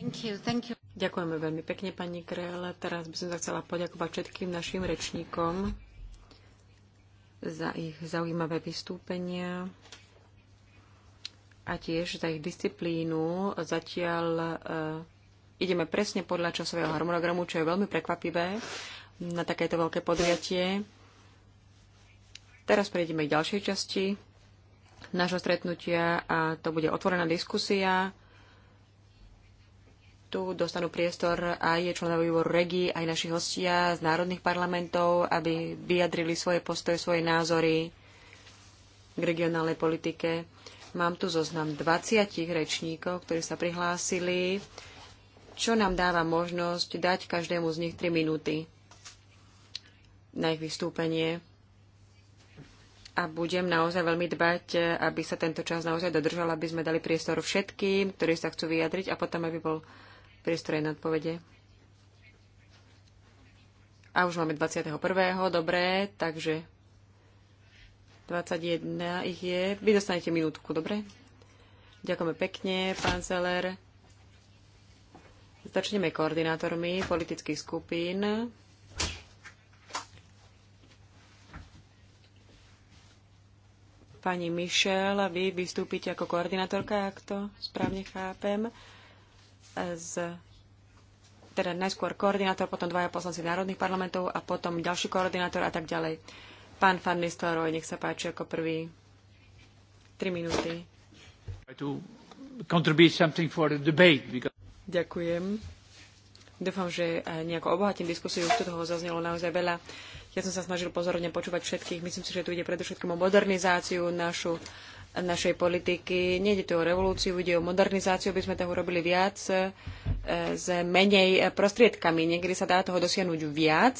[SPEAKER 3] Thank you, thank you. Ďakujeme veľmi pekne, pani Krele. Teraz by som sa chcela poďakovať všetkým našim rečníkom za ich zaujímavé vystúpenia a tiež za ich disciplínu. Zatiaľ e, ideme presne podľa časového harmonogramu, čo je veľmi prekvapivé na takéto veľké podujatie. Teraz prejdeme k ďalšej časti nášho stretnutia a to bude otvorená diskusia tu dostanú priestor aj členov výboru REGI, aj naši hostia z národných parlamentov, aby vyjadrili svoje postoje, svoje názory k regionálnej politike. Mám tu zoznam 20 rečníkov, ktorí sa prihlásili, čo nám dáva možnosť dať každému z nich 3 minúty na ich vystúpenie. A budem naozaj veľmi dbať, aby sa tento čas naozaj dodržal, aby sme dali priestor všetkým, ktorí sa chcú vyjadriť a potom, aby bol priestor na odpovede. A už máme 21. Dobré, takže 21 ich je. Vy dostanete minútku, dobre? Ďakujeme pekne, pán Zeller. Začneme koordinátormi politických skupín. Pani Michel, vy vystúpite ako koordinátorka, ak to správne chápem z teda najskôr koordinátor, potom dvaja poslanci národných parlamentov a potom ďalší koordinátor a tak ďalej. Pán Fan Nistelrooy, nech sa páči ako prvý. Tri minúty. Ďakujem. Dúfam, že eh, nejako obohatím diskusiu, už tu toho zaznelo naozaj veľa. Ja som sa snažil pozorne počúvať všetkých. Myslím si, že tu ide predovšetkým o modernizáciu našu našej politiky. Nejde tu o revolúciu, ide o modernizáciu, aby sme toho robili viac e, s menej prostriedkami. Niekedy sa dá toho dosiahnuť viac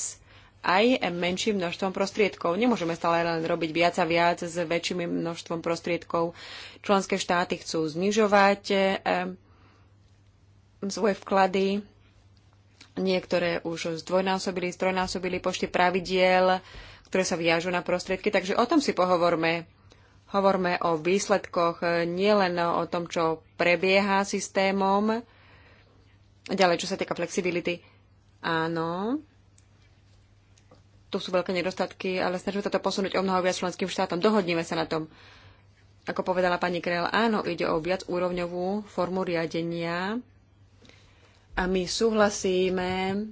[SPEAKER 3] aj menším množstvom prostriedkov. Nemôžeme stále len robiť viac a viac s väčším množstvom prostriedkov. Členské štáty chcú znižovať e, svoje vklady. Niektoré už zdvojnásobili, strojnásobili počty pravidiel, ktoré sa viažu na prostriedky. Takže o tom si pohovorme Hovorme o výsledkoch, e, nielen o tom, čo prebieha systémom. Ďalej, čo sa týka flexibility. Áno, tu sú veľké nedostatky, ale snažíme sa to posunúť o mnoho viac členským štátom. Dohodníme sa na tom. Ako povedala pani Krel, áno, ide o viac úrovňovú formu riadenia a my súhlasíme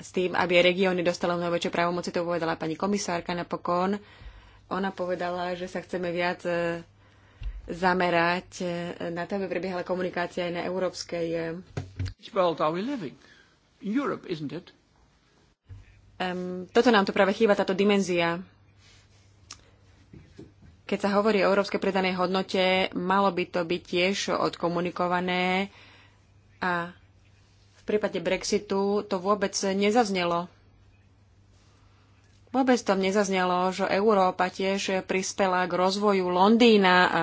[SPEAKER 3] s tým, aby regióny dostali mnoho väčšie právomoci, to povedala pani komisárka napokon. Ona povedala, že sa chceme viac e, zamerať e, na to, aby prebiehala komunikácia aj na európskej. E,
[SPEAKER 2] Europe,
[SPEAKER 3] um, toto nám tu práve chýba, táto dimenzia. Keď sa hovorí o európskej predanej hodnote, malo by to byť tiež odkomunikované a v prípade Brexitu to vôbec nezaznelo. Vôbec tam nezaznelo, že Európa tiež prispela k rozvoju Londýna a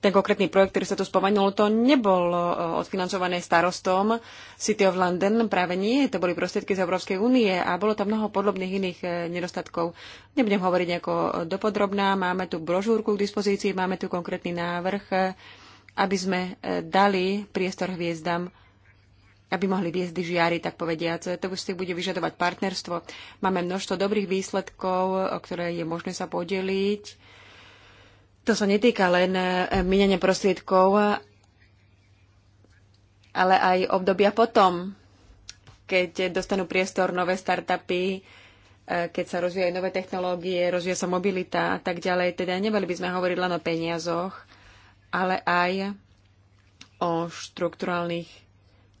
[SPEAKER 3] ten konkrétny projekt, ktorý sa tu spomenul, to nebol odfinancované starostom City of London, práve nie, to boli prostriedky z Európskej únie a bolo tam mnoho podobných iných e, nedostatkov. Nebudem hovoriť ako dopodrobná, máme tu brožúrku k dispozícii, máme tu konkrétny návrh, aby sme e, dali priestor hviezdam aby mohli viesť žiary, tak povediať. To už si bude vyžadovať partnerstvo. Máme množstvo dobrých výsledkov, o ktoré je možné sa podeliť. To sa netýka len e, minenia prostriedkov, ale aj obdobia potom, keď dostanú priestor nové startupy, e, keď sa rozvíjajú nové technológie, rozvíja sa mobilita a tak ďalej. Teda nebali by sme hovoriť len o peniazoch, ale aj o štrukturálnych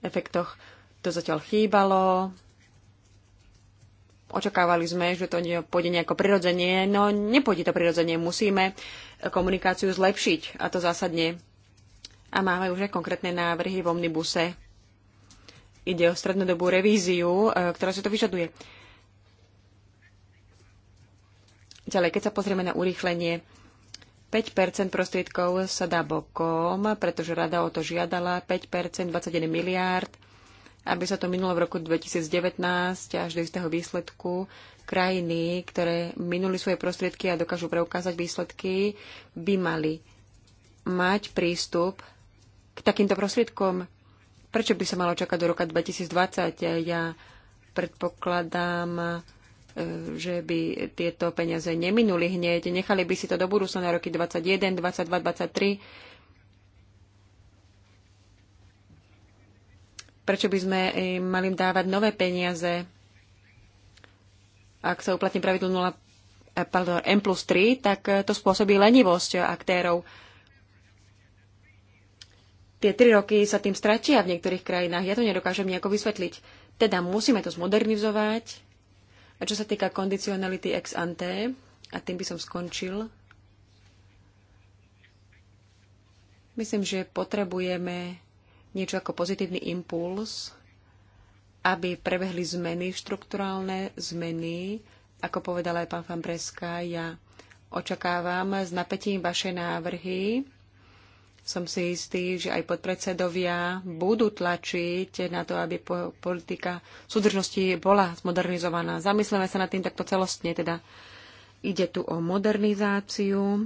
[SPEAKER 3] efektoch. To zatiaľ chýbalo. Očakávali sme, že to pôjde nejako prirodzenie, no nepôjde to prirodzenie. Musíme komunikáciu zlepšiť, a to zásadne. A máme už aj konkrétne návrhy v omnibuse. Ide o strednodobú revíziu, e, ktorá si to vyžaduje. Ďalej, keď sa pozrieme na urýchlenie, 5 prostriedkov sa dá bokom, pretože rada o to žiadala 5 21 miliárd, aby sa to minulo v roku 2019 až do istého výsledku. Krajiny, ktoré minuli svoje prostriedky a dokážu preukázať výsledky, by mali mať prístup k takýmto prostriedkom. Prečo by sa malo čakať do roka 2020? Ja predpokladám, E, že by tieto peniaze neminuli hneď, nechali by si to do budúcna na roky 21, 22, 23, prečo by sme im mali dávať nové peniaze, ak sa uplatní pravidlo 0, e, pardon, M plus 3, tak e, to spôsobí lenivosť aktérov. Tie tri roky sa tým stratia v niektorých krajinách. Ja to nedokážem nejako vysvetliť. Teda musíme to zmodernizovať, a čo sa týka kondicionality ex ante, a tým by som skončil, myslím, že potrebujeme niečo ako pozitívny impuls, aby prebehli zmeny, štruktúrálne zmeny, ako povedal aj pán Fambreska, ja očakávam s napätím vaše návrhy som si istý, že aj podpredsedovia budú tlačiť na to, aby politika súdržnosti bola zmodernizovaná. Zamyslíme sa nad tým takto celostne. Teda ide tu o modernizáciu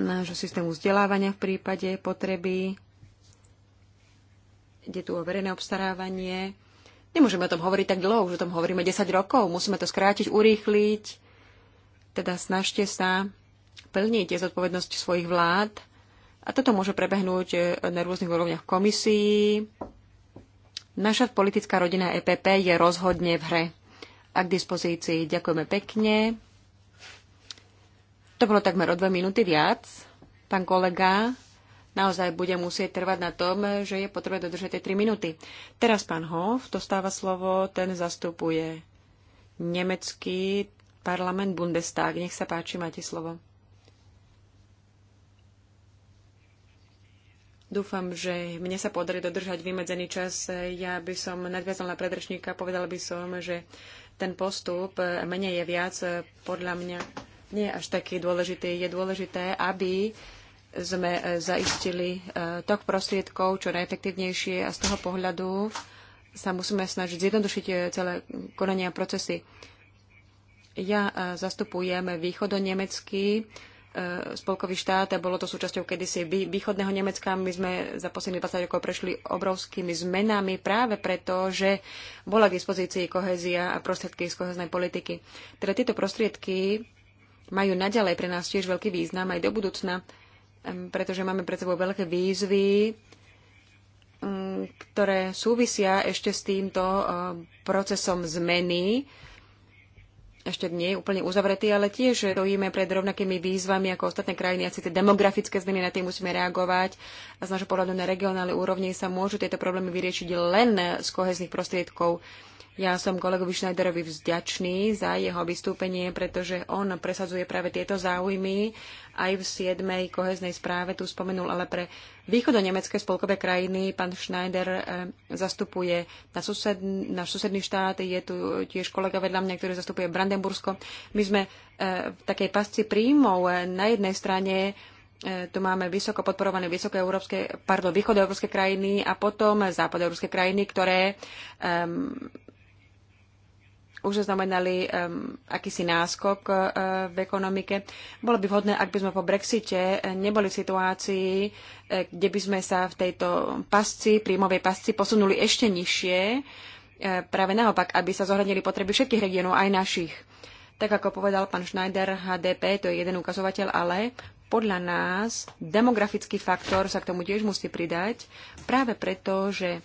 [SPEAKER 3] nášho systému vzdelávania v prípade potreby. Ide tu o verejné obstarávanie. Nemôžeme o tom hovoriť tak dlho, už o tom hovoríme 10 rokov. Musíme to skrátiť, urýchliť. Teda snažte sa plniť zodpovednosť svojich vlád a toto môže prebehnúť e, na rôznych úrovniach komisií. Naša politická rodina EPP je rozhodne v hre a k dispozícii. Ďakujeme pekne. To bolo takmer o dve minúty viac. Pán kolega naozaj bude musieť trvať na tom, že je potrebné dodržať tie 3 minúty. Teraz pán Hof dostáva slovo, ten zastupuje nemecký parlament Bundestag. Nech sa páči, máte slovo. Dúfam, že mne sa podarí dodržať vymedzený čas. Ja by som nadviazal na predrečníka, povedala by som, že ten postup menej je viac, podľa mňa nie je až taký dôležitý. Je dôležité, aby sme zaistili e, tok prostriedkov čo najefektívnejšie a z toho pohľadu sa musíme snažiť zjednodušiť e, celé konania a procesy. Ja e, zastupujem východonemecký nemecký E, spolkový štát a bolo to súčasťou kedysi východného Nemecka. My sme za posledných 20 rokov prešli obrovskými zmenami práve preto, že bola k dispozícii kohézia a prostriedky z koheznej politiky. Teda tieto prostriedky majú naďalej pre nás tiež veľký význam aj do budúcna, pretože máme pred sebou veľké výzvy, ktoré súvisia ešte s týmto e, procesom zmeny, ešte nie je úplne uzavretý, ale tiež stojíme pred rovnakými výzvami ako ostatné krajiny, asi tie demografické zmeny, na tie musíme reagovať a z nášho pohľadu na regionálnej úrovni sa môžu tieto problémy vyriešiť len z kohezných prostriedkov. Ja som kolegovi Schneiderovi vzďačný za jeho vystúpenie, pretože on presadzuje práve tieto záujmy aj v 7. koheznej správe, tu spomenul, ale pre východonemecké spolkové krajiny. Pán Schneider eh, zastupuje na sused, náš susedný štát, je tu tiež kolega vedľa mňa, ktorý zastupuje Brandenbursko. My sme eh, v takej pasci príjmov. Na jednej strane eh, tu máme vysoko podporované vysoké európske, pardon, východoeurópske krajiny a potom západoeurópske krajiny, ktoré um, už zaznamenali um, akýsi náskok uh, v ekonomike. Bolo by vhodné, ak by sme po Brexite eh, neboli v situácii, uh, kde by sme sa v tejto pasci, príjmovej pasci, posunuli ešte nižšie. Uh, práve naopak, aby sa zohľadnili potreby všetkých regiónov, aj našich. Tak ako povedal pán Schneider, HDP to je jeden ukazovateľ, ale podľa nás demografický faktor sa k tomu tiež musí pridať, práve preto, že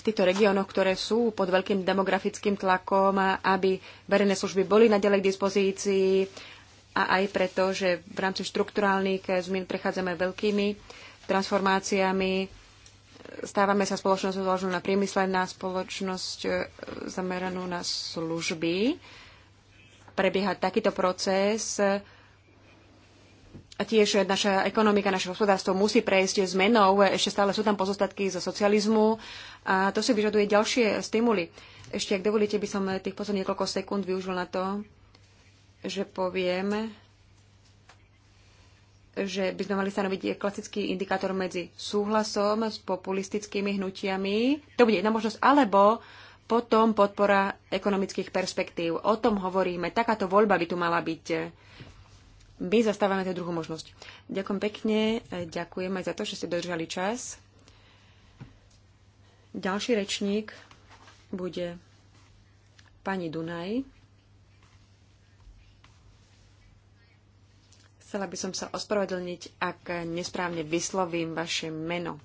[SPEAKER 3] v týchto regiónoch, ktoré sú pod veľkým demografickým tlakom, aby verejné služby boli naďalej k dispozícii a aj preto, že v rámci štrukturálnych zmien prechádzame veľkými transformáciami, stávame sa spoločnosť založenou na priemysle, na spoločnosť e, zameranú na služby. Prebieha takýto proces a tiež naša ekonomika, naše hospodárstvo musí prejsť zmenou. Ešte stále sú tam pozostatky zo socializmu a to si vyžaduje ďalšie stimuly. Ešte, ak dovolíte, by som tých posledných niekoľko sekúnd využil na to, že poviem, že by sme mali stanoviť klasický indikátor medzi súhlasom s populistickými hnutiami, to bude jedna možnosť, alebo potom podpora ekonomických perspektív. O tom hovoríme. Takáto voľba by tu mala byť. My zastávame tú druhú možnosť. Ďakujem pekne, ďakujem aj za to, že ste dodržali čas. Ďalší rečník bude pani Dunaj. Chcela by som sa ospravedlniť, ak nesprávne vyslovím vaše meno.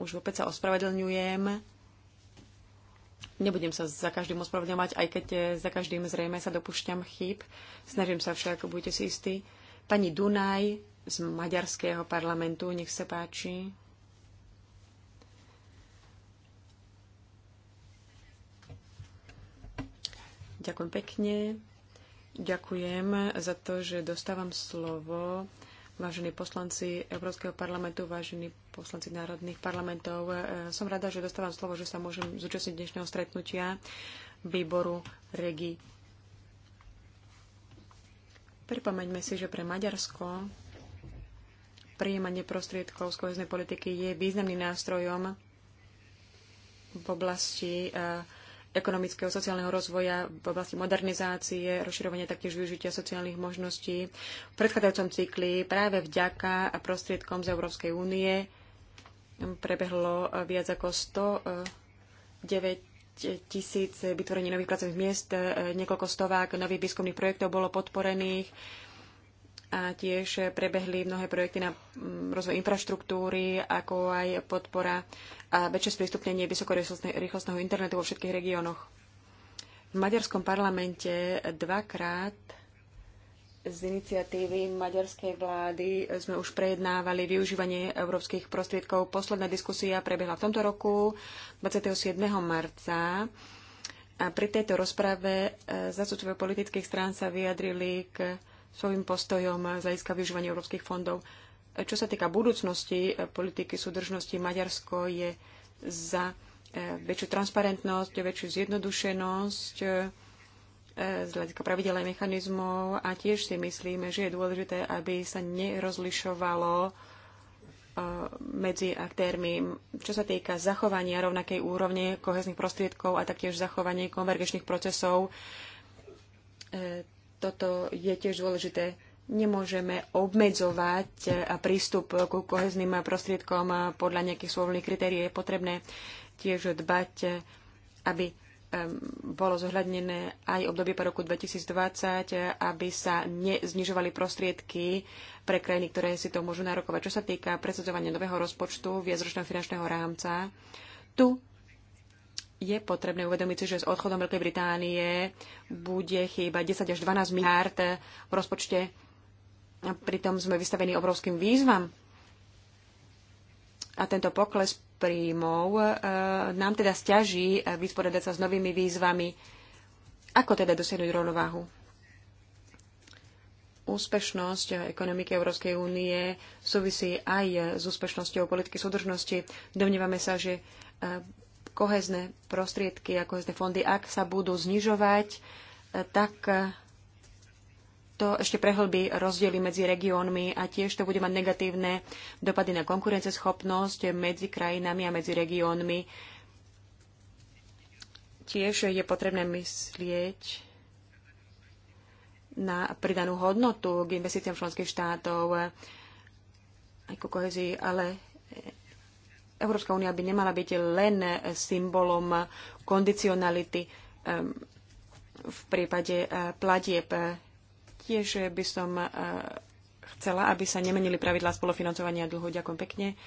[SPEAKER 3] Už opäť sa ospravedlňujem. Nebudem sa za každým ospravedlňovať, aj keď eh, za každým zrejme sa dopúšťam chýb. Snažím sa však, buďte si istí. Pani Dunaj z Maďarského parlamentu, nech sa páči. Ďakujem pekne. Ďakujem za to, že dostávam slovo. Vážení poslanci Európskeho parlamentu, vážení poslanci národných parlamentov, e, som rada, že dostávam slovo, že sa môžem zúčastniť dnešného stretnutia výboru REGI. Pripomeňme si, že pre Maďarsko prijímanie prostriedkov z kohezné politiky je významným nástrojom v oblasti uh, ekonomického, sociálneho rozvoja, v oblasti modernizácie, rozširovania taktiež využitia sociálnych možností. V predchádzajúcom cykli práve vďaka a prostriedkom z Európskej únie prebehlo viac ako 109 eh, tisíc vytvorení nových pracovných miest, eh, niekoľko stovák nových výskumných projektov bolo podporených a tiež prebehli mnohé projekty na mm, rozvoj infraštruktúry, ako aj podpora a väčšie sprístupnenie vysokorýchlostného internetu vo všetkých regiónoch. V maďarskom parlamente dvakrát z iniciatívy maďarskej vlády sme už prejednávali využívanie európskych prostriedkov. Posledná diskusia prebehla v tomto roku 27. marca. A pri tejto rozprave eh, zastupcovia politických strán sa vyjadrili k svojim postojom z hľadiska využívania európskych fondov. E, čo sa týka budúcnosti e, politiky súdržnosti, Maďarsko je za e, väčšiu transparentnosť, väčšiu zjednodušenosť z hľadiska pravidel mechanizmov a tiež si myslíme, že je dôležité, aby sa nerozlišovalo medzi aktérmi, čo sa týka zachovania rovnakej úrovne kohezných prostriedkov a taktiež zachovanie konvergečných procesov. Toto je tiež dôležité. Nemôžeme obmedzovať e, prístup ku kohezným prostriedkom e, podľa nejakých svojvoľných kritérií. Je potrebné tiež dbať, e, aby bolo zohľadnené aj obdobie po roku 2020, aby sa neznižovali prostriedky pre krajiny, ktoré si to môžu narokovať. Čo sa týka presadzovania nového rozpočtu viacročného finančného rámca, tu je potrebné uvedomiť si, že s odchodom Veľkej Británie bude chýba 10 až 12 miliárd v rozpočte. A pritom sme vystavení obrovským výzvam. A tento pokles príjmov e, nám teda stiaží e, vysporiadať sa s novými výzvami. Ako teda dosiahnuť rovnováhu? Úspešnosť ekonomiky Európskej únie súvisí aj s úspešnosťou politiky súdržnosti. Domnievame sa, že e, kohezné prostriedky a kohezné fondy, ak sa budú znižovať, e, tak e, to ešte prehlbí rozdiely medzi regiónmi a tiež to bude mať negatívne dopady na konkurenceschopnosť medzi krajinami a medzi regiónmi. Tiež je potrebné myslieť na pridanú hodnotu k investíciám členských štátov aj ku kohezii, ale Európska únia by nemala byť len symbolom kondicionality v prípade eh, platieb. Tiež by som eh, chcela, aby sa nemenili pravidlá spolufinancovania dlhu. Ďakujem pekne.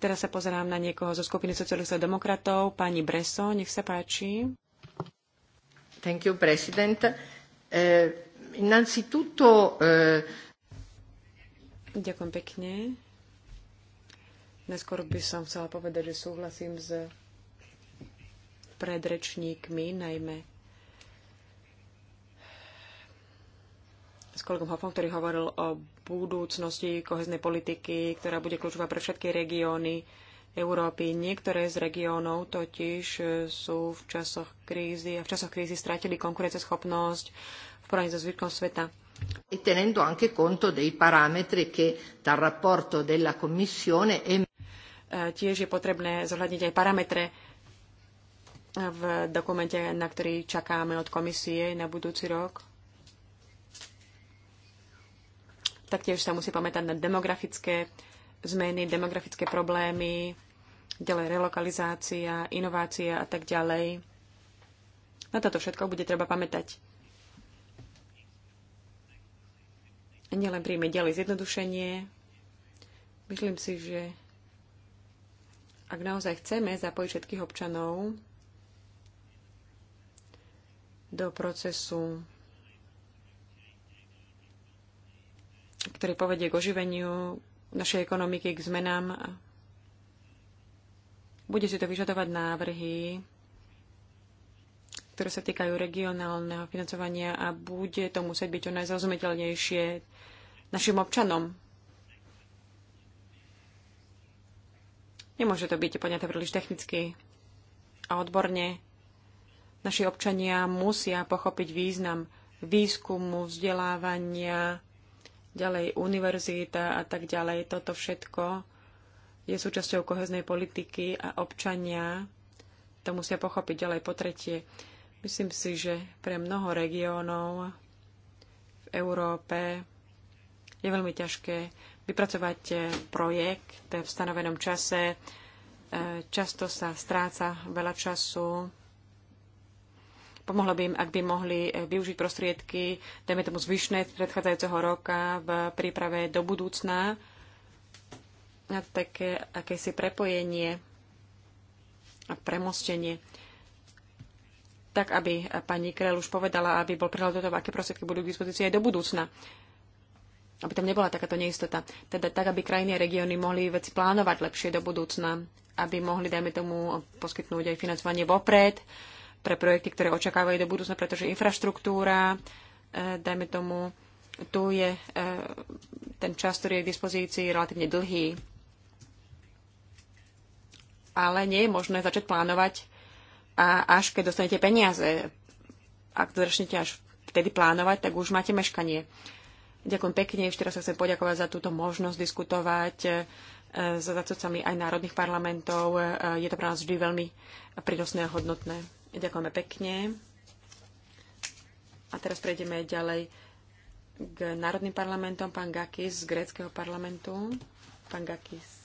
[SPEAKER 3] Teraz sa pozerám na niekoho zo skupiny socialistov demokratov. Pani Breso, nech sa páči.
[SPEAKER 1] Thank you, president. Eh, innanzitutto... Eh... Ďakujem pekne.
[SPEAKER 3] Neskôr by som chcela povedať, že súhlasím s predrečníkmi, najmä s kolegom Hoffom, ktorý hovoril o budúcnosti koheznej politiky, ktorá bude kľúčová pre všetky regióny Európy. Niektoré z regiónov totiž sú v časoch krízy a v časoch krízy stratili konkurenceschopnosť v porovnaní so zvyškom sveta.
[SPEAKER 1] E tenendo anche conto dei parametri che dal rapporto della Commissione e Tiež
[SPEAKER 3] je potrebné zohľadniť aj parametre v dokumente, na ktorý čakáme od komisie na budúci rok. Taktiež sa musí pamätať na demografické zmeny, demografické problémy, ďalej relokalizácia, inovácia a tak ďalej. Na toto všetko bude treba pamätať. Nielen príjme ďalej zjednodušenie. Myslím si, že ak naozaj chceme zapojiť všetkých občanov do procesu, ktorý povedie k oživeniu našej ekonomiky, k zmenám, bude si to vyžadovať návrhy, ktoré sa týkajú regionálneho financovania a bude to musieť byť čo najzrozumiteľnejšie našim občanom. Nemôže to byť poňaté príliš technicky a odborne. Naši občania musia pochopiť význam výskumu, vzdelávania, ďalej univerzita a tak ďalej. Toto všetko je súčasťou koheznej politiky a občania to musia pochopiť ďalej. Po tretie, myslím si, že pre mnoho regiónov v Európe je veľmi ťažké vypracovať e, projekt e, v stanovenom čase. E, často sa stráca veľa času. Pomohlo by im, ak by mohli využiť prostriedky, dajme tomu zvyšné z predchádzajúceho roka v príprave do budúcna na také akési prepojenie a premostenie tak aby pani Krel už povedala, aby bol prehľad do toho, aké prostriedky budú k dispozícii aj do budúcna aby tam nebola takáto neistota. Teda tak, aby krajiny a regióny mohli veci plánovať lepšie do budúcna, aby mohli, dajme tomu, poskytnúť aj financovanie vopred pre projekty, ktoré očakávajú do budúcna, pretože infraštruktúra, e, dajme tomu, tu je e, ten čas, ktorý je k dispozícii, relatívne dlhý. Ale nie je možné začať plánovať a až keď dostanete peniaze, ak začnete až vtedy plánovať, tak už máte meškanie. Ďakujem pekne. Ešte raz sa chcem poďakovať za túto možnosť diskutovať e, s zástupcami aj národných parlamentov. E, je to pre nás vždy veľmi prínosné a hodnotné. Ďakujeme pekne. A teraz prejdeme ďalej k národným parlamentom. Pán Gakis z gréckého parlamentu. Pán Gakis.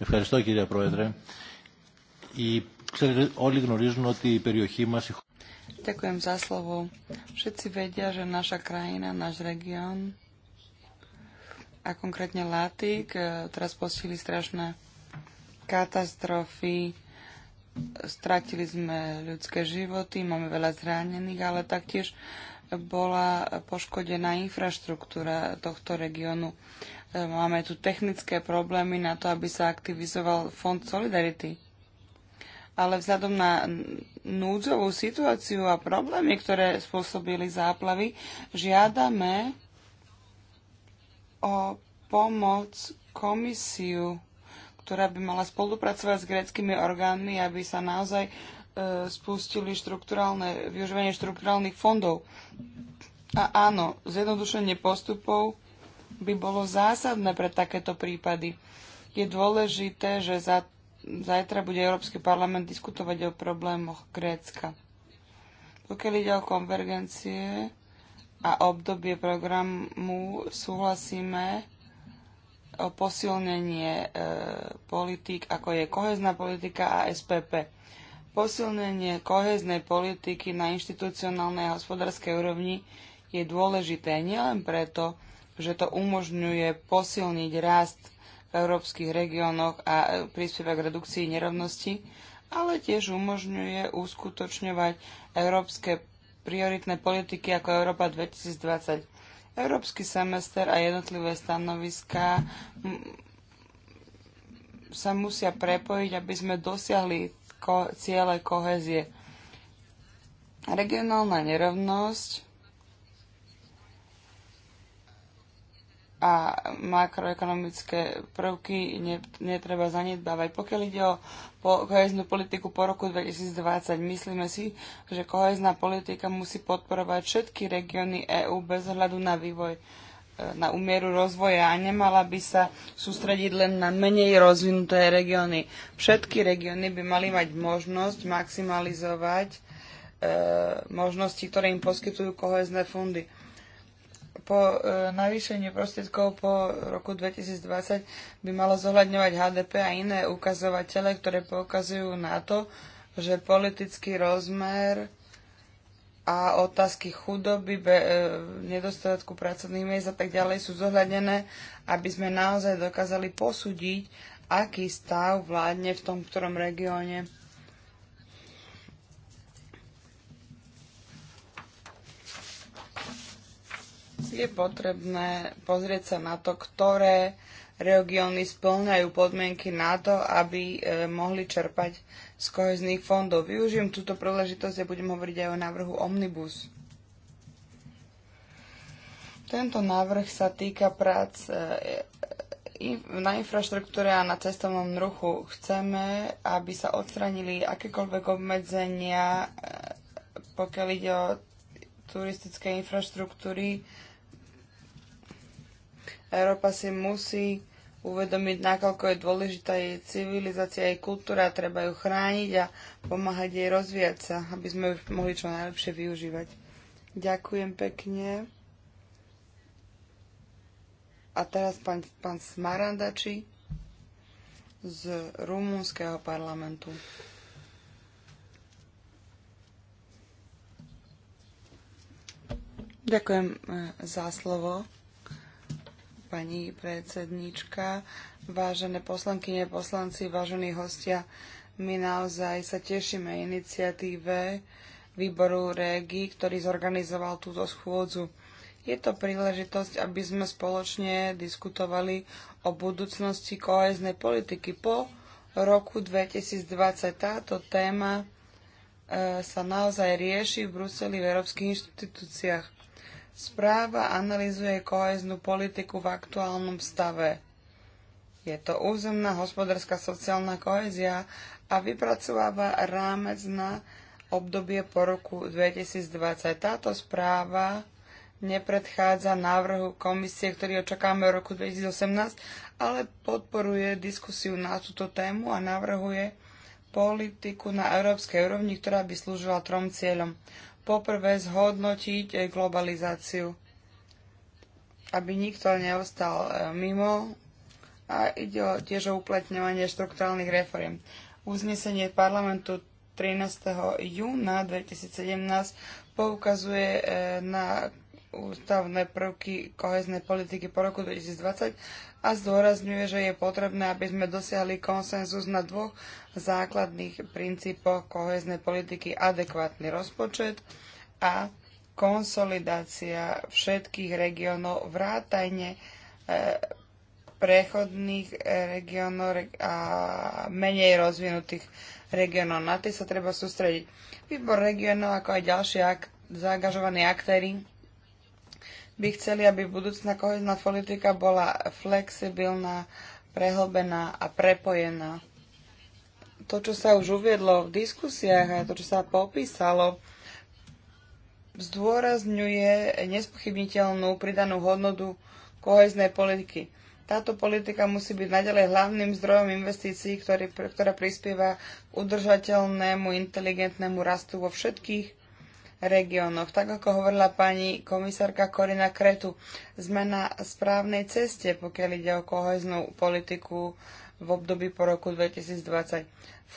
[SPEAKER 2] Ευχαριστώ κύριε Πρόεδρε. Ξέρετε, όλοι γνωρίζουν ότι η περιοχή μας...
[SPEAKER 4] Ďakujem za slovo. Všetci vedia, že naša krajina, náš región a konkrétne Látik e, teraz postihli strašné katastrofy. Stratili sme ľudské životy, máme veľa zranených, ale taktiež bola poškodená infraštruktúra tohto regiónu. E, máme tu technické problémy na to, aby sa aktivizoval Fond Solidarity. Ale vzhľadom na núdzovú situáciu a problémy, ktoré spôsobili záplavy, žiadame o pomoc komisiu, ktorá by mala spolupracovať s gréckými orgánmi, aby sa naozaj e, spustili využívanie štrukturálnych fondov. A áno, zjednodušenie postupov by bolo zásadné pre takéto prípady. Je dôležité, že za, zajtra bude Európsky parlament diskutovať o problémoch Grécka. Pokiaľ ide o konvergencie a obdobie programu, súhlasíme o posilnenie e, politík, ako je kohezná politika a SPP posilnenie kohéznej politiky na inštitucionálnej a hospodárskej úrovni je dôležité nielen preto, že to umožňuje posilniť rast v európskych regiónoch a e, prispieva k redukcii nerovnosti, ale tiež umožňuje uskutočňovať európske prioritné politiky ako Európa 2020. Európsky semester a jednotlivé stanoviská sa musia prepojiť, aby sme dosiahli ko- ciele kohezie. Regionálna nerovnosť a makroekonomické prvky netreba zanedbávať. Pokiaľ ide o koheznú politiku po roku 2020, myslíme si, že kohezná politika musí podporovať všetky regióny EÚ bez hľadu na vývoj e, na umieru rozvoja a nemala by sa sústrediť len na menej rozvinuté regióny. Všetky regióny by mali mať možnosť maximalizovať e, možnosti, ktoré im poskytujú kohezné fondy po e, navýšení prostriedkov po roku 2020 by malo zohľadňovať HDP a iné ukazovatele, ktoré poukazujú na to, že politický rozmer a otázky chudoby, be, e, nedostatku pracovných miest a tak ďalej sú zohľadené, aby sme naozaj dokázali posúdiť, aký stav vládne v tom ktorom regióne. je potrebné pozrieť sa na to, ktoré regióny splňajú podmienky na to, aby e, mohli čerpať z kohezných fondov. Využijem túto príležitosť a budem hovoriť aj o návrhu Omnibus. Tento návrh sa týka prác e, e, na infraštruktúre a na cestovnom ruchu. Chceme, aby sa odstranili akékoľvek obmedzenia, pokiaľ ide o turistické infraštruktúry, Európa si musí uvedomiť, nakoľko je dôležitá jej civilizácia, jej kultúra, treba ju chrániť a pomáhať jej rozvíjať sa, aby sme ju mohli čo najlepšie využívať. Ďakujem pekne. A teraz pán, pán Smarandači z rumúnskeho parlamentu. Ďakujem eh, za slovo pani predsednička, vážené poslankyne, poslanci, vážení hostia. My naozaj sa tešíme iniciatíve výboru REGI, ktorý zorganizoval túto schôdzu. Je to príležitosť, aby sme spoločne diskutovali o budúcnosti koheznej politiky po roku 2020. Táto téma e, sa naozaj rieši v Bruseli v európskych inštitúciách. Správa analizuje koheznú politiku v aktuálnom stave. Je to územná hospodárska sociálna kohezia a vypracováva rámec na obdobie po roku 2020. Táto správa nepredchádza návrhu komisie, ktorý očakáme v roku 2018, ale podporuje diskusiu na túto tému a navrhuje politiku na európskej úrovni, ktorá by slúžila trom cieľom poprvé zhodnotiť eh, globalizáciu, aby nikto neostal eh, mimo a ide o tiež o uplatňovanie štrukturálnych reforiem. Uznesenie parlamentu 13. júna 2017 poukazuje eh, na ústavné prvky koheznej politiky po roku 2020 a zdôrazňuje, že je potrebné, aby sme dosiahli konsenzus na dvoch základných princípoch koheznej politiky adekvátny rozpočet a konsolidácia všetkých regiónov vrátane e, prechodných regiónov a menej rozvinutých regiónov. Na tie sa treba sústrediť. Výbor regiónov, ako aj ďalší ak- zaangažovaní aktéry by chceli, aby budúcná kohezná politika bola flexibilná, prehlbená a prepojená. To, čo sa už uviedlo v diskusiách a to, čo sa popísalo, zdôrazňuje nespochybniteľnú pridanú hodnotu koheznej politiky. Táto politika musí byť naďalej hlavným zdrojom investícií, ktorý, ktorá prispieva k udržateľnému inteligentnému rastu vo všetkých regiónoch. Tak ako hovorila pani komisárka Korina Kretu, sme na správnej ceste, pokiaľ ide o koheznú politiku v období po roku 2020.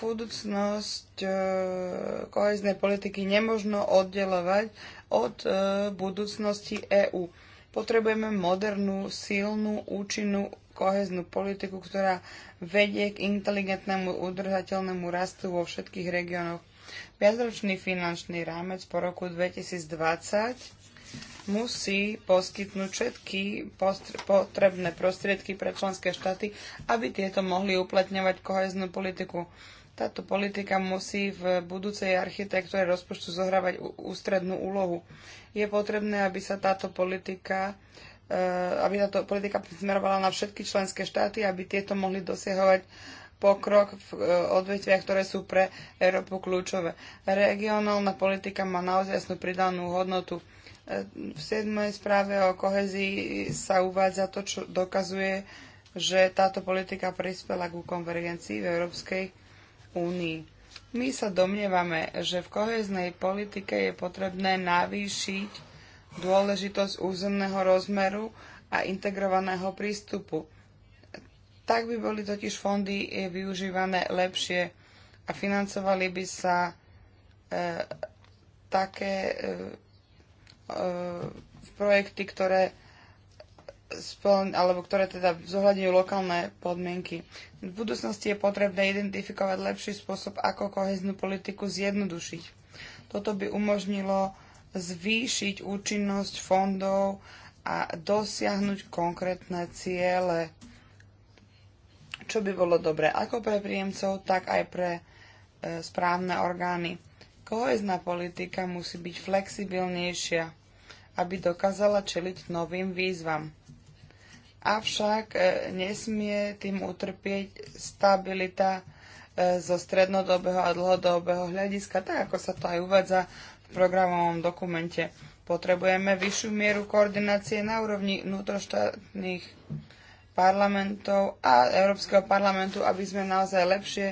[SPEAKER 4] Budúcnosť kohéznej koheznej politiky nemožno oddelovať od e, budúcnosti EÚ. Potrebujeme modernú, silnú, účinnú koheznú politiku, ktorá vedie k inteligentnému, udržateľnému rastu vo všetkých regiónoch Viacročný finančný rámec po roku 2020 musí poskytnúť všetky potrebné prostriedky pre členské štáty, aby tieto mohli uplatňovať koheznú politiku. Táto politika musí v budúcej architektúre rozpočtu zohrávať ústrednú úlohu. Je potrebné, aby sa táto politika e, aby táto politika smerovala na všetky členské štáty, aby tieto mohli dosiahovať pokrok v e, odvetviach, ktoré sú pre Európu kľúčové. Regionálna politika má naozaj jasnú pridanú hodnotu. E, v 7. správe o kohezii sa uvádza to, čo dokazuje, že táto politika prispela ku konvergencii v Európskej únii. My sa domnievame, že v koheznej politike je potrebné navýšiť dôležitosť územného rozmeru a integrovaného prístupu tak by boli totiž fondy eh, využívané lepšie a financovali by sa e, také e, e, projekty, ktoré alebo ktoré teda zohľadňujú lokálne podmienky. V budúcnosti je potrebné identifikovať lepší spôsob, ako koheznú politiku zjednodušiť. Toto by umožnilo zvýšiť účinnosť fondov a dosiahnuť konkrétne ciele čo by bolo dobre ako pre príjemcov, tak aj pre e, správne orgány. Kohezná politika musí byť flexibilnejšia, aby dokázala čeliť novým výzvam. Avšak e, nesmie tým utrpieť stabilita e, zo strednodobého a dlhodobého hľadiska, tak ako sa to aj uvádza v programovom dokumente. Potrebujeme vyššiu mieru koordinácie na úrovni vnútroštátnych parlamentov a Európskeho parlamentu, aby sme naozaj lepšie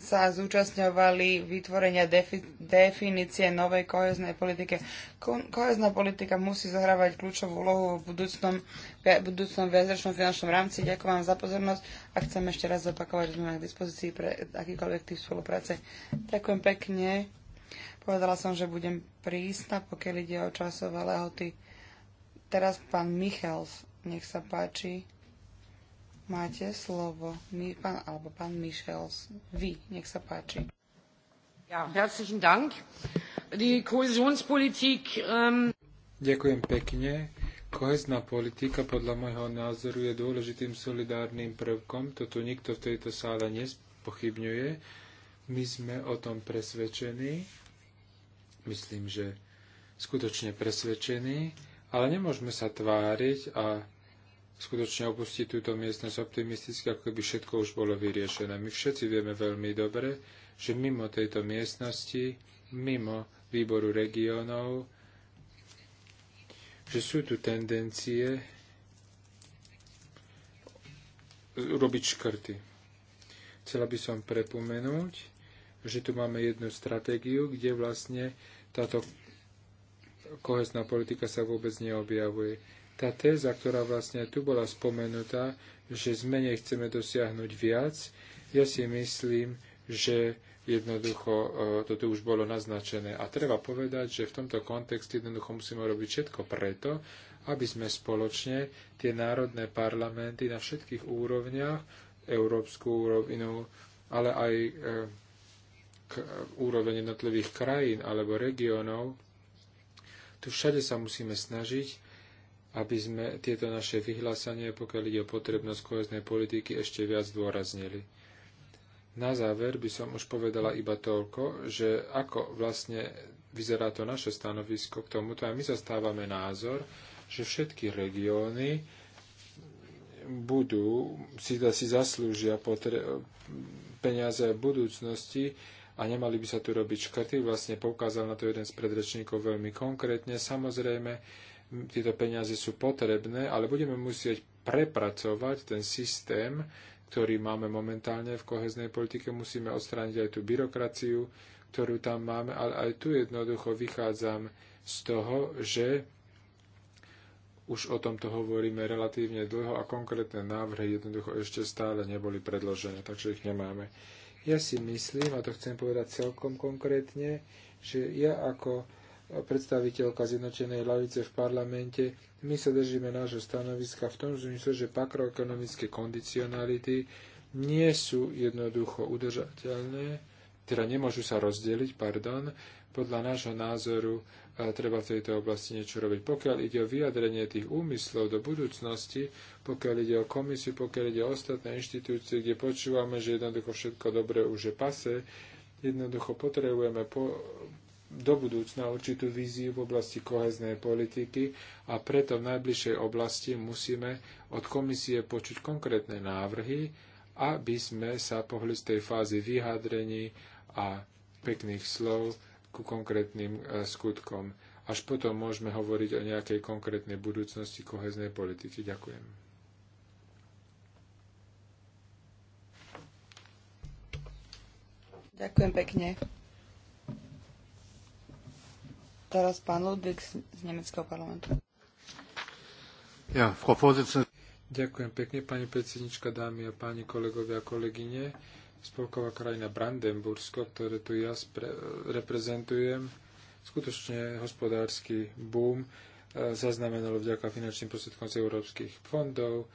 [SPEAKER 4] sa zúčastňovali vytvorenia defi- definície novej koheznej politike. Ko- kohezná politika musí zahrávať kľúčovú úlohu v budúcnom, v budúcnom viacročnom finančnom rámci. Ďakujem vám za pozornosť a chcem ešte raz zopakovať, že sme na dispozícii pre akýkoľvek typ spolupráce. Ďakujem pekne. Povedala som, že budem prísna, pokiaľ ide o časové lehoty. Teraz pán Michals, nech sa páči. Máte slovo, my, pán, alebo pán Michels. Vy, nech sa páči.
[SPEAKER 1] Ja, herzlichen Dank. Die Kohäsionspolitik... Um...
[SPEAKER 2] Ďakujem pekne. Kohezná politika podľa môjho názoru je dôležitým solidárnym prvkom. Toto nikto v tejto sále nespochybňuje. My sme o tom presvedčení. Myslím, že skutočne presvedčení. Ale nemôžeme sa tváriť a skutočne opustiť túto miestnosť optimisticky, ako by všetko už bolo vyriešené. My všetci vieme veľmi dobre, že mimo tejto miestnosti, mimo výboru regiónov, že sú tu tendencie robiť škrty. Chcela by som prepomenúť, že tu máme jednu stratégiu, kde vlastne táto kohesná politika sa vôbec neobjavuje. Tá téza, ktorá vlastne tu bola spomenutá, že z menej chceme dosiahnuť viac, ja si myslím, že jednoducho e, toto už bolo naznačené. A treba povedať, že v tomto kontexte jednoducho musíme robiť všetko preto, aby sme spoločne tie národné parlamenty na všetkých úrovniach, európsku úrovinu, ale aj e, k, úroveň jednotlivých krajín alebo regiónov, tu všade sa musíme snažiť aby sme tieto naše vyhlásenie, pokiaľ ide o potrebnosť koheznej politiky, ešte viac zdôraznili. Na záver by som už povedala iba toľko, že ako vlastne vyzerá to naše stanovisko k tomuto a my zastávame názor, že všetky regióny budú, si, si zaslúžia potre- peniaze v budúcnosti a nemali by sa tu robiť škrty. Vlastne poukázal na to jeden z predrečníkov veľmi konkrétne. Samozrejme, tieto peniaze sú potrebné, ale budeme musieť prepracovať ten systém, ktorý máme momentálne v koheznej politike. Musíme odstrániť aj tú byrokraciu, ktorú tam máme, ale aj tu jednoducho vychádzam z toho, že už o tomto hovoríme relatívne dlho a konkrétne návrhy jednoducho ešte stále neboli predložené, takže ich nemáme. Ja si myslím, a to chcem povedať celkom konkrétne, že ja ako predstaviteľka zjednotenej lavice v parlamente, my sa držíme nášho stanoviska v tom zmysle, že makroekonomické kondicionality nie sú jednoducho udržateľné, teda nemôžu sa rozdeliť, pardon, podľa nášho názoru e, treba v tejto oblasti niečo robiť. Pokiaľ ide o vyjadrenie tých úmyslov do budúcnosti, pokiaľ ide o komisiu, pokiaľ ide o ostatné inštitúcie, kde počúvame, že jednoducho všetko dobré už je pase, jednoducho potrebujeme po, do budúcna určitú víziu v oblasti koheznej politiky a preto v najbližšej oblasti musíme od komisie počuť konkrétne návrhy, aby sme sa pohli z tej fázy vyhadrení a pekných slov ku konkrétnym e, skutkom. Až potom môžeme hovoriť o nejakej konkrétnej budúcnosti koheznej politiky. Ďakujem.
[SPEAKER 4] Ďakujem pekne. Teraz pán Ludvík z, Nemeckého parlamentu.
[SPEAKER 2] Ja, Frau Vorsitzende. Ďakujem pekne, pani predsednička, dámy a páni kolegovia a kolegyne. Spolková krajina Brandenbursko, ktoré tu ja reprezentujem, skutočne hospodársky boom e, zaznamenalo vďaka finančným prostriedkom z európskych fondov.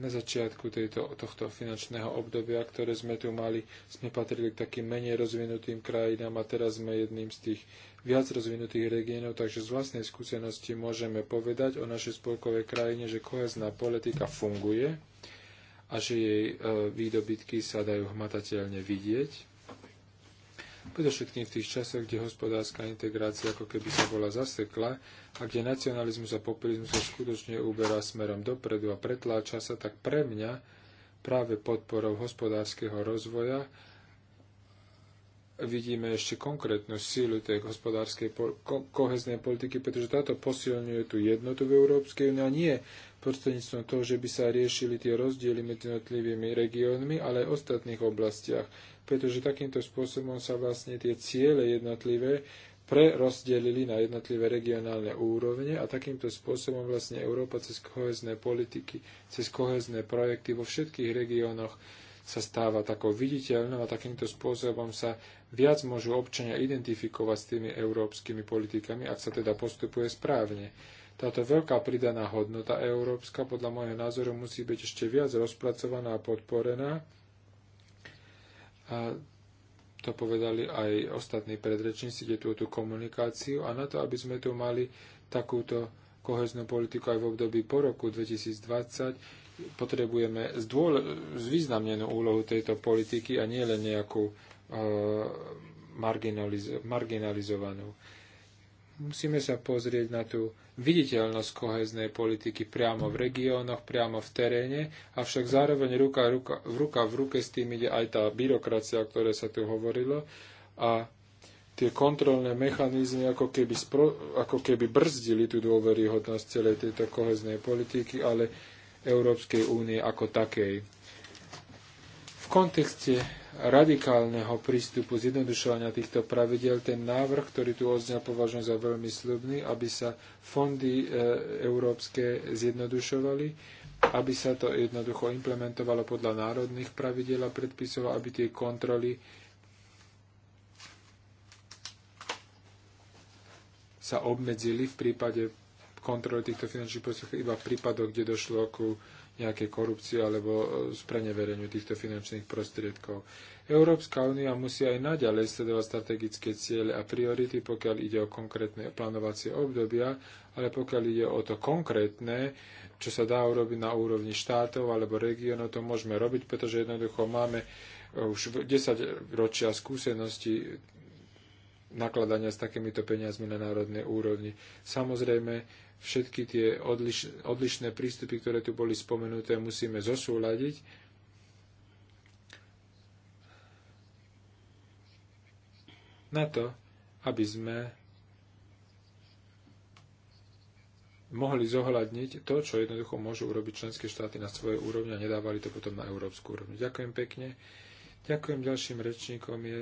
[SPEAKER 2] Na začiatku tejto, tohto finančného obdobia, ktoré sme tu mali, sme patrili k takým menej rozvinutým krajinám a teraz sme jedným z tých viac rozvinutých regiónov, takže z vlastnej skúsenosti môžeme povedať o našej spolkovej krajine, že kohezná politika funguje a že jej e, výdobytky sa dajú hmatateľne vidieť. Predovšetkým v tých časoch, kde hospodárska integrácia ako keby sa bola zasekla a kde nacionalizmus a populizmus sa skutočne uberá smerom dopredu a pretláča sa, tak pre mňa práve podporou hospodárskeho rozvoja vidíme ešte konkrétnu sílu tej hospodárskej po- ko- koheznej politiky, pretože táto posilňuje tú jednotu v Európskej únii a nie prostredníctvom toho, že by sa riešili tie rozdiely medzi jednotlivými regiónmi, ale aj v ostatných oblastiach, pretože takýmto spôsobom sa vlastne tie ciele jednotlivé prerozdelili na jednotlivé regionálne úrovne a takýmto spôsobom vlastne Európa cez kohezné politiky, cez kohezné projekty vo všetkých regiónoch sa stáva takou viditeľnou a takýmto spôsobom sa viac môžu občania identifikovať s tými európskymi politikami, ak sa teda postupuje správne. Táto veľká pridaná hodnota európska podľa môjho názoru musí byť ešte viac rozpracovaná a podporená. A to povedali aj ostatní predrečníci, kde túto komunikáciu a na to, aby sme tu mali takúto koheznú politiku aj v období po roku 2020, potrebujeme zdôle, zvýznamnenú úlohu tejto politiky a nie len nejakú marginaliz- marginalizovanú. Musíme sa pozrieť na tú viditeľnosť koheznej politiky priamo v regiónoch, priamo v teréne, avšak zároveň ruka, ruka, ruka v ruke s tým ide aj tá byrokracia, o ktorej sa tu hovorilo a tie kontrolné mechanizmy ako keby, spro, ako keby brzdili tú dôveryhodnosť celej tejto koheznej politiky, ale Európskej únie ako takej. V kontexte radikálneho prístupu zjednodušovania týchto pravidel, ten návrh, ktorý tu odznel, považujem za veľmi slubný, aby sa fondy e, európske zjednodušovali, aby sa to jednoducho implementovalo podľa národných pravidel a predpisov, aby tie kontroly sa obmedzili v prípade kontroly týchto finančných postupov iba v prípadoch, kde došlo ku nejakej korupcii alebo e, sprenevereniu týchto finančných prostriedkov. Európska únia musí aj naďalej sledovať strategické ciele a priority, pokiaľ ide o konkrétne plánovacie obdobia, ale pokiaľ ide o to konkrétne, čo sa dá urobiť na úrovni štátov alebo regiónov, to môžeme robiť, pretože jednoducho máme e, už 10 ročia skúsenosti nakladania s takýmito peniazmi na národnej úrovni. Samozrejme, všetky tie odliš, odlišné prístupy, ktoré tu boli spomenuté, musíme zosúľadiť. Na to, aby sme mohli zohľadniť to, čo jednoducho môžu urobiť členské štáty na svojej úrovni a nedávali to potom na európsku úrovni. Ďakujem pekne. Ďakujem ďalším rečníkom je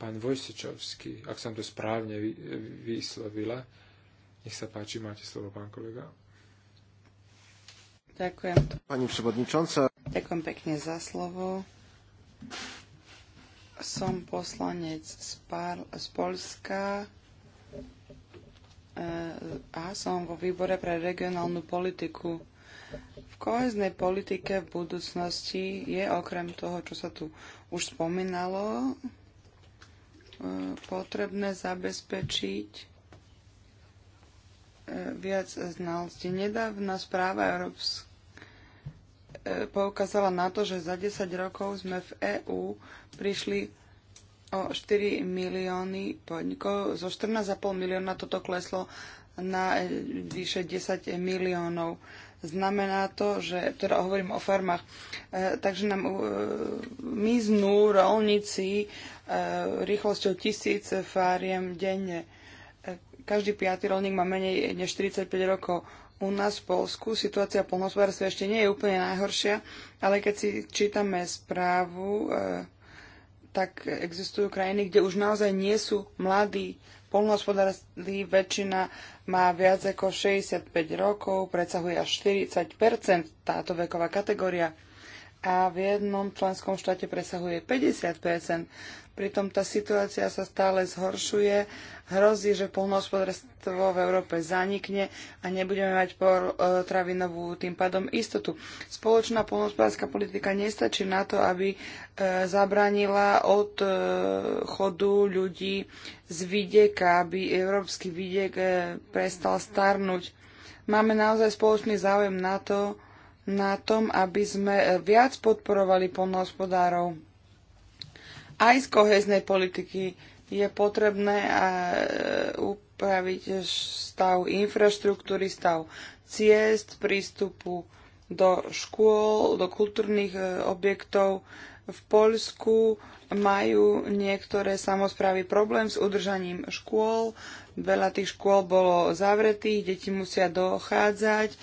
[SPEAKER 2] pán Vojsečovský, ak som to správne vyslovila. Nech sa páči, máte slovo, pán kolega. Ďakujem. Pani przewodnicząca.
[SPEAKER 4] Ďakujem pekne za slovo. Som poslanec z, Pál- z Polska eh, a som vo výbore pre regionálnu politiku. V koheznej politike v budúcnosti je okrem toho, čo sa tu už spomínalo, eh, potrebné zabezpečiť viac znalostí. Nedávna správa Európsk e, poukázala na to, že za 10 rokov sme v EÚ prišli o 4 milióny podnikov. Zo 14,5 milióna toto kleslo na e, vyše 10 miliónov. Znamená to, že, teda hovorím o farmách, e, takže nám e, miznú rolníci e, rýchlosťou tisíc fáriem denne. E, každý piatý rolník má menej než 45 rokov. U nás v Polsku situácia v ešte nie je úplne najhoršia, ale keď si čítame správu, eh, tak existujú krajiny, kde už naozaj nie sú mladí polnospodárství, väčšina má viac ako 65 rokov, predsahuje až 40 táto veková kategória a v jednom členskom štáte presahuje 50 Pritom tá situácia sa stále zhoršuje, hrozí, že poľnohospodárstvo v Európe zanikne a nebudeme mať potravinovú e, tým pádom istotu. Spoločná poľnohospodárska politika nestačí na to, aby e, zabránila od chodu ľudí z vidieka, aby európsky vidiek e, prestal starnúť. Máme naozaj spoločný záujem na to, na tom, aby sme viac podporovali polnohospodárov. Aj z koheznej politiky je potrebné eh, upraviť stav infraštruktúry, stav ciest, prístupu do škôl, do kultúrnych eh, objektov. V Poľsku majú niektoré samozprávy problém s udržaním škôl. Veľa tých škôl bolo zavretých, deti musia dochádzať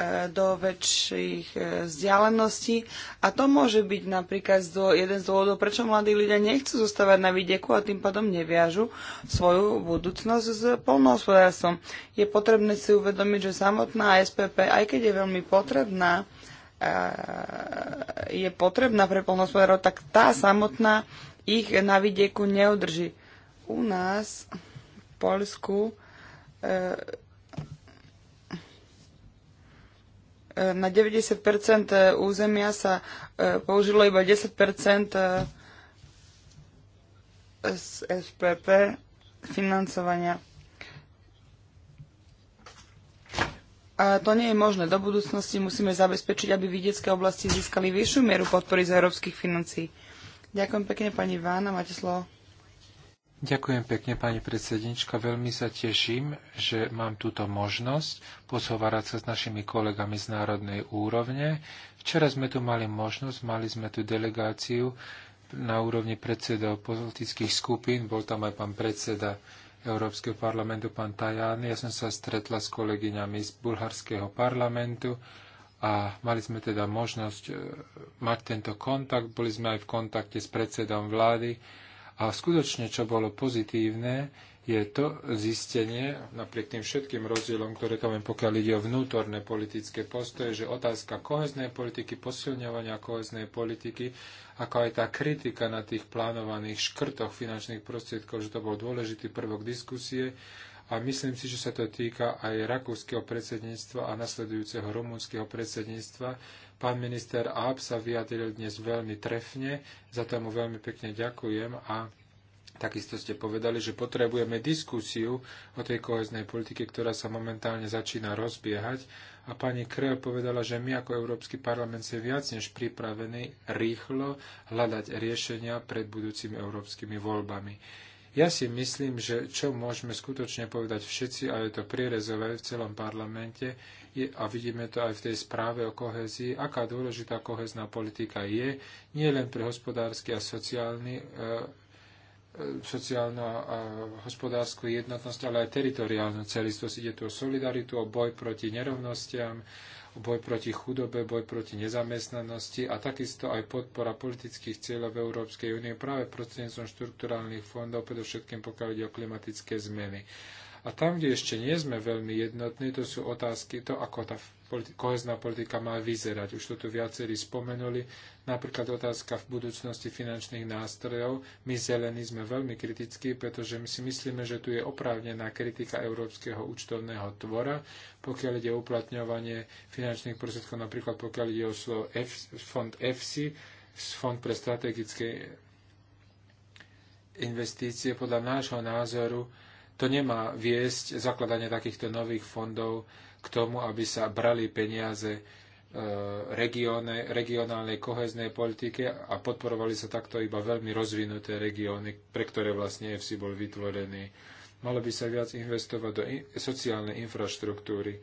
[SPEAKER 4] E, do väčších e, vzdialeností a to môže byť napríklad jeden z dôvodov, prečo mladí ľudia nechcú zostávať na vidieku a tým pádom neviažu svoju budúcnosť s polnohospodárstvom. Je potrebné si uvedomiť, že samotná SPP, aj keď je veľmi potrebná, e, je potrebná pre polnohospodárov, tak tá samotná ich na vidieku neudrží. U nás v Polsku na 90% územia sa e, použilo iba 10% e, z SPP financovania. A to nie je možné. Do budúcnosti musíme zabezpečiť, aby vidiecké oblasti získali vyššiu mieru podpory z európskych financí. Ďakujem pekne, pani Vána, máte slovo.
[SPEAKER 2] Ďakujem pekne, pani predsednička. Veľmi sa teším, že mám túto možnosť pozhovárať sa s našimi kolegami z národnej úrovne. Včera sme tu mali možnosť, mali sme tu delegáciu na úrovni predsedov politických skupín, bol tam aj pán predseda Európskeho parlamentu, pán Taján. Ja som sa stretla s kolegyňami z bulharského parlamentu a mali sme teda možnosť eh, mať tento kontakt. Boli sme aj v kontakte s predsedom vlády a skutočne, čo bolo pozitívne, je to zistenie, napriek tým všetkým rozdielom, ktoré tam viem, pokiaľ ide o vnútorné politické postoje, že otázka koheznej politiky, posilňovania koheznej politiky, ako aj tá kritika na tých plánovaných škrtoch finančných prostriedkov, že to bol dôležitý prvok diskusie. A myslím si, že sa to týka aj rakúskeho predsedníctva a nasledujúceho rumúnskeho predsedníctva, Pán minister Áb sa vyjadril dnes veľmi trefne, za to mu veľmi pekne ďakujem a takisto ste povedali, že potrebujeme diskusiu o tej koheznej politike, ktorá sa momentálne začína rozbiehať. A pani Krell povedala, že my ako Európsky parlament sme viac než pripravení rýchlo hľadať riešenia pred budúcimi európskymi voľbami. Ja si myslím, že čo môžeme skutočne povedať všetci, a je to prierezové v celom parlamente, je, a vidíme to aj v tej správe o kohezii, aká dôležitá kohezná politika je, nie len pre hospodársky a sociálny, e, e sociálnu a hospodárskú jednotnosť, ale aj teritoriálnu celistvosť. Ide tu o solidaritu, o boj proti nerovnostiam, boj proti chudobe, boj proti nezamestnanosti a takisto aj podpora politických cieľov Európskej únie práve prostredníctvom štrukturálnych fondov, predovšetkým pokiaľ ide o klimatické zmeny. A tam, kde ešte nie sme veľmi jednotní, to sú otázky, to ako tá politi- kohezná politika má vyzerať. Už to tu viacerí spomenuli. Napríklad otázka v budúcnosti finančných nástrojov. My zelení sme veľmi kritickí, pretože my si myslíme, že tu je oprávnená kritika Európskeho účtovného tvora, pokiaľ ide o uplatňovanie finančných prostriedkov, napríklad pokiaľ ide o slovo F, fond EFSI, fond pre strategické investície. Podľa nášho názoru to nemá viesť zakladanie takýchto nových fondov k tomu, aby sa brali peniaze e, regióne, regionálnej koheznej politike a podporovali sa takto iba veľmi rozvinuté regióny, pre ktoré vlastne EFSI bol vytvorený. Malo by sa viac investovať do in- sociálnej infraštruktúry.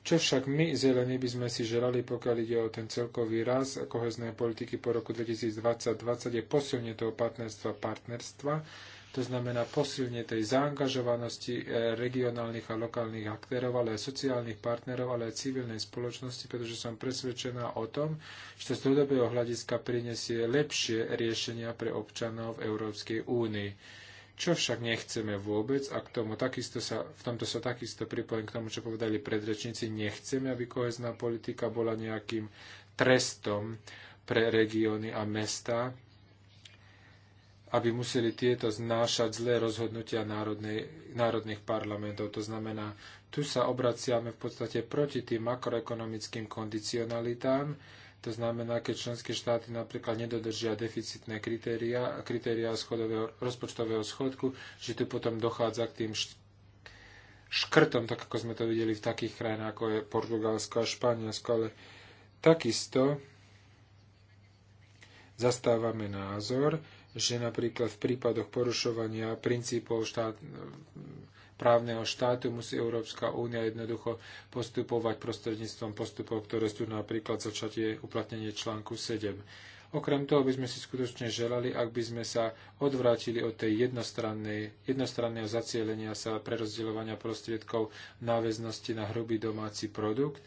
[SPEAKER 2] Čo však my, zelení, by sme si želali, pokiaľ ide o ten celkový raz koheznej politiky po roku 2020-2020, je posilne toho partnerstva partnerstva, to znamená posilne tej zaangažovanosti eh, regionálnych a lokálnych aktérov, ale aj sociálnych partnerov, ale aj civilnej spoločnosti, pretože som presvedčená o tom, že to z dlhodobého hľadiska prinesie lepšie riešenia pre občanov v Európskej únii. Čo však nechceme vôbec, a k tomu takisto sa, v tomto sa takisto pripojím k tomu, čo povedali predrečníci, nechceme, aby kohezná politika bola nejakým trestom pre regióny a mesta, aby museli tieto znášať zlé rozhodnutia národnej, národných parlamentov. To znamená, tu sa obraciame v podstate proti tým makroekonomickým kondicionalitám. To znamená, keď členské štáty napríklad nedodržia deficitné kritéria, kritéria schodového, rozpočtového schodku, že tu potom dochádza k tým škrtom, tak ako sme to videli v takých krajinách, ako je Portugalsko a Španielsko, ale takisto zastávame názor, že napríklad v prípadoch porušovania princípov štát, právneho štátu musí Európska únia jednoducho postupovať prostredníctvom postupov, ktoré sú napríklad začatie uplatnenie článku 7. Okrem toho by sme si skutočne želali, ak by sme sa odvrátili od tej jednostrannej, jednostranného zacielenia sa prerozdeľovania prostriedkov náväznosti na hrubý domáci produkt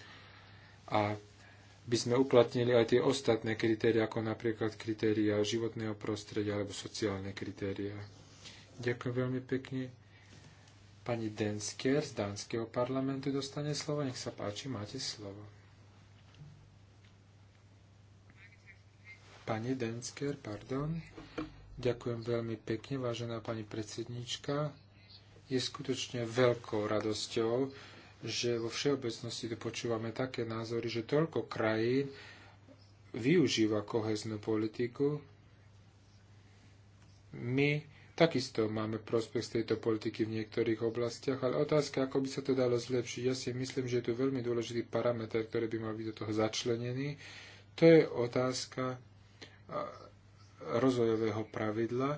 [SPEAKER 2] a by sme uplatnili aj tie ostatné kritéria, ako napríklad kritéria životného prostredia alebo sociálne kritéria. Ďakujem veľmi pekne. Pani Densker z Dánskeho parlamentu dostane slovo. Nech sa páči, máte slovo. Pani Denskier, pardon. Ďakujem veľmi pekne, vážená pani predsednička. Je skutočne veľkou radosťou, že vo všeobecnosti tu počúvame také názory, že toľko krajín využíva koheznú politiku. My takisto máme prospech z tejto politiky v niektorých oblastiach, ale otázka, ako by sa to dalo zlepšiť, ja si myslím, že je tu veľmi dôležitý parameter, ktorý by mal byť do toho začlenený. To je otázka rozvojového pravidla,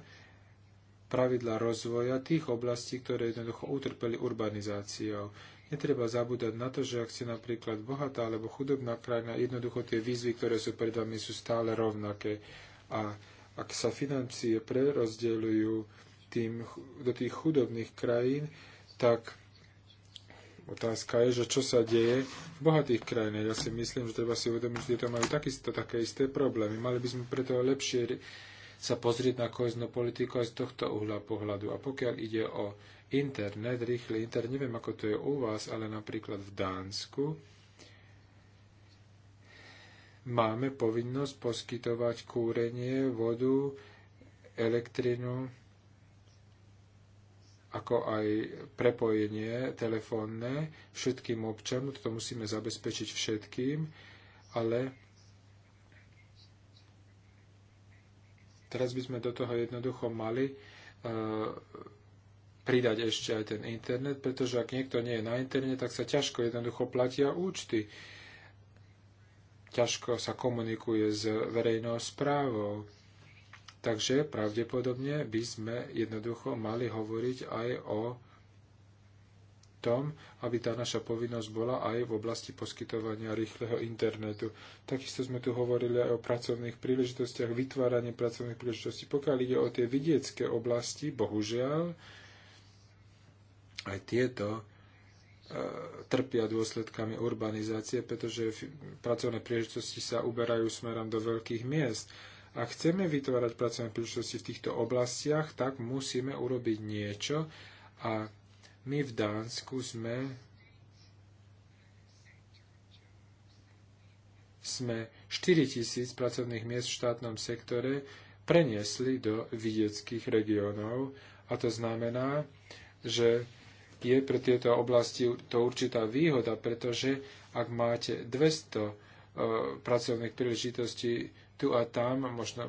[SPEAKER 2] pravidla rozvoja tých oblastí, ktoré jednoducho utrpeli urbanizáciou. Netreba zabúdať na to, že ak ste napríklad bohatá alebo chudobná krajina, jednoducho tie výzvy, ktoré sú pred vami, sú stále rovnaké. A ak sa financie prerozdeľujú tým, do tých chudobných krajín, tak Otázka je, že čo sa deje v bohatých krajinách. Ja si myslím, že treba si uvedomiť, že tieto majú takisto také isté problémy. Mali by sme preto lepšie sa pozrieť na koheznú politiku aj z tohto uhla pohľadu. A pokiaľ ide o internet, rýchly internet, neviem ako to je u vás, ale napríklad v Dánsku máme povinnosť poskytovať kúrenie, vodu, elektrinu, ako aj prepojenie telefónne všetkým občanom. Toto musíme zabezpečiť všetkým, ale Teraz by sme do toho jednoducho mali e, pridať ešte aj ten internet, pretože ak niekto nie je na internete, tak sa ťažko jednoducho platia účty. Ťažko sa komunikuje s verejnou správou. Takže pravdepodobne by sme jednoducho mali hovoriť aj o tom, aby tá naša povinnosť bola aj v oblasti poskytovania rýchleho internetu. Takisto sme tu hovorili aj o pracovných príležitostiach, vytváranie pracovných príležitostí. Pokiaľ ide o tie vidiecké oblasti, bohužiaľ, aj tieto e, trpia dôsledkami urbanizácie, pretože pracovné príležitosti sa uberajú smerom do veľkých miest. Ak chceme vytvárať pracovné príležitosti v týchto oblastiach, tak musíme urobiť niečo a my v Dánsku sme sme 4 tisíc pracovných miest v štátnom sektore preniesli do vidieckých regiónov a to znamená, že je pre tieto oblasti to určitá výhoda, pretože ak máte 200 e, pracovných príležitostí tu a tam, možno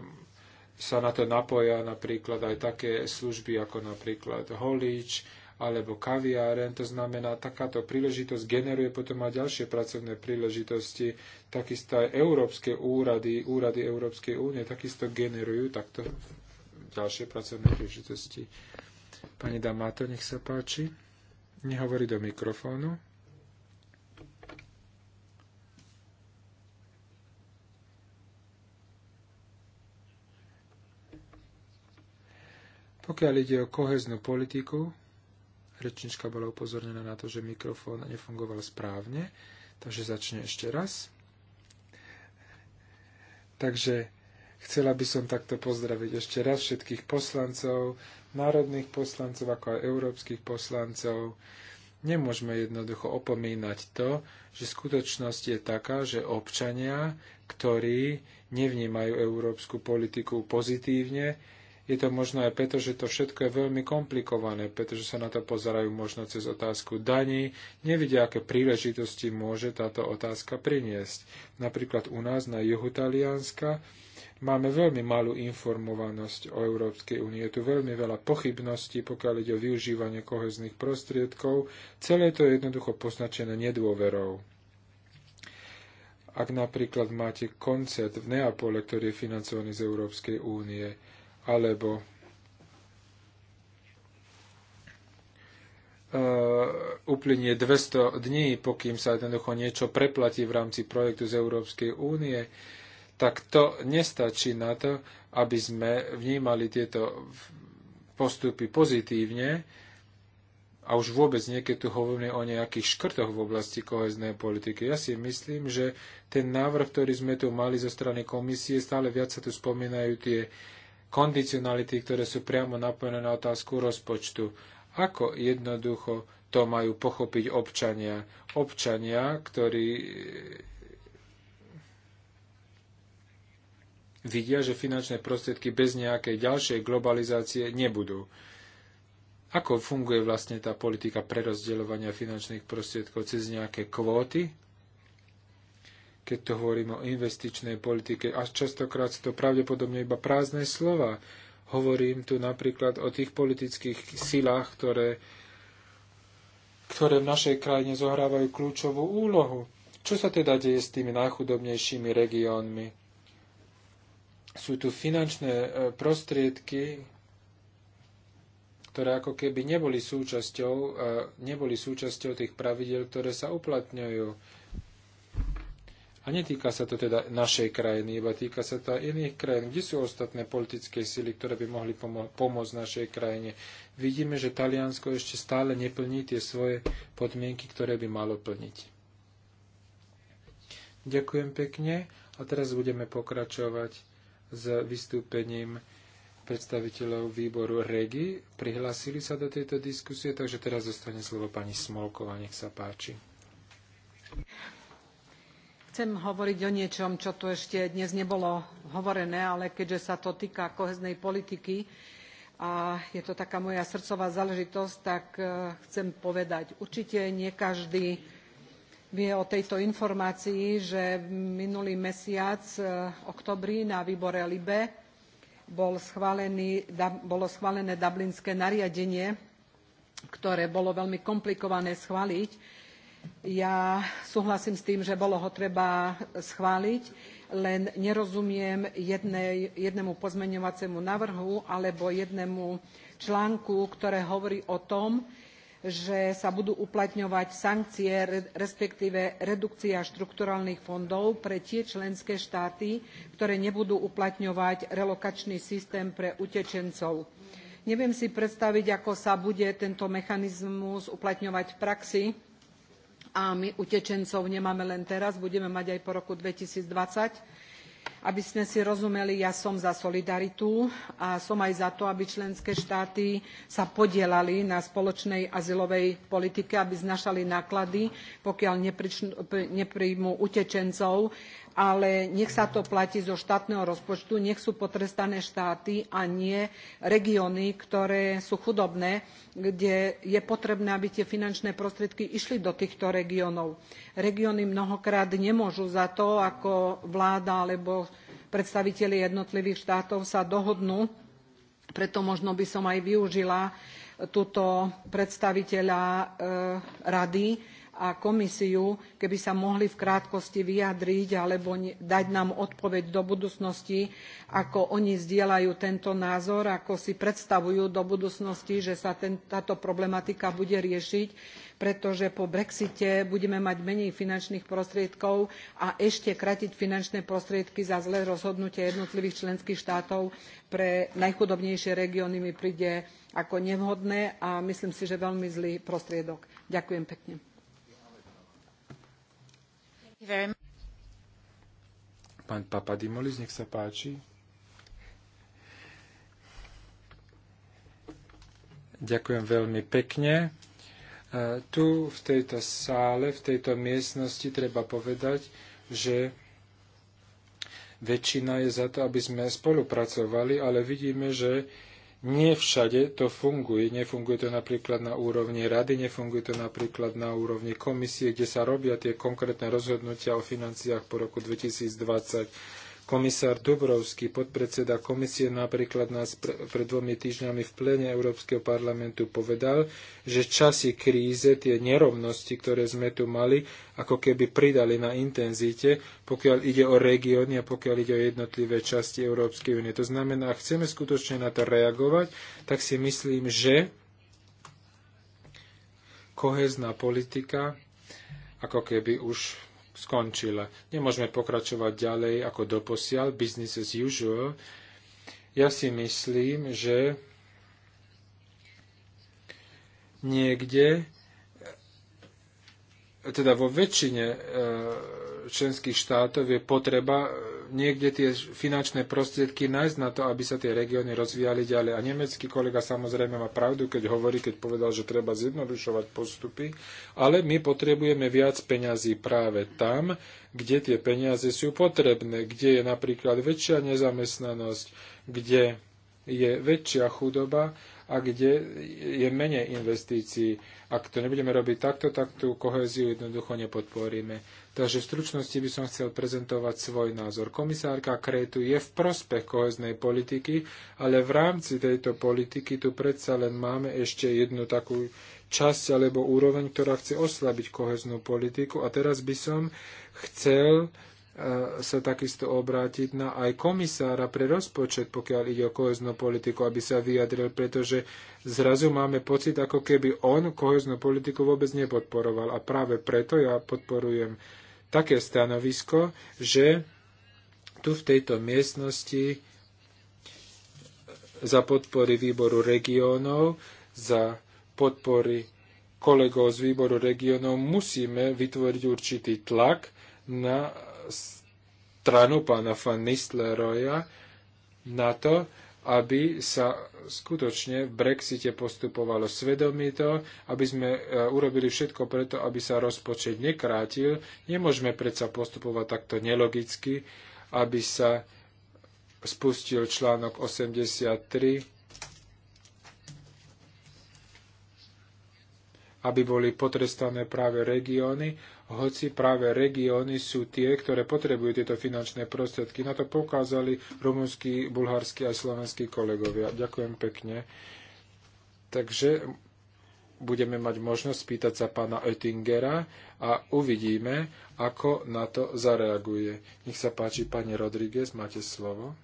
[SPEAKER 2] sa na to napoja napríklad aj také služby ako napríklad holič, alebo kaviáren. To znamená, takáto príležitosť generuje potom aj ďalšie pracovné príležitosti. Takisto aj európske úrady, úrady Európskej únie takisto generujú takto ďalšie pracovné príležitosti. Pani Damato, nech sa páči. Nehovorí do mikrofónu. Pokiaľ ide o koheznú politiku, Rečnička bola upozornená na to, že mikrofón nefungoval správne, takže začne ešte raz. Takže chcela by som takto pozdraviť ešte raz všetkých poslancov, národných poslancov, ako aj európskych poslancov. Nemôžeme jednoducho opomínať to, že skutočnosť je taká, že občania, ktorí nevnímajú európsku politiku pozitívne, je to možno aj preto, že to všetko je veľmi komplikované, pretože sa na to pozerajú možno cez otázku daní, nevidia, aké príležitosti môže táto otázka priniesť. Napríklad u nás na juhu Talianska máme veľmi malú informovanosť o Európskej únie. Je tu veľmi veľa pochybností, pokiaľ ide o využívanie kohezných prostriedkov. Celé to je jednoducho poznačené nedôverou ak napríklad máte koncert v Neapole, ktorý je financovaný z Európskej únie, alebo e, uplynie 200 dní, pokým sa jednoducho niečo preplatí v rámci projektu z Európskej únie, tak to nestačí na to, aby sme vnímali tieto postupy pozitívne a už vôbec niekedy tu hovoríme o nejakých škrtoch v oblasti koheznej politiky. Ja si myslím, že ten návrh, ktorý sme tu mali zo strany komisie, stále viac sa tu spomínajú tie uh, kondicionality, ktoré sú priamo napojené na otázku rozpočtu. Ako jednoducho to majú pochopiť občania? Občania, ktorí eh, vidia, že finančné prostriedky bez nejakej ďalšej globalizácie nebudú. Ako funguje vlastne tá politika prerozdeľovania finančných prostriedkov cez nejaké kvóty? keď to hovorím o investičnej politike. A častokrát sú to pravdepodobne iba prázdne slova. Hovorím tu napríklad o tých politických silách, ktoré, ktoré v našej krajine zohrávajú kľúčovú úlohu. Čo sa teda deje s tými najchudobnejšími regiónmi? Sú tu finančné e, prostriedky, ktoré ako keby neboli súčasťou, e, neboli súčasťou tých pravidel, ktoré sa uplatňujú. A netýka sa to teda našej krajiny, iba týka sa to aj iných krajín. Kde sú ostatné politické sily, ktoré by mohli pomo- pomôcť našej krajine? Vidíme, že Taliansko ešte stále neplní tie svoje podmienky, ktoré by malo plniť. Ďakujem pekne a teraz budeme pokračovať s vystúpením predstaviteľov výboru REGI. Prihlásili sa do tejto diskusie, takže teraz zostane slovo pani Smolkova. Nech sa páči
[SPEAKER 1] chcem hovoriť o niečom čo tu ešte dnes nebolo hovorené ale keďže sa to týka kohéznej politiky a je to taká moja srdcová záležitosť tak e, chcem povedať určite nie každý vie o tejto informácii že minulý mesiac v e, októbri na výbore libe bol bolo schválené dublinské nariadenie ktoré bolo veľmi komplikované schváliť ja súhlasím s tým že bolo ho treba schváliť len nerozumiem jednému pozmeňovaciemu návrhu alebo jednému článku ktoré hovorí o tom že sa budú uplatňovať sankcie respektíve redukcia štrukturálnych fondov pre tie členské štáty ktoré nebudú uplatňovať relokačný systém pre utečencov. neviem si predstaviť ako sa bude tento mechanizmus uplatňovať v praxi a my utečencov nemáme len teraz budeme mať aj po roku two thousand and twenty aby sme si rozumeli ja som za solidaritu a som aj za to aby členské štáty sa podieľali na spoločnej azylovej politike aby znášali náklady pokiaľ neprijmú utečencov ale nech sa to platí zo štátneho rozpočtu nech sú potrestané štáty a nie regióny ktoré sú chudobné kde je potrebné aby tie finančné prostriedky išli do týchto regiónov. regióny mnohokrát nemôžu za to ako vláda alebo predstavitelia jednotlivých štátov sa dohodnú preto možno by som aj využila túto predstaviteľa eh, rady a komisiu keby sa mohli v krátkosti vyjadriť alebo dať nám odpoveď do budúcnosti ako oni zdieľajú tento názor ako si predstavujú do budúcnosti že sa táto problematika bude riešiť pretože po brexite budeme mať menej finančných prostriedkov a ešte kratiť finančné prostriedky za zlé rozhodnutia jednotlivých členských štátov pre najchudobnejšie regióny mi príde ako nevhodné a myslím si že veľmi zlý prostriedok. ďakujem pekne.
[SPEAKER 2] Pán Papadimolis, nech sa páči. Ďakujem veľmi pekne. E, tu v tejto sále, v tejto miestnosti treba povedať, že väčšina je za to, aby sme spolupracovali, ale vidíme, že nie všade to funguje. Nefunguje to napríklad na úrovni rady, nefunguje to napríklad na úrovni komisie, kde sa robia tie konkrétne rozhodnutia o financiách po roku 2020 Komisár Dubrovský, podpredseda komisie, napríklad nás pred dvomi týždňami v plene Európskeho parlamentu povedal, že časy kríze, tie nerovnosti, ktoré sme tu mali, ako keby pridali na intenzite, pokiaľ ide o regióny a pokiaľ ide o jednotlivé časti Európskej únie. To znamená, ak chceme skutočne na to reagovať, tak si myslím, že kohezná politika ako keby už skončil. Nemôžeme pokračovať ďalej ako doposiaľ, business as usual. Ja si myslím, že niekde, teda vo väčšine eh, členských štátov je potreba eh, niekde tie finančné prostriedky nájsť na to, aby sa tie regióny rozvíjali ďalej. A nemecký kolega samozrejme má pravdu, keď hovorí, keď povedal, že treba zjednodušovať postupy, ale my potrebujeme viac peňazí práve tam, kde tie peniaze sú potrebné, kde je napríklad väčšia nezamestnanosť, kde je väčšia chudoba a kde je menej investícií. Ak to nebudeme robiť takto, tak tú koheziu jednoducho nepodporíme. Takže v stručnosti by som chcel prezentovať svoj názor. Komisárka Kretu, je v prospech koheznej politiky, ale v rámci tejto politiky tu predsa len máme ešte jednu takú časť alebo úroveň, ktorá chce oslabiť koheznú politiku. A teraz by som chcel e, sa takisto obrátiť na aj komisára pre rozpočet, pokiaľ ide o koheznú politiku, aby sa vyjadril, pretože zrazu máme pocit, ako keby on koheznú politiku vôbec nepodporoval. A práve preto ja podporujem také stanovisko, že tu v tejto miestnosti za podpory výboru regionov, za podpory kolegov z výboru regionov, musíme vytvoriť určitý tlak na stranu pána van Nistleroja na to, aby sa skutočne v Brexite postupovalo svedomito, aby sme e, urobili všetko preto, aby sa rozpočet nekrátil. Nemôžeme predsa postupovať takto nelogicky, aby sa spustil článok 83 aby boli potrestané práve regióny hoci práve regióny sú tie, ktoré potrebujú tieto finančné prostriedky. Na to pokázali rumúnsky, bulharskí a slovenskí kolegovia. Ďakujem pekne. Takže budeme mať možnosť spýtať sa pána Oettingera a uvidíme, ako na to zareaguje. Nech sa páči, pani Rodriguez, máte slovo.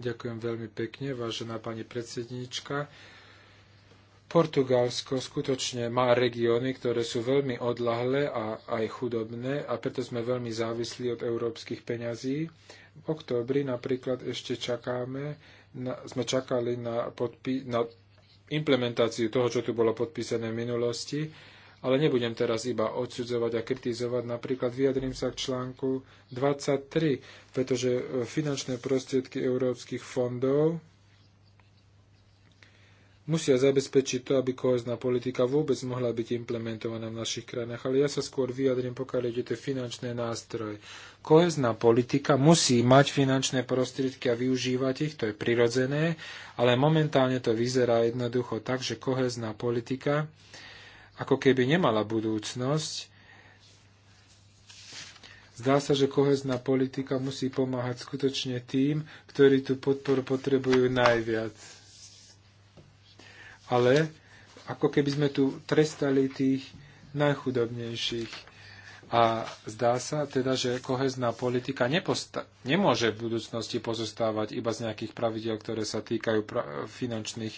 [SPEAKER 2] Ďakujem veľmi pekne, vážená pani predsedníčka. Portugalsko skutočne má regióny, ktoré sú veľmi odlahlé a aj chudobné a preto sme veľmi závislí od európskych peňazí. V októbri napríklad ešte čakáme, na, sme čakali na, podpi- na implementáciu toho, čo tu bolo podpísané v minulosti, ale nebudem teraz iba odsudzovať a kritizovať. Napríklad vyjadrím sa k článku 23, pretože finančné prostriedky európskych fondov musia zabezpečiť to, aby kohezná politika vôbec mohla byť implementovaná v našich krajinách. Ale ja sa skôr vyjadrím, pokiaľ ide to finančné nástroje. Kohezná politika musí mať finančné prostriedky a využívať ich, to je prirodzené, ale momentálne to vyzerá jednoducho tak, že kohezná politika ako keby nemala budúcnosť. Zdá sa, že kohezná politika musí pomáhať skutočne tým, ktorí tú podporu potrebujú najviac ale ako keby sme tu trestali tých najchudobnejších. A zdá sa teda, že kohezná politika nemôže v budúcnosti pozostávať iba z nejakých pravidel, ktoré sa týkajú finančných,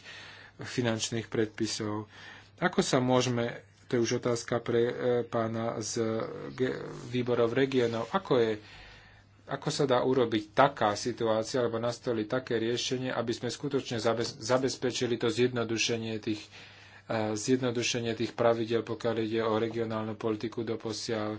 [SPEAKER 2] finančných predpisov. Ako sa môžeme, to je už otázka pre e, pána z ge- výborov regionov, ako je ako sa dá urobiť taká situácia alebo nastoliť také riešenie, aby sme skutočne zabezpečili to zjednodušenie tých, e, zjednodušenie tých pravidel, pokiaľ ide o regionálnu politiku do posiaľ.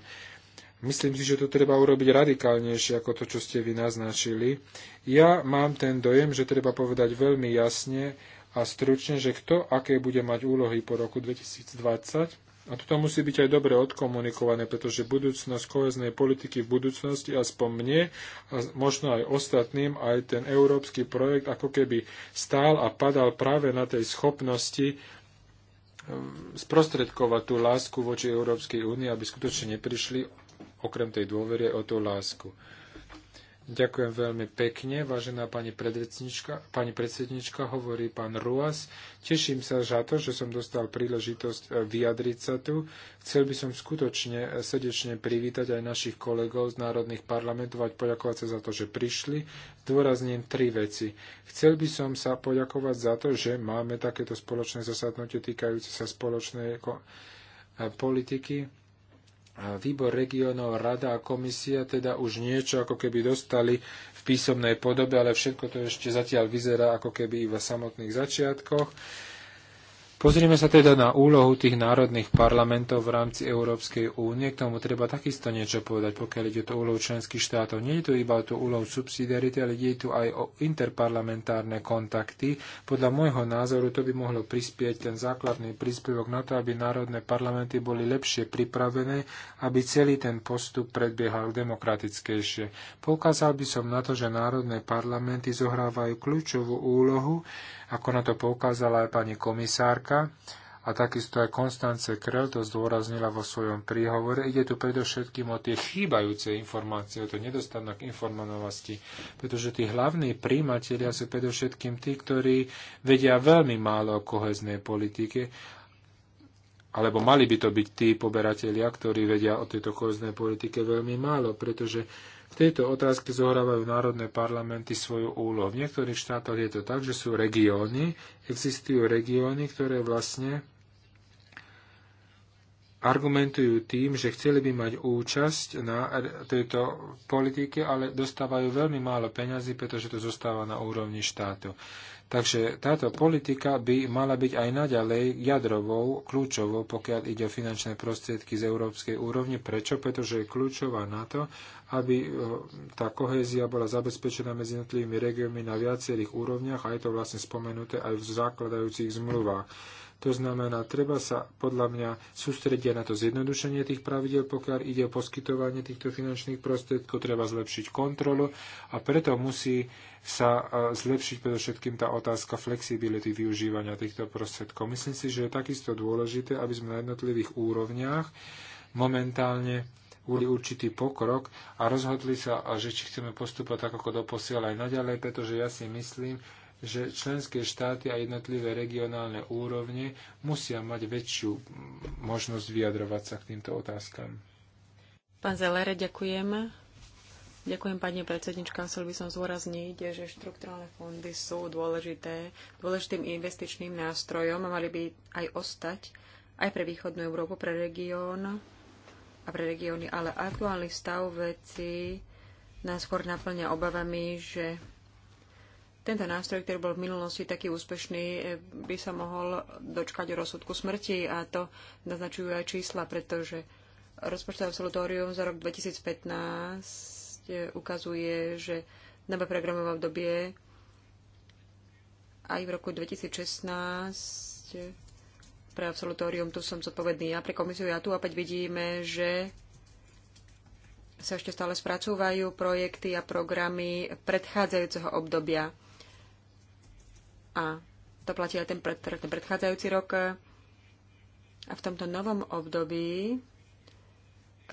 [SPEAKER 2] Myslím si, že to treba urobiť radikálnejšie ako to, čo ste vy naznačili. Ja mám ten dojem, že treba povedať veľmi jasne a stručne, že kto aké bude mať úlohy po roku 2020 a toto musí byť aj dobre odkomunikované, pretože budúcnosť koheznej politiky v budúcnosti, aspoň mne a možno aj ostatným, aj ten európsky projekt ako keby stál a padal práve na tej schopnosti ehm, sprostredkovať tú lásku voči Európskej únie, aby skutočne neprišli okrem tej dôvery o tú lásku. Ďakujem veľmi pekne, vážená pani, pani predsednička, hovorí pán Ruas. Teším sa za to, že som dostal príležitosť e, vyjadriť sa tu. Chcel by som skutočne e, srdečne privítať aj našich kolegov z národných parlamentov a poďakovať sa za to, že prišli. Zdôrazním tri veci. Chcel by som sa poďakovať za to, že máme takéto spoločné zasadnutie týkajúce sa spoločnej e, politiky výbor regionov, rada a komisia teda už niečo ako keby dostali v písomnej podobe, ale všetko to ešte zatiaľ vyzerá ako keby iba v samotných začiatkoch. Pozrieme sa teda na úlohu tých národných parlamentov v rámci Európskej únie. K tomu treba takisto niečo povedať, pokiaľ ide to úlohu členských štátov. Nie je tu iba o tú úlohu subsidiarity, ale ide tu aj o interparlamentárne kontakty. Podľa môjho názoru to by mohlo prispieť ten základný príspevok na to, aby národné parlamenty boli lepšie pripravené, aby celý ten postup predbiehal demokratickejšie. Poukázal by som na to, že národné parlamenty zohrávajú kľúčovú úlohu ako na to poukázala aj pani komisárka a takisto aj Konstance Krell to zdôraznila vo svojom príhovore. Ide tu predovšetkým o tie chýbajúce informácie, o to nedostanok informovanosti, pretože tí hlavní príjimatelia sú predovšetkým tí, ktorí vedia veľmi málo o koheznej politike, alebo mali by to byť tí poberatelia, ktorí vedia o tejto koheznej politike veľmi málo, pretože v tejto otázke zohrávajú národné parlamenty svoju úlohu. V niektorých štátoch je to tak, že sú regióny, existujú regióny, ktoré vlastne argumentujú tým, že chceli by mať účasť na tejto politike, ale dostávajú veľmi málo peňazí, pretože to zostáva na úrovni štátu. Takže táto politika by mala byť aj naďalej jadrovou, kľúčovou, pokiaľ ide o finančné prostriedky z európskej úrovne. Prečo? Pretože je kľúčová na to, aby e, tá kohézia bola zabezpečená medzi jednotlivými regiónmi na viacerých úrovniach a je to vlastne spomenuté aj v základajúcich zmluvách. To znamená, treba sa podľa mňa sústrediť na to zjednodušenie tých pravidel, pokiaľ ide o poskytovanie týchto finančných prostriedkov, treba zlepšiť kontrolu a preto musí sa e, zlepšiť predovšetkým tá otázka flexibility využívania týchto prostriedkov. Myslím si, že je takisto dôležité, aby sme na jednotlivých úrovniach momentálne boli určitý pokrok a rozhodli sa, že či chceme postupovať tak ako doposiaľ aj naďalej, pretože ja si myslím, že členské štáty a jednotlivé regionálne úrovne musia mať väčšiu možnosť vyjadrovať sa k týmto otázkam.
[SPEAKER 3] Pán Zelere, ďakujem. Ďakujem, pani predsednička. Chcel by som zdôrazniť, že štrukturálne fondy sú dôležité, dôležitým investičným nástrojom a mali by aj ostať aj pre východnú Európu, pre región a pre regióny, ale aktuálny stav veci nás skôr naplňa obavami, že tento nástroj, ktorý bol v minulosti taký úspešný, e, by sa mohol dočkať rozsudku smrti a to naznačujú aj čísla, pretože rozpočtové absolutórium za rok 2015 e, ukazuje, že nové programové obdobie aj v roku 2016 e, pre absolutórium tu som zodpovedný ja pre komisiu ja tu opäť vidíme, že sa ešte stále spracúvajú projekty a programy predchádzajúceho obdobia. A to platí aj ten, pred, teda ten predchádzajúci rok. A v tomto novom období,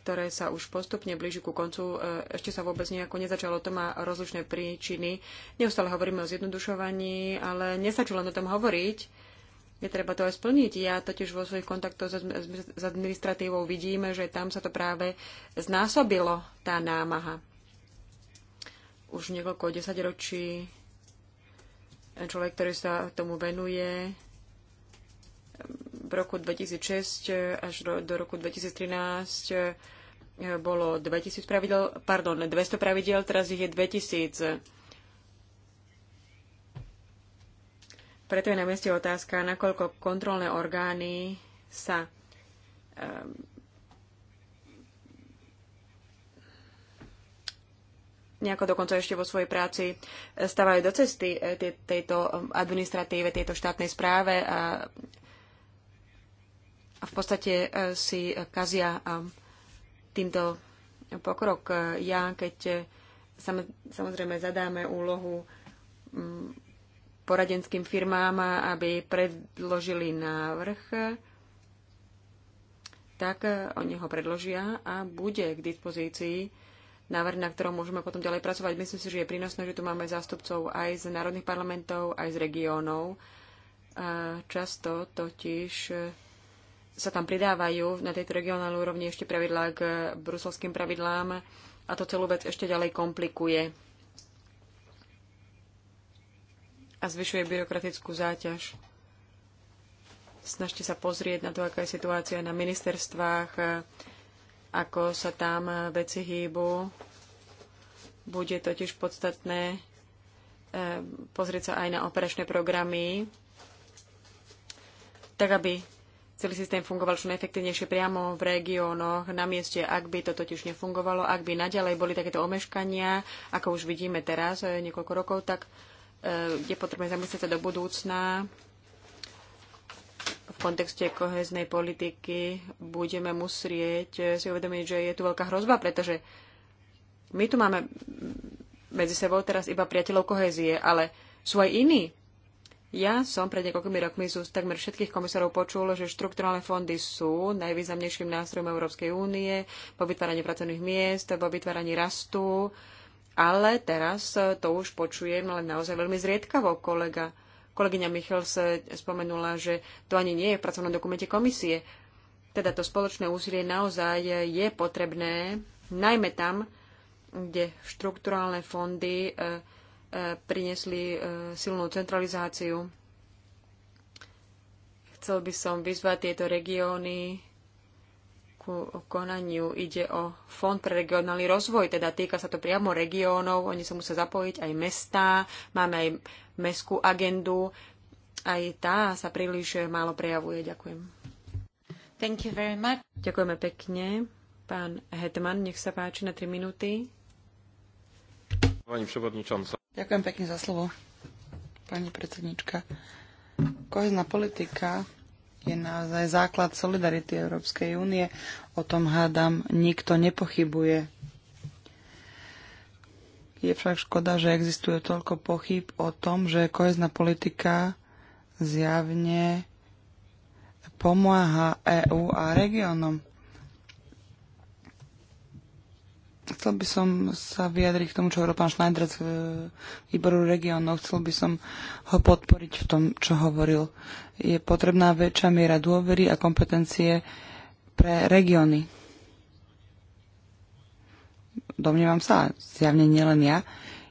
[SPEAKER 3] ktoré sa už postupne blíži ku koncu, e, ešte sa vôbec nejako nezačalo. To má rozličné príčiny. Neustále hovoríme o zjednodušovaní, ale nestačí len o tom hovoriť. Je treba to aj splniť. Ja totiž vo svojich kontaktoch s administratívou vidíme, že tam sa to práve znásobilo, tá námaha. Už niekoľko desaťročí človek, ktorý sa tomu venuje v roku 2006 až do, do roku 2013 eh, bolo 2000 pravidel, pardon, 200 pravidel, teraz ich je 2000. Preto je na mieste otázka, nakoľko kontrolné orgány sa eh, nejako dokonca ešte vo svojej práci e, stávajú do cesty e, tejto e, administratíve, tejto štátnej správe a v podstate si kazia týmto pokrok. Ja, keď samozrejme zadáme úlohu mm, poradenským firmám, aby predložili návrh, tak oni ho predložia a bude k dispozícii návrh, na ktorom môžeme potom ďalej pracovať. Myslím si, že je prínosné, že tu máme zástupcov aj z národných parlamentov, aj z regiónov. často totiž e, sa tam pridávajú na tejto regionálnej úrovni ešte pravidlá k bruselským pravidlám a to celú vec ešte ďalej komplikuje a zvyšuje byrokratickú záťaž. Snažte sa pozrieť na to, aká je situácia na ministerstvách, ako sa tam veci hýbu. Bude totiž podstatné e, pozrieť sa aj na operačné programy, tak aby celý systém fungoval čo najefektívnejšie priamo v regiónoch, na mieste, ak by to totiž nefungovalo, ak by naďalej boli takéto omeškania, ako už vidíme teraz, e, niekoľko rokov, tak e, je potrebné zamyslieť sa do budúcna, v kontexte koheznej politiky budeme musieť eh, si uvedomiť, že je tu veľká hrozba, pretože my tu máme medzi sebou teraz iba priateľov kohézie, ale sú aj iní. Ja som pred niekoľkými rokmi z takmer všetkých komisárov počul, že štrukturálne fondy sú najvýznamnejším nástrojom Európskej únie po vytváraní pracovných miest, po vytváraní rastu, ale teraz to už počujem len naozaj veľmi zriedkavo, kolega Kolegyňa sa spomenula, že to ani nie je v pracovnom dokumente komisie. Teda to spoločné úsilie naozaj je potrebné, najmä tam, kde štrukturálne fondy e, e, priniesli e, silnú centralizáciu. Chcel by som vyzvať tieto regióny, ku konaniu ide o Fond pre regionálny rozvoj, teda týka sa to priamo regiónov, oni sa musia zapojiť aj mesta, máme aj mestskú agendu, aj tá sa príliš málo prejavuje. Ďakujem. Thank you very much. Ďakujeme pekne. Pán Hetman, nech sa páči na 3
[SPEAKER 4] minúty.
[SPEAKER 2] Pani przewodnicząca.
[SPEAKER 4] Ďakujem pekne za slovo, pani predsednička. Kohezná politika je naozaj základ solidarity Európskej únie. O tom hádam, nikto nepochybuje. Je však škoda, že existuje toľko pochyb o tom, že kohezná politika zjavne pomáha EÚ a regiónom. Chcel by som sa vyjadriť k tomu, čo hovoril pán Schneider z e, výboru regionov. Chcel by som ho podporiť v tom, čo hovoril. Je potrebná väčšia miera dôvery a kompetencie pre regióny. Domnievam sa, zjavne nielen ja.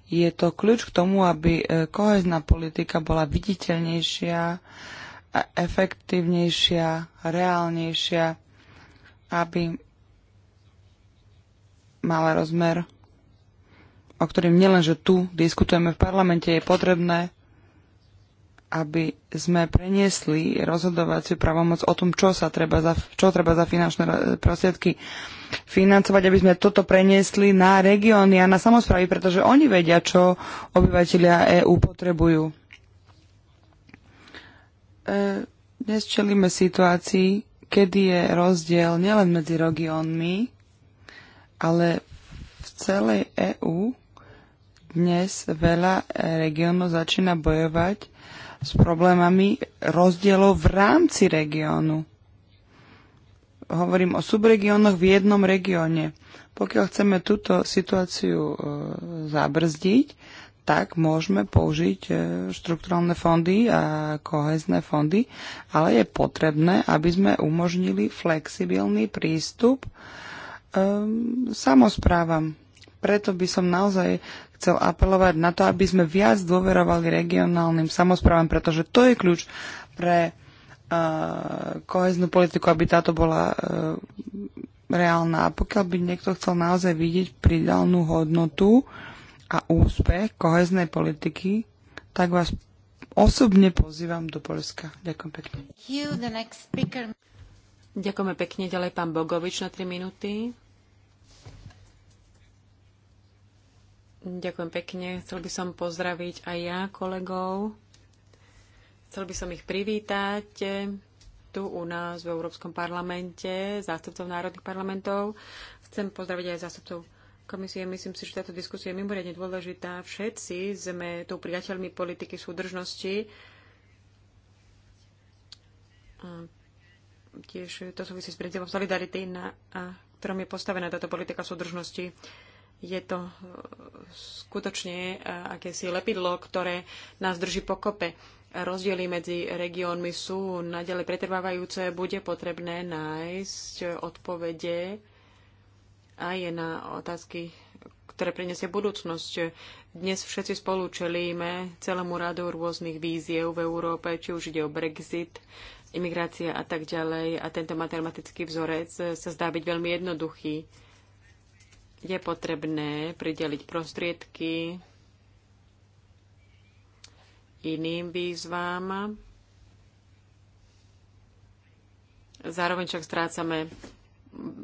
[SPEAKER 4] Je to kľúč k tomu, aby e, kohezná politika bola viditeľnejšia, efektívnejšia, reálnejšia, aby mala rozmer, o ktorým nielenže tu diskutujeme v parlamente, je potrebné, aby sme preniesli rozhodovaciu pravomoc o tom, čo sa treba za, čo treba za finančné prostriedky financovať, aby sme toto preniesli na regióny a na samozprávy, pretože oni vedia, čo obyvateľia EÚ potrebujú. E, dnes čelíme situácii, kedy je rozdiel nielen medzi regiónmi, ale v celej EÚ dnes veľa regiónov začína bojovať s problémami rozdielov v rámci regiónu. Hovorím o subregiónoch v jednom regióne. Pokiaľ chceme túto situáciu e, zabrzdiť, tak môžeme použiť e, štrukturálne fondy a kohezné fondy, ale je potrebné, aby sme umožnili flexibilný prístup e, um, ehm, samozprávam. Preto by som naozaj chcel apelovať na to, aby sme viac dôverovali regionálnym samozprávam, pretože to je kľúč pre uh, koheznú politiku, aby táto bola uh, reálna. A pokiaľ by niekto chcel naozaj vidieť pridálnu hodnotu a úspech koheznej politiky, tak vás osobne pozývam do Polska. Ďakujem pekne.
[SPEAKER 3] Ďakujeme pekne. Ďalej pán Bogovič na 3 minúty. Ďakujem pekne. Chcel by som pozdraviť aj ja kolegov. Chcel by som ich privítať tu u nás v Európskom parlamente, zástupcov národných parlamentov. Chcem pozdraviť aj zástupcov komisie. Myslím si, že táto diskusia je mimoriadne dôležitá. Všetci sme tu priateľmi politiky súdržnosti tiež to súvisí s princípom solidarity, na a, ktorom je postavená táto politika súdržnosti. Je to e, skutočne e, akési lepidlo, ktoré nás drží pokope. Rozdiely medzi regiónmi sú nadalej pretrvávajúce. Bude potrebné nájsť e, odpovede aj na otázky, ktoré prinesie budúcnosť. Dnes všetci spolu čelíme celému radu rôznych víziev v Európe, či už ide o Brexit, imigrácia a tak ďalej. A tento matematický vzorec e, sa zdá byť veľmi jednoduchý. Je potrebné prideliť prostriedky iným výzvám. Zároveň však strácame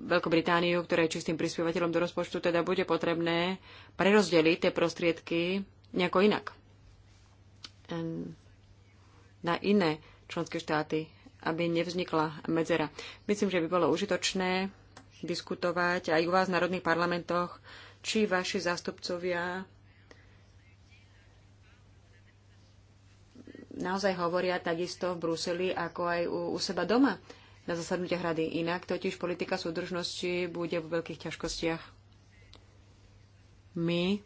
[SPEAKER 3] Veľkú Britániu, ktorá je čistým prispievateľom do rozpočtu, teda bude potrebné prerozdeliť tie prostriedky nejako inak na iné členské štáty aby nevznikla medzera. Myslím, že by bolo užitočné diskutovať aj u vás v národných parlamentoch, či vaši zástupcovia naozaj hovoria takisto v Bruseli, ako aj u, u seba doma na zasadnutiach rady. Inak totiž politika súdržnosti bude vo veľkých ťažkostiach. My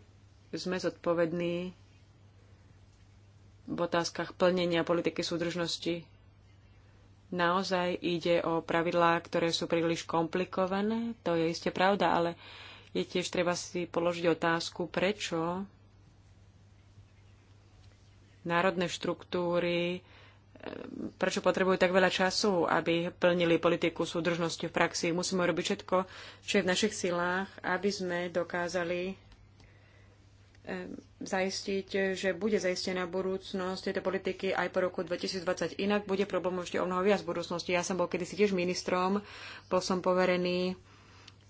[SPEAKER 3] sme zodpovední v otázkach plnenia politiky súdržnosti naozaj ide o pravidlá, ktoré sú príliš komplikované, to je iste pravda, ale je tiež treba si položiť otázku, prečo národné štruktúry, e, prečo potrebujú tak veľa času, aby plnili politiku súdržnosti v praxi. Musíme robiť všetko, čo je v našich silách, aby sme dokázali e, zaistiť, že bude zaistená budúcnosť tejto politiky aj po roku 2020. Inak bude problém ešte o mnoho viac v budúcnosti. Ja som bol kedysi tiež ministrom, bol som poverený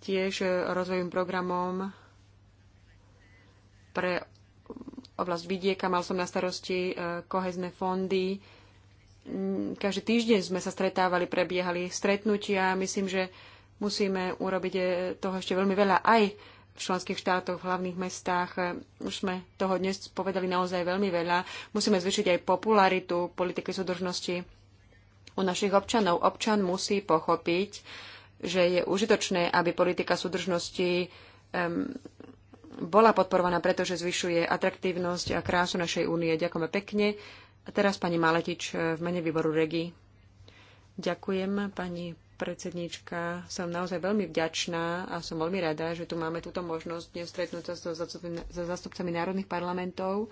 [SPEAKER 3] tiež rozvojovým programom pre oblasť vidieka, mal som na starosti e, kohezné fondy. Každý týždeň sme sa stretávali, prebiehali stretnutia. Myslím, že musíme urobiť e, toho ešte veľmi veľa aj v členských štátoch, v hlavných mestách. E, už sme toho dnes povedali naozaj veľmi veľa. Musíme zvyšiť aj popularitu politiky súdržnosti u našich občanov. Občan musí pochopiť, že je užitočné, aby politika súdržnosti um, bola podporovaná, pretože zvyšuje atraktívnosť a krásu našej únie. Ďakujeme pekne. A teraz pani Maletič e, v mene výboru Regi. Ďakujem, pani predsedníčka. Som naozaj veľmi vďačná a som veľmi rada, že tu máme túto možnosť dnes stretnúť sa so zastupcami národných parlamentov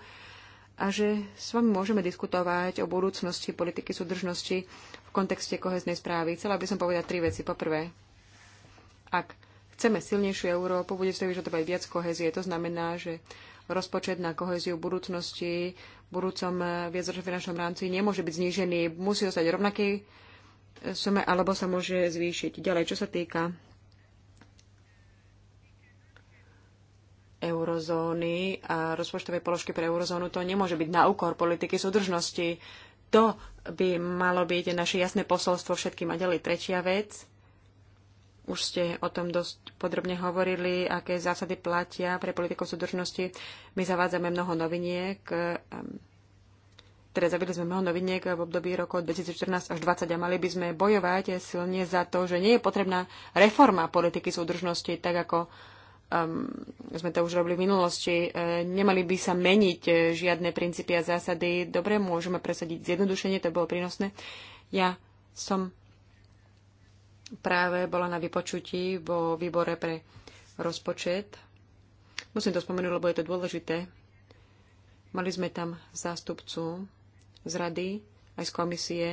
[SPEAKER 3] a že s vami môžeme diskutovať o budúcnosti politiky súdržnosti v kontexte koheznej správy. Chcela by som povedať tri veci. Poprvé, ak chceme silnejšiu Európu, bude sa vyžadovať viac kohezie. To znamená, že rozpočet na koheziu v budúcnosti, v budúcom eh, viacročnom finančnom rámci nemôže byť znížený. Musí ostať rovnaký sume alebo sa môže zvýšiť. Ďalej, čo sa týka eurozóny a rozpočtovej položky pre eurozónu, to nemôže byť na úkor politiky súdržnosti. To by malo byť naše jasné posolstvo všetkým. A ďalej tretia vec. Už ste o tom dosť podrobne hovorili, aké zásady platia pre politiku súdržnosti. My zavádzame mnoho noviniek um, teda zabili sme mnoho noviniek v období roku 2014 až 2020 a mali by sme bojovať silne za to, že nie je potrebná reforma politiky súdržnosti, tak ako um, sme to už robili v minulosti. E, nemali by sa meniť žiadne princípy a zásady. Dobre, môžeme presadiť zjednodušenie, to bolo prínosné. Ja som práve bola na vypočutí vo výbore pre rozpočet. Musím to spomenúť, lebo je to dôležité. Mali sme tam zástupcu z rady, aj z komisie.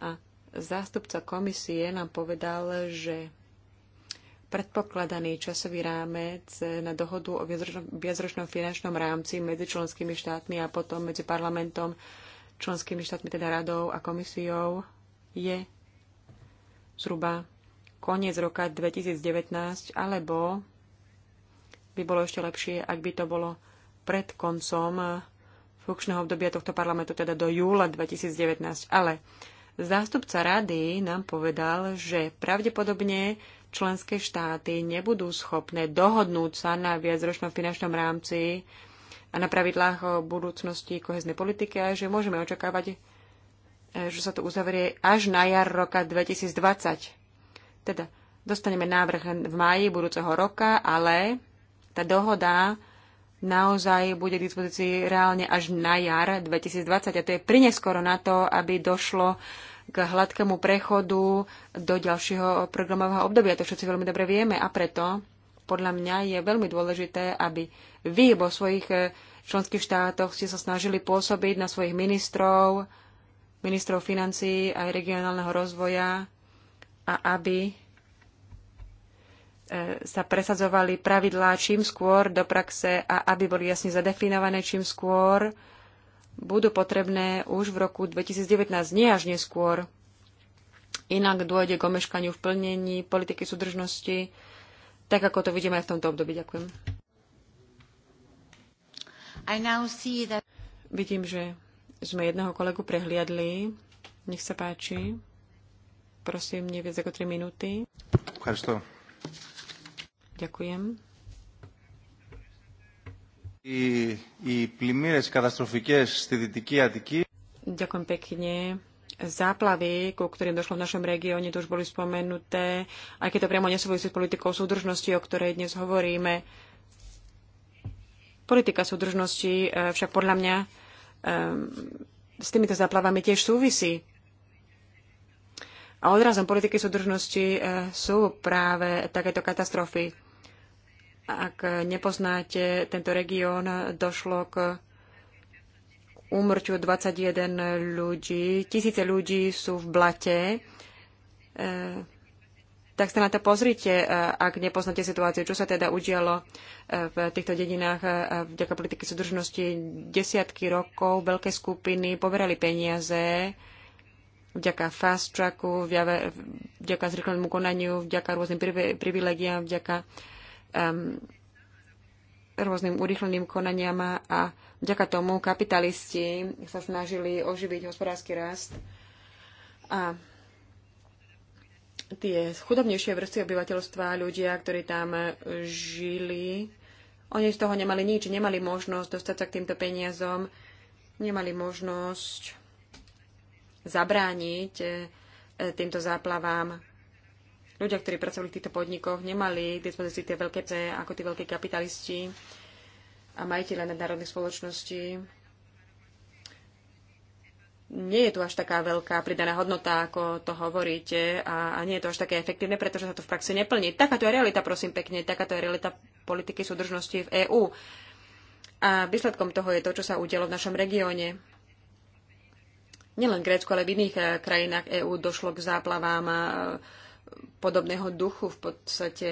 [SPEAKER 3] A zástupca komisie nám povedal, že predpokladaný časový rámec na dohodu o viacročnom finančnom rámci medzi členskými štátmi a potom medzi parlamentom, členskými štátmi, teda radou a komisiou je zhruba koniec roka 2019, alebo by bolo ešte lepšie, ak by to bolo pred koncom funkčného obdobia tohto parlamentu, teda do júla 2019. Ale zástupca rady nám povedal, že pravdepodobne členské štáty nebudú schopné dohodnúť sa na viacročnom finančnom rámci a na pravidlách o budúcnosti koheznej politiky a že môžeme očakávať, e, že sa to uzavrie až na jar roka 2020. Teda dostaneme návrh v máji budúceho roka, ale tá dohoda naozaj bude k dispozícii reálne až na jar 2020. A to je prineskoro na to, aby došlo k hladkému prechodu do ďalšieho programového obdobia. To všetci veľmi dobre vieme a preto podľa mňa je veľmi dôležité, aby vy vo svojich eh, členských štátoch ste sa snažili pôsobiť na svojich ministrov, ministrov financií aj regionálneho rozvoja a aby sa presadzovali pravidlá čím skôr do praxe a aby boli jasne zadefinované čím skôr, budú potrebné už v roku 2019, nie až neskôr. Inak dôjde k omeškaniu v plnení politiky súdržnosti, tak ako to vidíme aj v tomto období. Ďakujem. That... Vidím, že sme jedného kolegu prehliadli. Nech sa páči. Prosím, nie viac ako 3 minúty. Questo. Ďakujem.
[SPEAKER 4] I, i plimíres katastrofikés
[SPEAKER 3] Ďakujem pekne. Záplavy, ku ktorým došlo v našom regióne, to už boli spomenuté, aj keď to priamo nesúvisí s politikou súdržnosti, o ktorej dnes hovoríme. Politika súdržnosti e, však podľa mňa e, s týmito záplavami tiež súvisí. A odrazom politiky súdržnosti e, sú práve takéto katastrofy. Ak nepoznáte tento región, došlo k úmrťu 21 ľudí. Tisíce ľudí sú v blate. E, tak sa na to pozrite, e, ak nepoznáte situáciu, čo sa teda udialo e, v týchto dedinách vďaka politiky súdržnosti. Desiatky rokov veľké skupiny poberali peniaze vďaka fast tracku, vďaka zrychlenému konaniu, vďaka rôznym privilegiám, vďaka uh, rôznym urýchleným konaniam a vďaka tomu kapitalisti sa snažili oživiť hospodársky rast a tie chudobnejšie vrstvy obyvateľstva, ľudia, ktorí tam žili, oni z toho nemali nič, nemali možnosť dostať sa k týmto peniazom, nemali možnosť zabrániť e, týmto záplavám ľudia, ktorí pracovali v týchto podnikoch, nemali k dispozícii tie veľké ce, ako tí veľkí kapitalisti a majiteľe nadnárodných spoločností. Nie je tu až taká veľká pridaná hodnota, ako to hovoríte, a, a nie je to až také efektívne, pretože sa to v praxi neplní. Takáto je realita, prosím pekne, takáto je realita politiky súdržnosti v EÚ. A výsledkom toho je to, čo sa udialo v našom regióne nielen v Grécku, ale v iných eh, krajinách EÚ došlo k záplavám eh, podobného duchu v podstate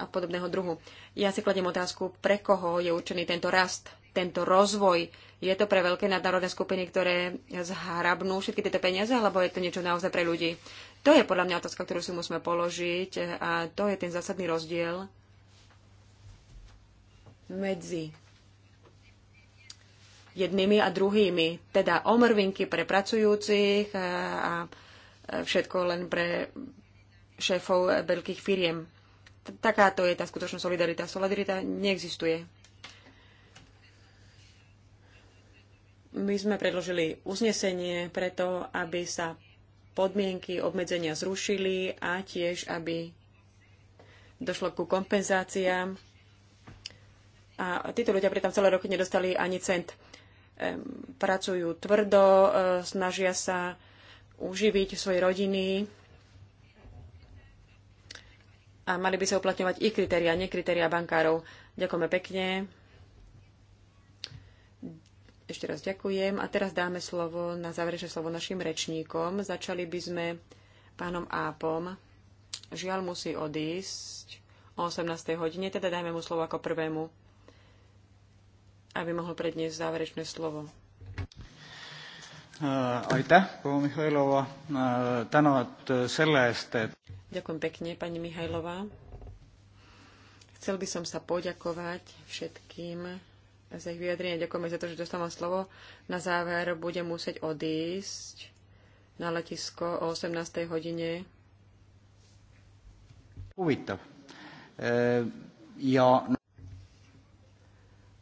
[SPEAKER 3] a podobného druhu. Ja si kladiem otázku, pre koho je určený tento rast, tento rozvoj. Je to pre veľké nadnárodné skupiny, ktoré zhrabnú všetky tieto peniaze, alebo je to niečo naozaj pre ľudí? To je podľa mňa otázka, ktorú si musíme položiť a to je ten zásadný rozdiel medzi jednými a druhými, teda omrvinky pre pracujúcich a, a všetko len pre šéfov veľkých firiem. Takáto je tá skutočná solidarita. Solidarita neexistuje. My sme predložili uznesenie preto, aby sa podmienky obmedzenia zrušili a tiež, aby došlo ku kompenzáciám. A títo ľudia pritom celé roky nedostali ani cent. Pracujú tvrdo, e, snažia sa uživiť svoje rodiny a mali by sa uplatňovať ich kritéria, nie kritéria bankárov. Ďakujeme pekne. Ešte raz ďakujem. A teraz dáme slovo na záverečné slovo našim rečníkom. Začali by sme pánom Ápom. Žiaľ musí odísť o 18. hodine, teda dajme mu slovo ako prvému, aby mohol predniesť záverečné slovo.
[SPEAKER 4] Äh, aitäh, proua Mihhailova, äh, tänavad äh,
[SPEAKER 2] selle eest, et...
[SPEAKER 3] Ďakujem pekne, pani Mihajlová. Chcel by som sa poďakovať všetkým za ich vyjadrenie. ďakujem za to, že dostávam slovo. Na záver budem musieť odísť na letisko o 18. hodine.
[SPEAKER 4] Huvitav. E, ja...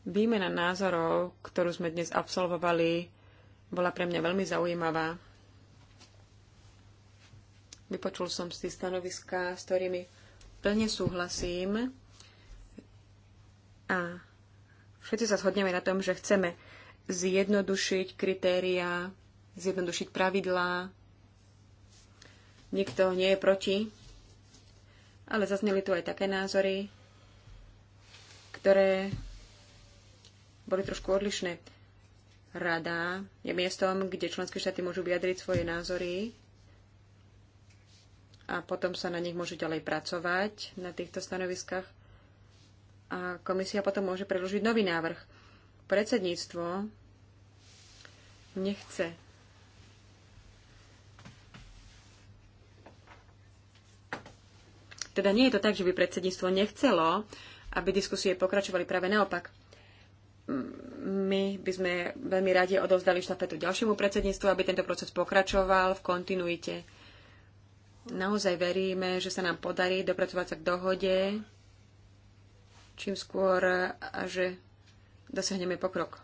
[SPEAKER 3] Výmena názorov, ktorú sme dnes absolvovali, bola pre mňa veľmi zaujímavá. Vypočul som si stanoviská, s ktorými plne súhlasím a všetci sa shodneme na tom, že chceme zjednodušiť kritériá, zjednodušiť pravidlá. Nikto nie je proti, ale zazneli tu aj také názory, ktoré boli trošku odlišné. Rada je miestom, kde členské štáty môžu vyjadriť svoje názory a potom sa na nich môžu ďalej pracovať na týchto stanoviskách a komisia potom môže predložiť nový návrh. Predsedníctvo nechce Teda nie je to tak, že by predsedníctvo nechcelo, aby diskusie pokračovali práve naopak my by sme veľmi radi odovzdali štafetu ďalšiemu predsedníctvu, aby tento proces pokračoval v kontinuite. Naozaj veríme, že sa nám podarí dopracovať sa k dohode, čím skôr a že dosiahneme pokrok.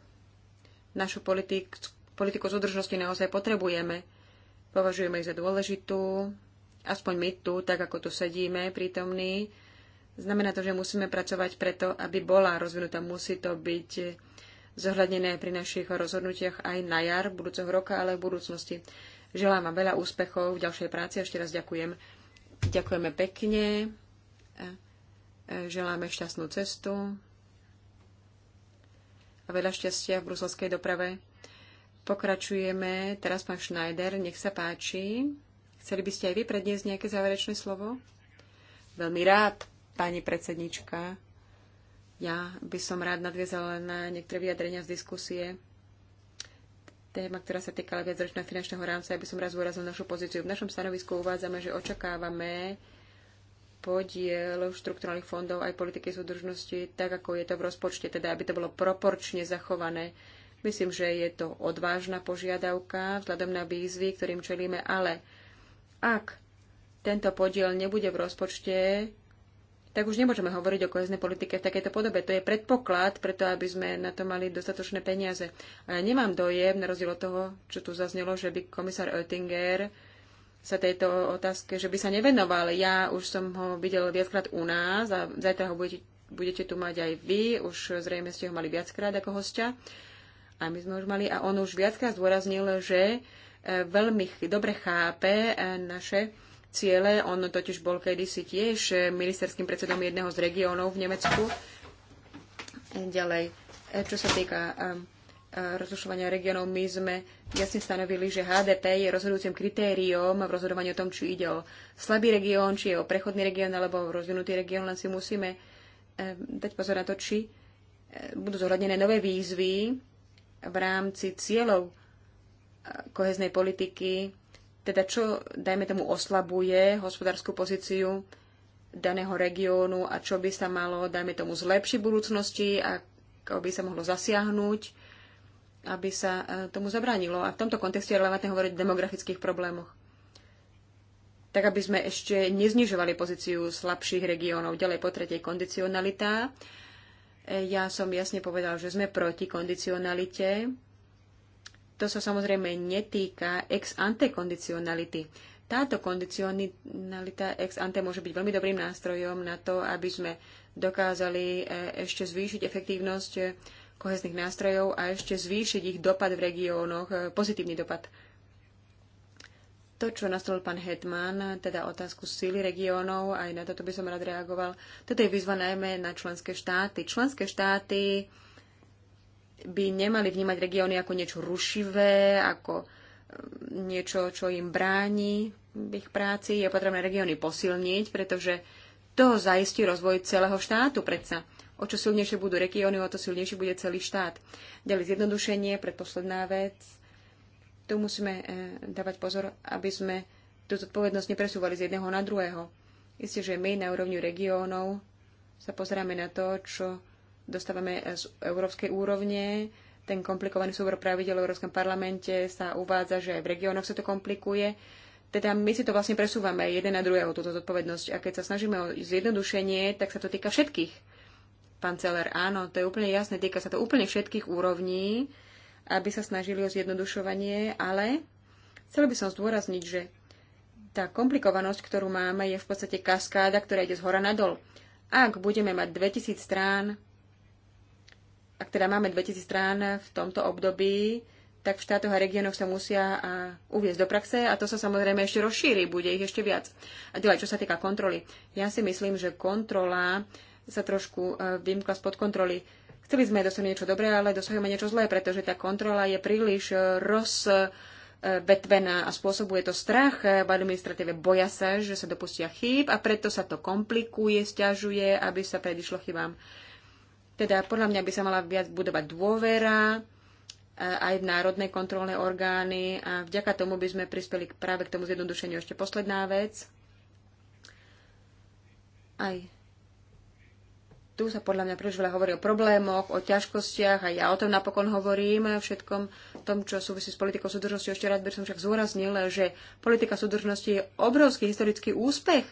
[SPEAKER 3] Našu politik, politiku súdržnosti naozaj potrebujeme. Považujeme ich za dôležitú, aspoň my tu, tak ako tu sedíme prítomní, Znamená to, že musíme pracovať preto, aby bola rozvinutá. Musí to byť zohľadnené pri našich rozhodnutiach aj na jar budúceho roka, ale v budúcnosti. Želám vám veľa úspechov v ďalšej práci. Ešte raz ďakujem. Ďakujeme pekne. Želáme šťastnú cestu a veľa šťastia v bruselskej doprave. Pokračujeme. Teraz pán Schneider, nech sa páči. Chceli by ste aj vy predniesť nejaké záverečné slovo? Veľmi rád pani predsednička. Ja by som rád nadviezala na niektoré vyjadrenia z diskusie. Téma, ktorá sa týkala viacročného finančného rámca, ja by som raz zúrazil našu pozíciu. V našom stanovisku uvádzame, že očakávame podiel štrukturálnych fondov aj politiky súdržnosti, tak ako je to v rozpočte, teda aby to bolo proporčne zachované. Myslím, že je to odvážna požiadavka vzhľadom na výzvy, ktorým čelíme, ale ak tento podiel nebude v rozpočte, tak už nemôžeme hovoriť o koheznej politike v takejto podobe. To je predpoklad preto, aby sme na to mali dostatočné peniaze. A ja nemám dojem, na rozdiel od toho, čo tu zaznelo, že by komisár Oettinger sa tejto otázke, že by sa nevenoval. Ja už som ho videl viackrát u nás a zajtra ho budete, budete tu mať aj vy. Už zrejme ste ho mali viackrát ako hostia. A my sme už mali. A on už viackrát zdôraznil, že eh, veľmi dobre chápe eh, naše ciele. On totiž bol kedysi tiež eh, ministerským predsedom jedného z regiónov v Nemecku. Eh, ďalej, eh, čo sa týka rozlišovania regiónov, my sme jasne stanovili, že HDP je rozhodujúcim kritériom v rozhodovaní o tom, či ide o slabý región, či je o prechodný región alebo o rozvinutý región, len si musíme dať pozor na to, či budú zohľadnené nové výzvy v rámci cieľov koheznej politiky teda čo, dajme tomu, oslabuje hospodárskú pozíciu daného regiónu a čo by sa malo, dajme tomu, zlepšiť v budúcnosti, ako by sa mohlo zasiahnuť, aby sa e, tomu zabránilo. A v tomto kontexte je relevantné hovoriť o demografických problémoch. Tak, aby sme ešte neznižovali pozíciu slabších regiónov. Ďalej po tretej kondicionalita. E, ja som jasne povedal, že sme proti kondicionalite to sa samozrejme netýka ex ante kondicionality. Táto kondicionalita ex ante môže byť veľmi dobrým nástrojom na to, aby sme dokázali e, ešte zvýšiť efektívnosť e, kohezných nástrojov a ešte zvýšiť ich dopad v regiónoch, e, pozitívny dopad. To, čo nastolil pán Hetman, teda otázku síly regiónov, aj na toto by som rád reagoval, toto je výzva najmä na členské štáty. Členské štáty by nemali vnímať regióny ako niečo rušivé, ako um, niečo, čo im bráni v ich práci. Je potrebné regióny posilniť, pretože to zaistí rozvoj celého štátu predsa. O čo silnejšie budú regióny, o to silnejší bude celý štát. Ďalej zjednodušenie, predposledná vec. Tu musíme eh, dávať pozor, aby sme tú zodpovednosť nepresúvali z jedného na druhého. Isté, že my na úrovni regiónov sa pozeráme na to, čo dostávame z európskej úrovne. Ten komplikovaný súbor pravidel v Európskom parlamente sa uvádza, že aj v regiónoch sa to komplikuje. Teda my si to vlastne presúvame jeden na druhého, túto zodpovednosť. A keď sa snažíme o zjednodušenie, tak sa to týka všetkých. Pán Celer, áno, to je úplne jasné, týka sa to úplne všetkých úrovní, aby sa snažili o zjednodušovanie, ale chcel by som zdôrazniť, že tá komplikovanosť, ktorú máme, je v podstate kaskáda, ktorá ide z hora nadol. Ak budeme mať 2000 strán ak teda máme 2000 strán v tomto období, tak v štátoch a regiónoch sa musia uviezť do praxe a to sa samozrejme ešte rozšíri, bude ich ešte viac. A ďalej, čo sa týka kontroly. Ja si myslím, že kontrola sa trošku e, vymkla spod kontroly. Chceli sme dosiahnuť niečo dobré, ale dosahujeme niečo zlé, pretože tá kontrola je príliš e, rozvetvená e, a spôsobuje to strach v administratíve. Boja sa, že sa dopustia chýb a preto sa to komplikuje, stiažuje, aby sa predišlo chybám. Teda podľa mňa by sa mala viac budovať dôvera e, aj v národné kontrolné orgány a vďaka tomu by sme prispeli práve k tomu zjednodušeniu. Ešte posledná vec. Aj tu sa podľa mňa príliš veľa hovorí o problémoch, o ťažkostiach a ja o tom napokon hovorím všetkom tom, čo súvisí s politikou súdržnosti. Ešte rád by som však zúraznil, že politika súdržnosti je obrovský historický úspech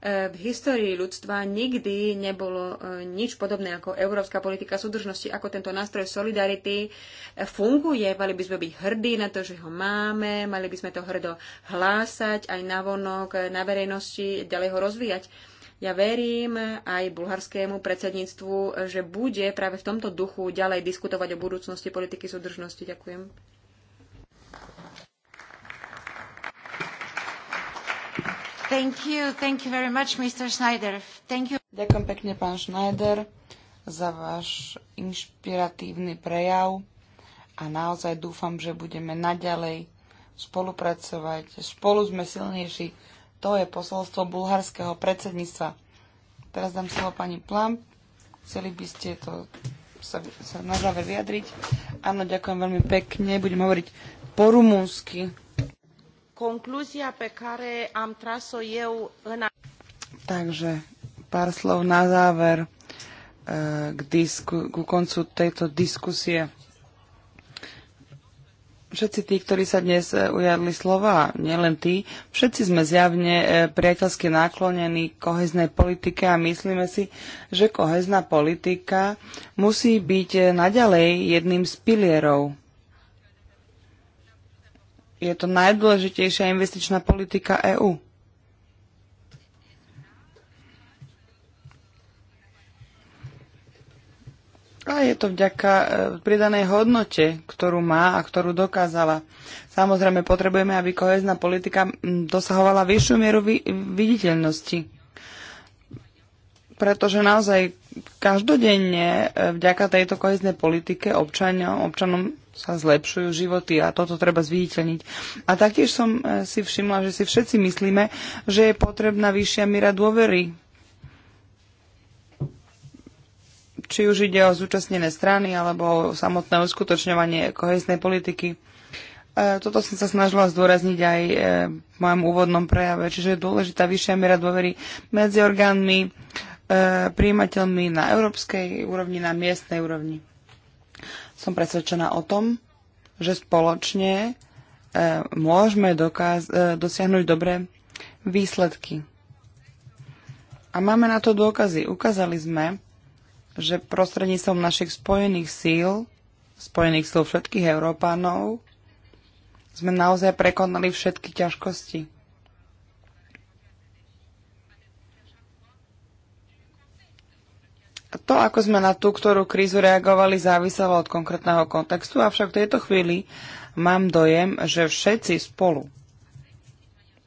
[SPEAKER 3] E, v histórii ľudstva nikdy nebolo e, nič podobné ako európska politika súdržnosti, ako tento nástroj solidarity e, funguje. Mali by sme byť hrdí na to, že ho máme, mali by sme to hrdo hlásať aj na vonok, na verejnosti, ďalej ho rozvíjať. Ja verím aj bulharskému predsedníctvu, že bude práve v tomto duchu ďalej diskutovať o budúcnosti politiky súdržnosti. Ďakujem.
[SPEAKER 4] Ďakujem pekne, pán Schneider, za váš inšpiratívny prejav a naozaj dúfam, že budeme naďalej spolupracovať. Spolu sme silnejší. To je posolstvo bulharského predsedníctva. Teraz dám slovo pani Plump. Chceli by ste to sa, sa na záver vyjadriť? Áno, ďakujem veľmi pekne. Budem hovoriť po rumúnsky
[SPEAKER 1] concluzia pe care am tras-o eu în...
[SPEAKER 4] Takže pár slov na záver e, k, disku, ku koncu tejto diskusie. Všetci tí, ktorí sa dnes e, ujadli slova, nielen tí, všetci sme zjavne e, priateľsky naklonení koheznej politike a myslíme si, že kohezná politika musí byť naďalej jedným z pilierov je to najdôležitejšia investičná politika EÚ. A je to vďaka e, pridanej hodnote, ktorú má a ktorú dokázala. Samozrejme, potrebujeme, aby kohezná politika dosahovala vyššiu mieru viditeľnosti. Pretože naozaj každodenne e, vďaka tejto koheznej politike občania, občanom sa zlepšujú životy a toto treba zviditeľniť. A taktiež som e, si všimla, že si všetci myslíme, že je potrebná vyššia miera dôvery. Či už ide o zúčastnené strany alebo o samotné uskutočňovanie kohesnej politiky. E, toto som sa snažila zdôrazniť aj e, v mojom úvodnom prejave, čiže je dôležitá vyššia miera dôvery medzi orgánmi, príjimateľmi na európskej úrovni, na miestnej úrovni som presvedčená o tom, že spoločne e, môžeme e, dosiahnuť dobré výsledky. A máme na to dôkazy. Ukázali sme, že prostredníctvom našich spojených síl, spojených síl všetkých Európánov, sme naozaj prekonali všetky ťažkosti. To, ako sme na tú, ktorú krízu reagovali, záviselo od konkrétneho kontextu, avšak v tejto chvíli mám dojem, že všetci spolu,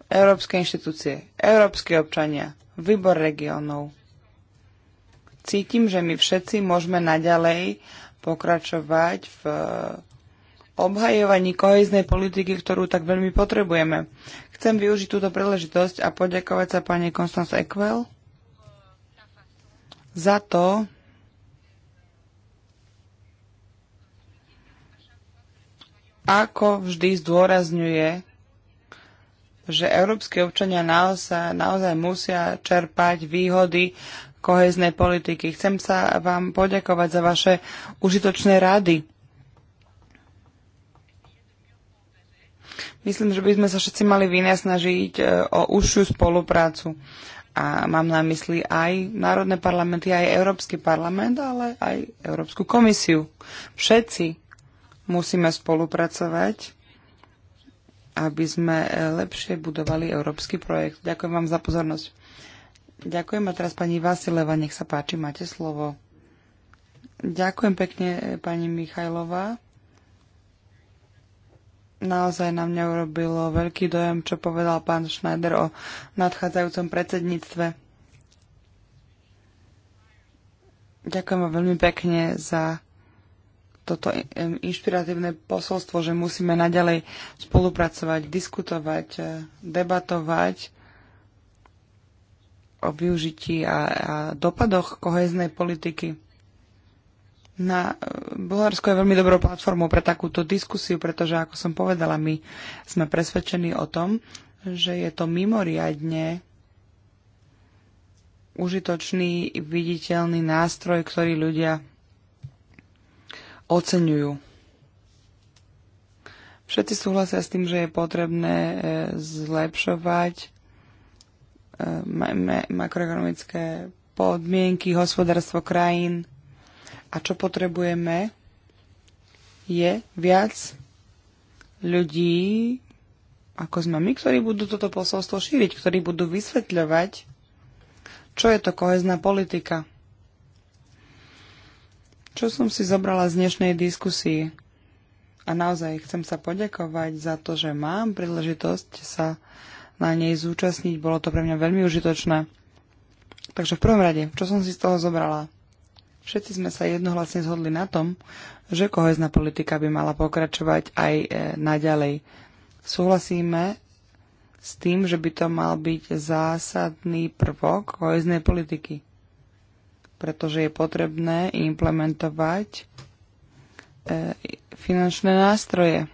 [SPEAKER 4] európske inštitúcie, európske občania, výbor regionov, cítim, že my všetci môžeme naďalej pokračovať v obhajovaní koheznej politiky, ktorú tak veľmi potrebujeme. Chcem využiť túto príležitosť a poďakovať sa pani Konstanz Ekvel za to, ako vždy zdôrazňuje, že európske občania naozaj, naozaj musia čerpať výhody koheznej politiky. Chcem sa vám poďakovať za vaše užitočné rady. Myslím, že by sme sa všetci mali vynasnažiť e, o užšiu spoluprácu. A mám na mysli aj národné parlamenty, aj Európsky parlament, ale aj Európsku komisiu. Všetci Musíme spolupracovať, aby sme lepšie budovali európsky projekt. Ďakujem vám za pozornosť. Ďakujem a teraz pani Vasileva, nech sa páči, máte slovo. Ďakujem pekne, pani Michajlová. Naozaj na mňa urobilo veľký dojem, čo povedal pán Schneider o nadchádzajúcom predsedníctve. Ďakujem vám veľmi pekne za toto inšpiratívne posolstvo, že musíme naďalej spolupracovať, diskutovať, e, debatovať o využití a, a dopadoch koheznej politiky. Na e, Bulharsko je veľmi dobrou platformou pre takúto diskusiu, pretože, ako som povedala, my sme presvedčení o tom, že je to mimoriadne užitočný, viditeľný nástroj, ktorý ľudia oceňujú. Všetci súhlasia s tým, že je potrebné e, zlepšovať e, makroekonomické podmienky, hospodárstvo krajín. A čo potrebujeme, je viac ľudí, ako sme my, ktorí budú toto posolstvo šíriť, ktorí budú vysvetľovať, čo je to kohezná politika. Čo som si zobrala z dnešnej diskusii? A naozaj chcem sa poďakovať za to, že mám príležitosť sa na nej zúčastniť. Bolo to pre mňa veľmi užitočné. Takže v prvom rade, čo som si z toho zobrala? Všetci sme sa jednohlasne zhodli na tom, že kohezná politika by mala pokračovať aj e, naďalej. Súhlasíme s tým, že by to mal byť zásadný prvok koheznej politiky pretože je potrebné implementovať e, finančné nástroje.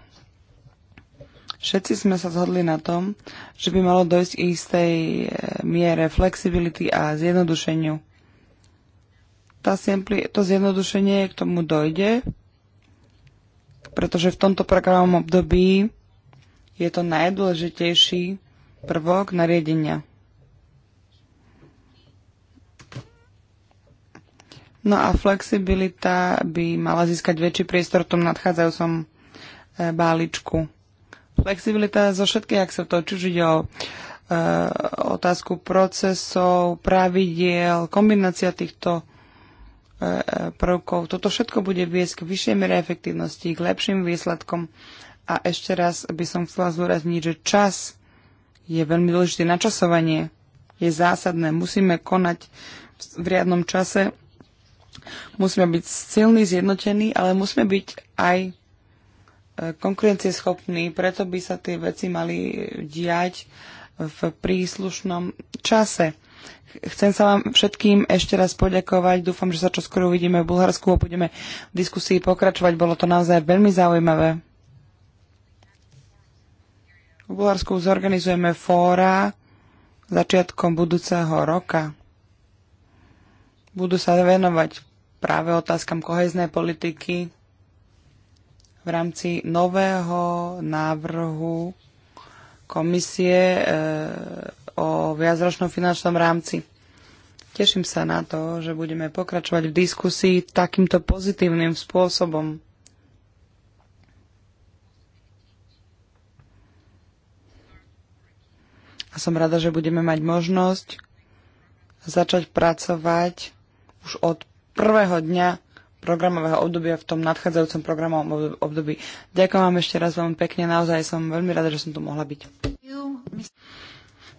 [SPEAKER 4] Všetci sme sa zhodli na tom, že by malo dojsť k istej e, miere flexibility a zjednodušeniu. Tá to zjednodušenie k tomu dojde, pretože v tomto programovom období je to najdôležitejší prvok nariadenia. No a flexibilita by mala získať väčší priestor v tom nadchádzajúcom e, báličku. Flexibilita zo všetkých to či už ide o e, otázku procesov, pravidiel, kombinácia týchto e, prvkov. Toto všetko bude viesť k vyššej miere efektívnosti, k lepším výsledkom. A ešte raz by som chcela zdôrazniť, že čas je veľmi dôležité. Načasovanie je zásadné. Musíme konať v riadnom čase Musíme byť silní, zjednotení, ale musíme byť aj e, konkurencieschopní, preto by sa tie veci mali diať v príslušnom čase. Chcem sa vám všetkým ešte raz poďakovať. Dúfam, že sa čo skoro uvidíme v Bulharsku a budeme v diskusii pokračovať. Bolo to naozaj veľmi zaujímavé. V Bulharsku zorganizujeme fóra začiatkom budúceho roka. Budú sa venovať práve otázkam koheznej politiky v rámci nového návrhu komisie e, o viacročnom finančnom rámci. Teším sa na to, že budeme pokračovať v diskusii takýmto pozitívnym spôsobom. A som rada, že budeme mať možnosť začať pracovať už od prvého dňa programového obdobia v tom nadchádzajúcom programovom období. Ďakujem vám ešte raz veľmi pekne, naozaj som veľmi rada, že som tu mohla byť.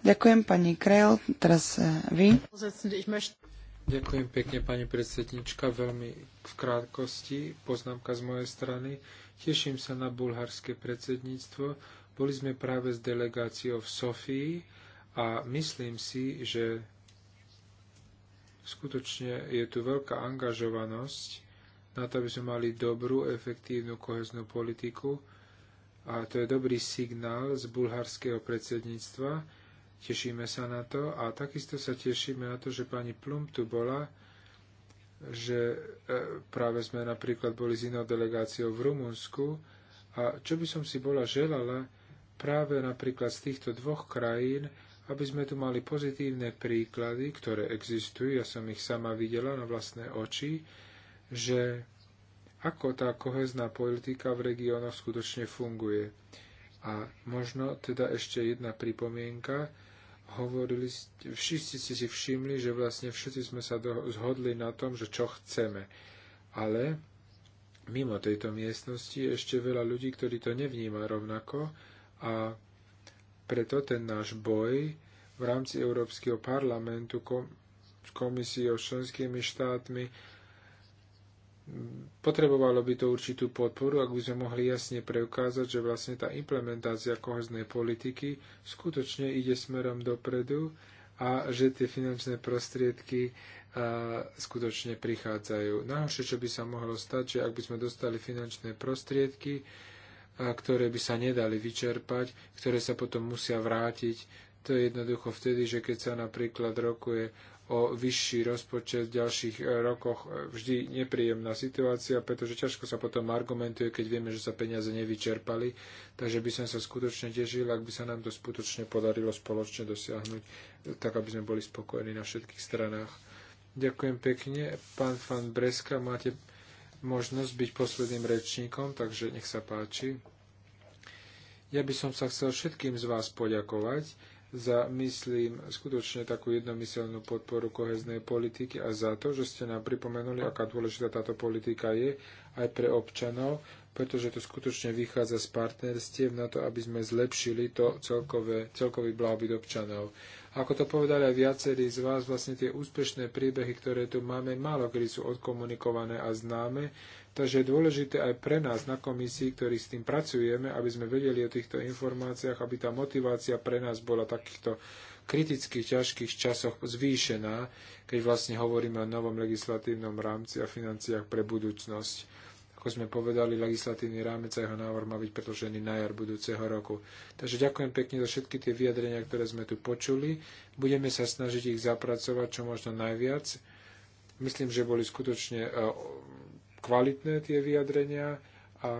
[SPEAKER 4] Ďakujem pani Krejl, teraz e, vy.
[SPEAKER 2] Ďakujem pekne pani predsednička, veľmi v krátkosti poznámka z mojej strany. Teším sa na bulharské predsedníctvo. Boli sme práve s delegáciou v Sofii a myslím si, že Skutočne je tu veľká angažovanosť na to, aby sme mali dobrú, efektívnu koheznú politiku a to je dobrý signál z bulharského predsedníctva. Tešíme sa na to a takisto sa tešíme na to, že pani Plum tu bola, že e, práve sme napríklad boli s inou delegáciou v Rumunsku a čo by som si bola želala práve napríklad z týchto dvoch krajín, aby sme tu mali pozitívne príklady, ktoré existujú, ja som ich sama videla na vlastné oči, že ako tá kohezná politika v regiónoch skutočne funguje. A možno teda ešte jedna pripomienka. Hovorili, všetci ste si všimli, že vlastne všetci sme sa do, zhodli na tom, že čo chceme. Ale mimo tejto miestnosti je ešte veľa ľudí, ktorí to nevníma rovnako a preto ten náš boj v rámci Európskeho parlamentu s komisiou, s členskými štátmi potrebovalo by to určitú podporu, ak by sme mohli jasne preukázať, že vlastne tá implementácia kohoznej politiky skutočne ide smerom dopredu a že tie finančné prostriedky skutočne prichádzajú. Najhoršie, čo by sa mohlo stať, že ak by sme dostali finančné prostriedky, ktoré by sa nedali vyčerpať, ktoré sa potom musia vrátiť. To je jednoducho vtedy, že keď sa napríklad rokuje o vyšší rozpočet v ďalších e, rokoch e, vždy nepríjemná situácia, pretože ťažko sa potom argumentuje, keď vieme, že sa peniaze nevyčerpali. Takže by som sa skutočne tešil, ak by sa nám to skutočne podarilo spoločne dosiahnuť, e, tak aby sme boli spokojní na všetkých stranách. Ďakujem pekne. Pán Fan Breska, máte možnosť byť posledným rečníkom, takže nech sa páči. Ja by som sa chcel všetkým z vás poďakovať za, myslím, skutočne takú jednomyselnú podporu koheznej politiky a za to, že ste nám pripomenuli, aká dôležitá táto politika je aj pre občanov, pretože to skutočne vychádza z partnerstiev na to, aby sme zlepšili to celkové, celkový blahobyt občanov. Ako to povedali aj viacerí z vás, vlastne tie úspešné príbehy, ktoré tu máme, málo kedy sú odkomunikované a známe, takže je dôležité aj pre nás na komisii, ktorí s tým pracujeme, aby sme vedeli o týchto informáciách, aby tá motivácia pre nás bola takýchto kritických ťažkých časoch zvýšená, keď vlastne hovoríme o novom legislatívnom rámci a financiách pre budúcnosť. Ako sme povedali, legislatívny rámec a jeho návrh má byť predložený na jar budúceho roku. Takže ďakujem pekne za všetky tie vyjadrenia, ktoré sme tu počuli. Budeme sa snažiť ich zapracovať čo možno najviac. Myslím, že boli skutočne eh, kvalitné tie vyjadrenia a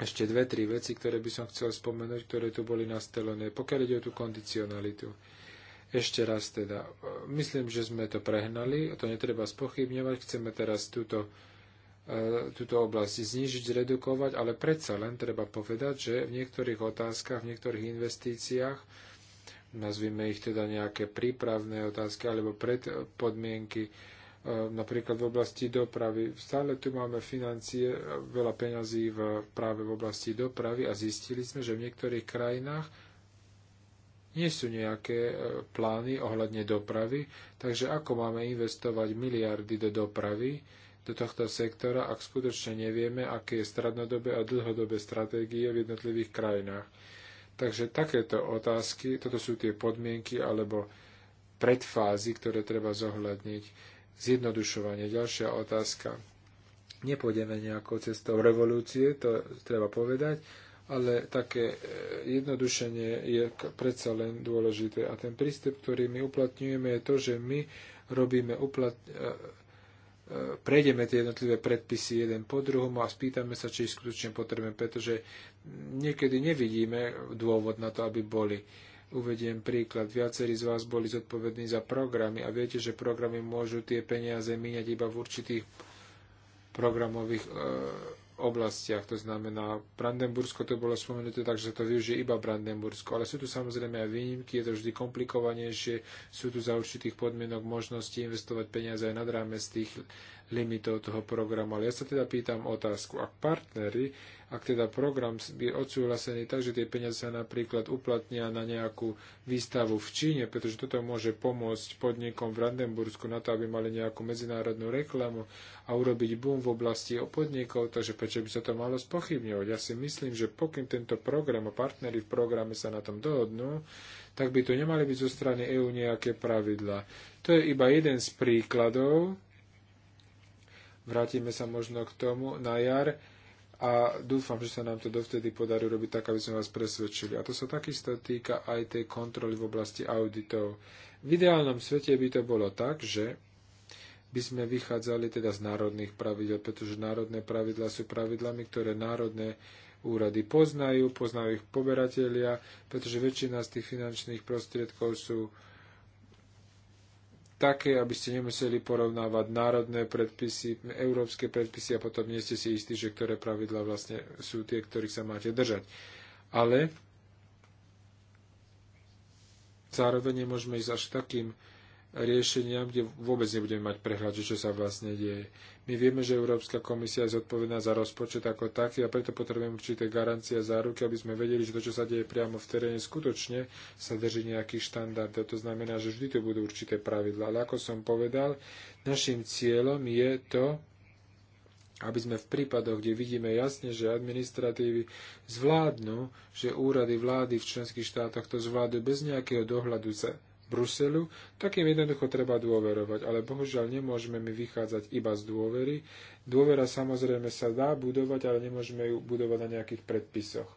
[SPEAKER 2] ešte dve, tri veci, ktoré by som chcel spomenúť, ktoré tu boli nastelené, pokiaľ ide o tú kondicionalitu. Ešte raz teda, e, myslím, že sme to prehnali, to netreba spochybňovať, chceme teraz túto, e, túto oblasť znižiť, zredukovať, ale predsa len treba povedať, že v niektorých otázkach, v niektorých investíciách, nazvime ich teda nejaké prípravné otázky alebo predpodmienky, Ehm, napríklad v oblasti dopravy. Stále tu máme financie, eh, veľa peňazí v, práve v oblasti dopravy a zistili sme, že v niektorých krajinách nie sú nejaké eh, plány ohľadne dopravy, takže ako máme investovať miliardy do dopravy, do tohto sektora, ak skutočne nevieme, aké je strednodobé a dlhodobé stratégie v jednotlivých krajinách. Takže takéto otázky, toto sú tie podmienky alebo predfázy, ktoré treba zohľadniť zjednodušovanie. Ďalšia otázka. Nepôjdeme nejakou cestou revolúcie, to treba povedať, ale také e, jednodušenie je predsa len dôležité. A ten prístup, ktorý my uplatňujeme, je to, že my robíme uplat... E, e, prejdeme tie jednotlivé predpisy jeden po druhom a spýtame sa, či ich skutočne potrebujeme, pretože niekedy nevidíme dôvod na to, aby boli Uvediem príklad. Viacerí z vás boli zodpovední za programy a viete, že programy môžu tie peniaze míňať iba v určitých programových e, oblastiach. To znamená, Brandenbursko to bolo spomenuté, takže to využije iba Brandenbursko. Ale sú tu samozrejme aj výnimky, je to vždy komplikovanejšie, sú tu za určitých podmienok možnosti investovať peniaze aj nad rámec tých limitov toho programu. Ale ja sa teda pýtam otázku, ak partnery, ak teda program je odsúhlasený tak, že tie peniaze sa napríklad uplatnia na nejakú výstavu v Číne, pretože toto môže pomôcť podnikom v Brandenbursku na to, aby mali nejakú medzinárodnú reklamu a urobiť boom v oblasti o podnikov, takže prečo by sa to malo spochybňovať? Ja si myslím, že pokým tento program a partnery v programe sa na tom dohodnú, tak by to nemali byť zo strany EÚ nejaké pravidlá. To je iba jeden z príkladov, Vrátime sa možno k tomu na jar a dúfam, že sa nám to dovtedy podarí robiť tak, aby sme vás presvedčili. A to sa takisto týka aj tej kontroly v oblasti auditov. V ideálnom svete by to bolo tak, že by sme vychádzali teda z národných pravidel, pretože národné pravidlá sú pravidlami, ktoré národné úrady poznajú, poznajú ich poberatelia, pretože väčšina z tých finančných prostriedkov sú také, aby ste nemuseli porovnávať národné predpisy, európske predpisy a potom nie ste si istí, že ktoré pravidla vlastne sú tie, ktorých sa máte držať. Ale zároveň nemôžeme ísť až takým riešeniam, kde vôbec nebudeme mať prehľad, čo sa vlastne deje. My vieme, že Európska komisia je zodpovedná za rozpočet ako taký a preto potrebujeme určité garancie a záruky, aby sme vedeli, že to, čo sa deje priamo v teréne, skutočne sa drží nejaký štandard, a To znamená, že vždy to budú určité pravidlá. Ale ako som povedal, našim cieľom je to, aby sme v prípadoch, kde vidíme jasne, že administratívy zvládnu, že úrady vlády v členských štátoch to zvládnu bez nejakého dohľadu Bruselu, tak im jednoducho treba dôverovať. Ale bohužiaľ nemôžeme my vychádzať iba z dôvery. Dôvera samozrejme sa dá budovať, ale nemôžeme ju budovať na nejakých predpisoch.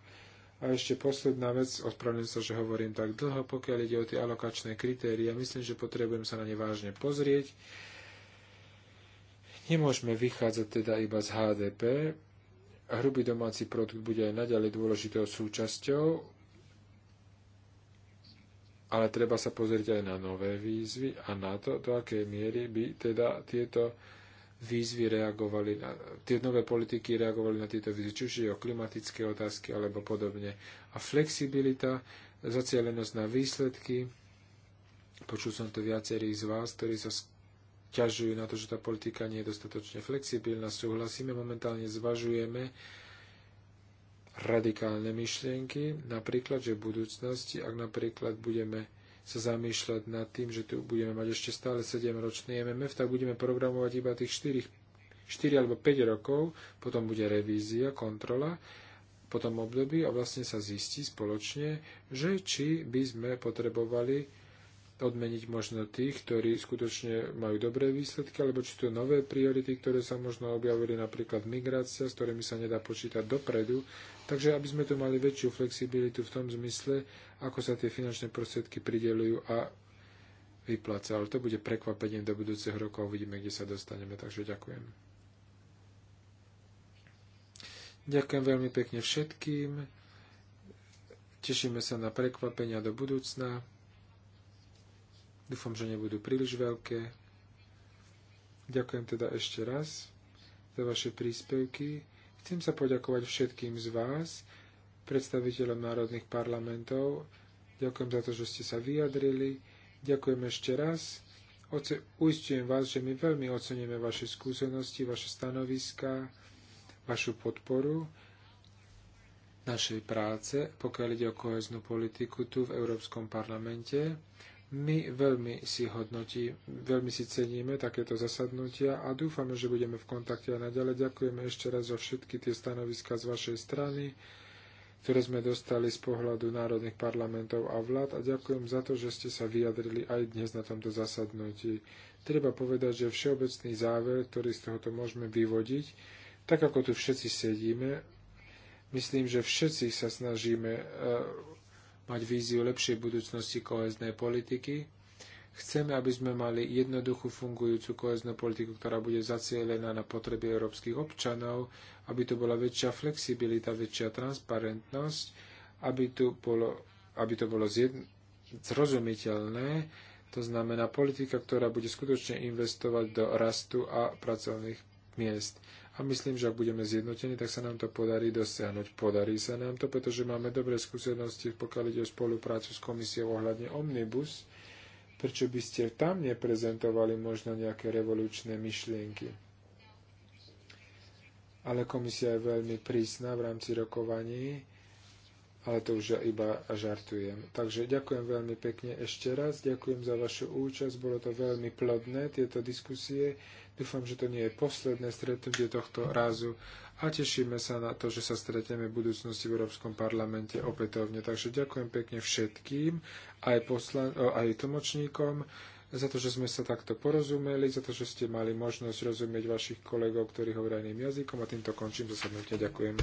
[SPEAKER 2] A ešte posledná vec, ospravedlňujem sa, že hovorím tak dlho, pokiaľ ide o tie alokačné kritéria, myslím, že potrebujem sa na ne vážne pozrieť. Nemôžeme vychádzať teda iba z HDP. Hrubý domáci produkt bude aj naďalej dôležitou súčasťou ale treba sa pozrieť aj na nové výzvy a na to, do akej miery by teda tieto výzvy reagovali, na, tie nové politiky reagovali na tieto výzvy, či už je o klimatické otázky alebo podobne. A flexibilita, zacielenosť na výsledky, počul som to viacerých z vás, ktorí sa ťažujú na to, že tá politika nie je dostatočne flexibilná, súhlasíme, momentálne zvažujeme, radikálne myšlienky, napríklad, že v budúcnosti, ak napríklad budeme sa zamýšľať nad tým, že tu budeme mať ešte stále 7-ročný MMF, tak budeme programovať iba tých 4, 4 alebo 5 rokov, potom bude revízia, kontrola, potom období a vlastne sa zistí spoločne, že či by sme potrebovali odmeniť možno tých, ktorí skutočne majú dobré výsledky, alebo či to nové priority, ktoré sa možno objavili, napríklad migrácia, s ktorými sa nedá počítať dopredu. Takže aby sme tu mali väčšiu flexibilitu v tom zmysle, ako sa tie finančné prostriedky pridelujú a vypláca. Ale to bude prekvapenie do budúceho roka, uvidíme, kde sa dostaneme. Takže ďakujem. Ďakujem veľmi pekne všetkým. Tešíme sa na prekvapenia do budúcna. Dúfam, že nebudú príliš veľké. Ďakujem teda ešte raz za vaše príspevky. Chcem sa poďakovať všetkým z vás, predstaviteľom národných parlamentov. Ďakujem za to, že ste sa vyjadrili. Ďakujem ešte raz. Oce, uistujem vás, že my veľmi oceníme vaše skúsenosti, vaše stanoviska, vašu podporu našej práce, pokiaľ ide o koheznú politiku tu v Európskom parlamente. My veľmi si hodnotí, veľmi si ceníme takéto zasadnutia a dúfame, že budeme v kontakte aj naďalej. Ďakujeme ešte raz za všetky tie stanoviska z vašej strany, ktoré sme dostali z pohľadu národných parlamentov a vlád a ďakujem za to, že ste sa vyjadrili aj dnes na tomto zasadnutí. Treba povedať, že všeobecný záver, ktorý z tohoto môžeme vyvodiť, tak ako tu všetci sedíme, myslím, že všetci sa snažíme e, mať víziu lepšej budúcnosti koheznej politiky. Chceme, aby sme mali jednoduchú fungujúcu koheznú politiku, ktorá bude zacielená na potreby európskych občanov, aby tu bola väčšia flexibilita, väčšia transparentnosť, aby, tu bolo, aby to bolo zrozumiteľné, to znamená politika, ktorá bude skutočne investovať do rastu a pracovných miest a myslím, že ak budeme zjednotení, tak sa nám to podarí dosiahnuť. Podarí sa nám to, pretože máme dobré skúsenosti, pokiaľ ide o spoluprácu s komisiou ohľadne Omnibus, prečo by ste tam neprezentovali možno nejaké revolučné myšlienky. Ale komisia je veľmi prísna v rámci rokovaní, ale to už ja iba žartujem. Takže ďakujem veľmi pekne ešte raz, ďakujem za vašu účasť, bolo to veľmi plodné, tieto diskusie. Dúfam, že to nie je posledné stretnutie tohto rázu a tešíme sa na to, že sa stretneme v budúcnosti v Európskom parlamente opätovne. Takže ďakujem pekne všetkým, aj, poslan- aj tlmočníkom, za to, že sme sa takto porozumeli, za to, že ste mali možnosť rozumieť vašich kolegov, ktorí hovoria iným jazykom a týmto končím zasadnutie. Ďakujem.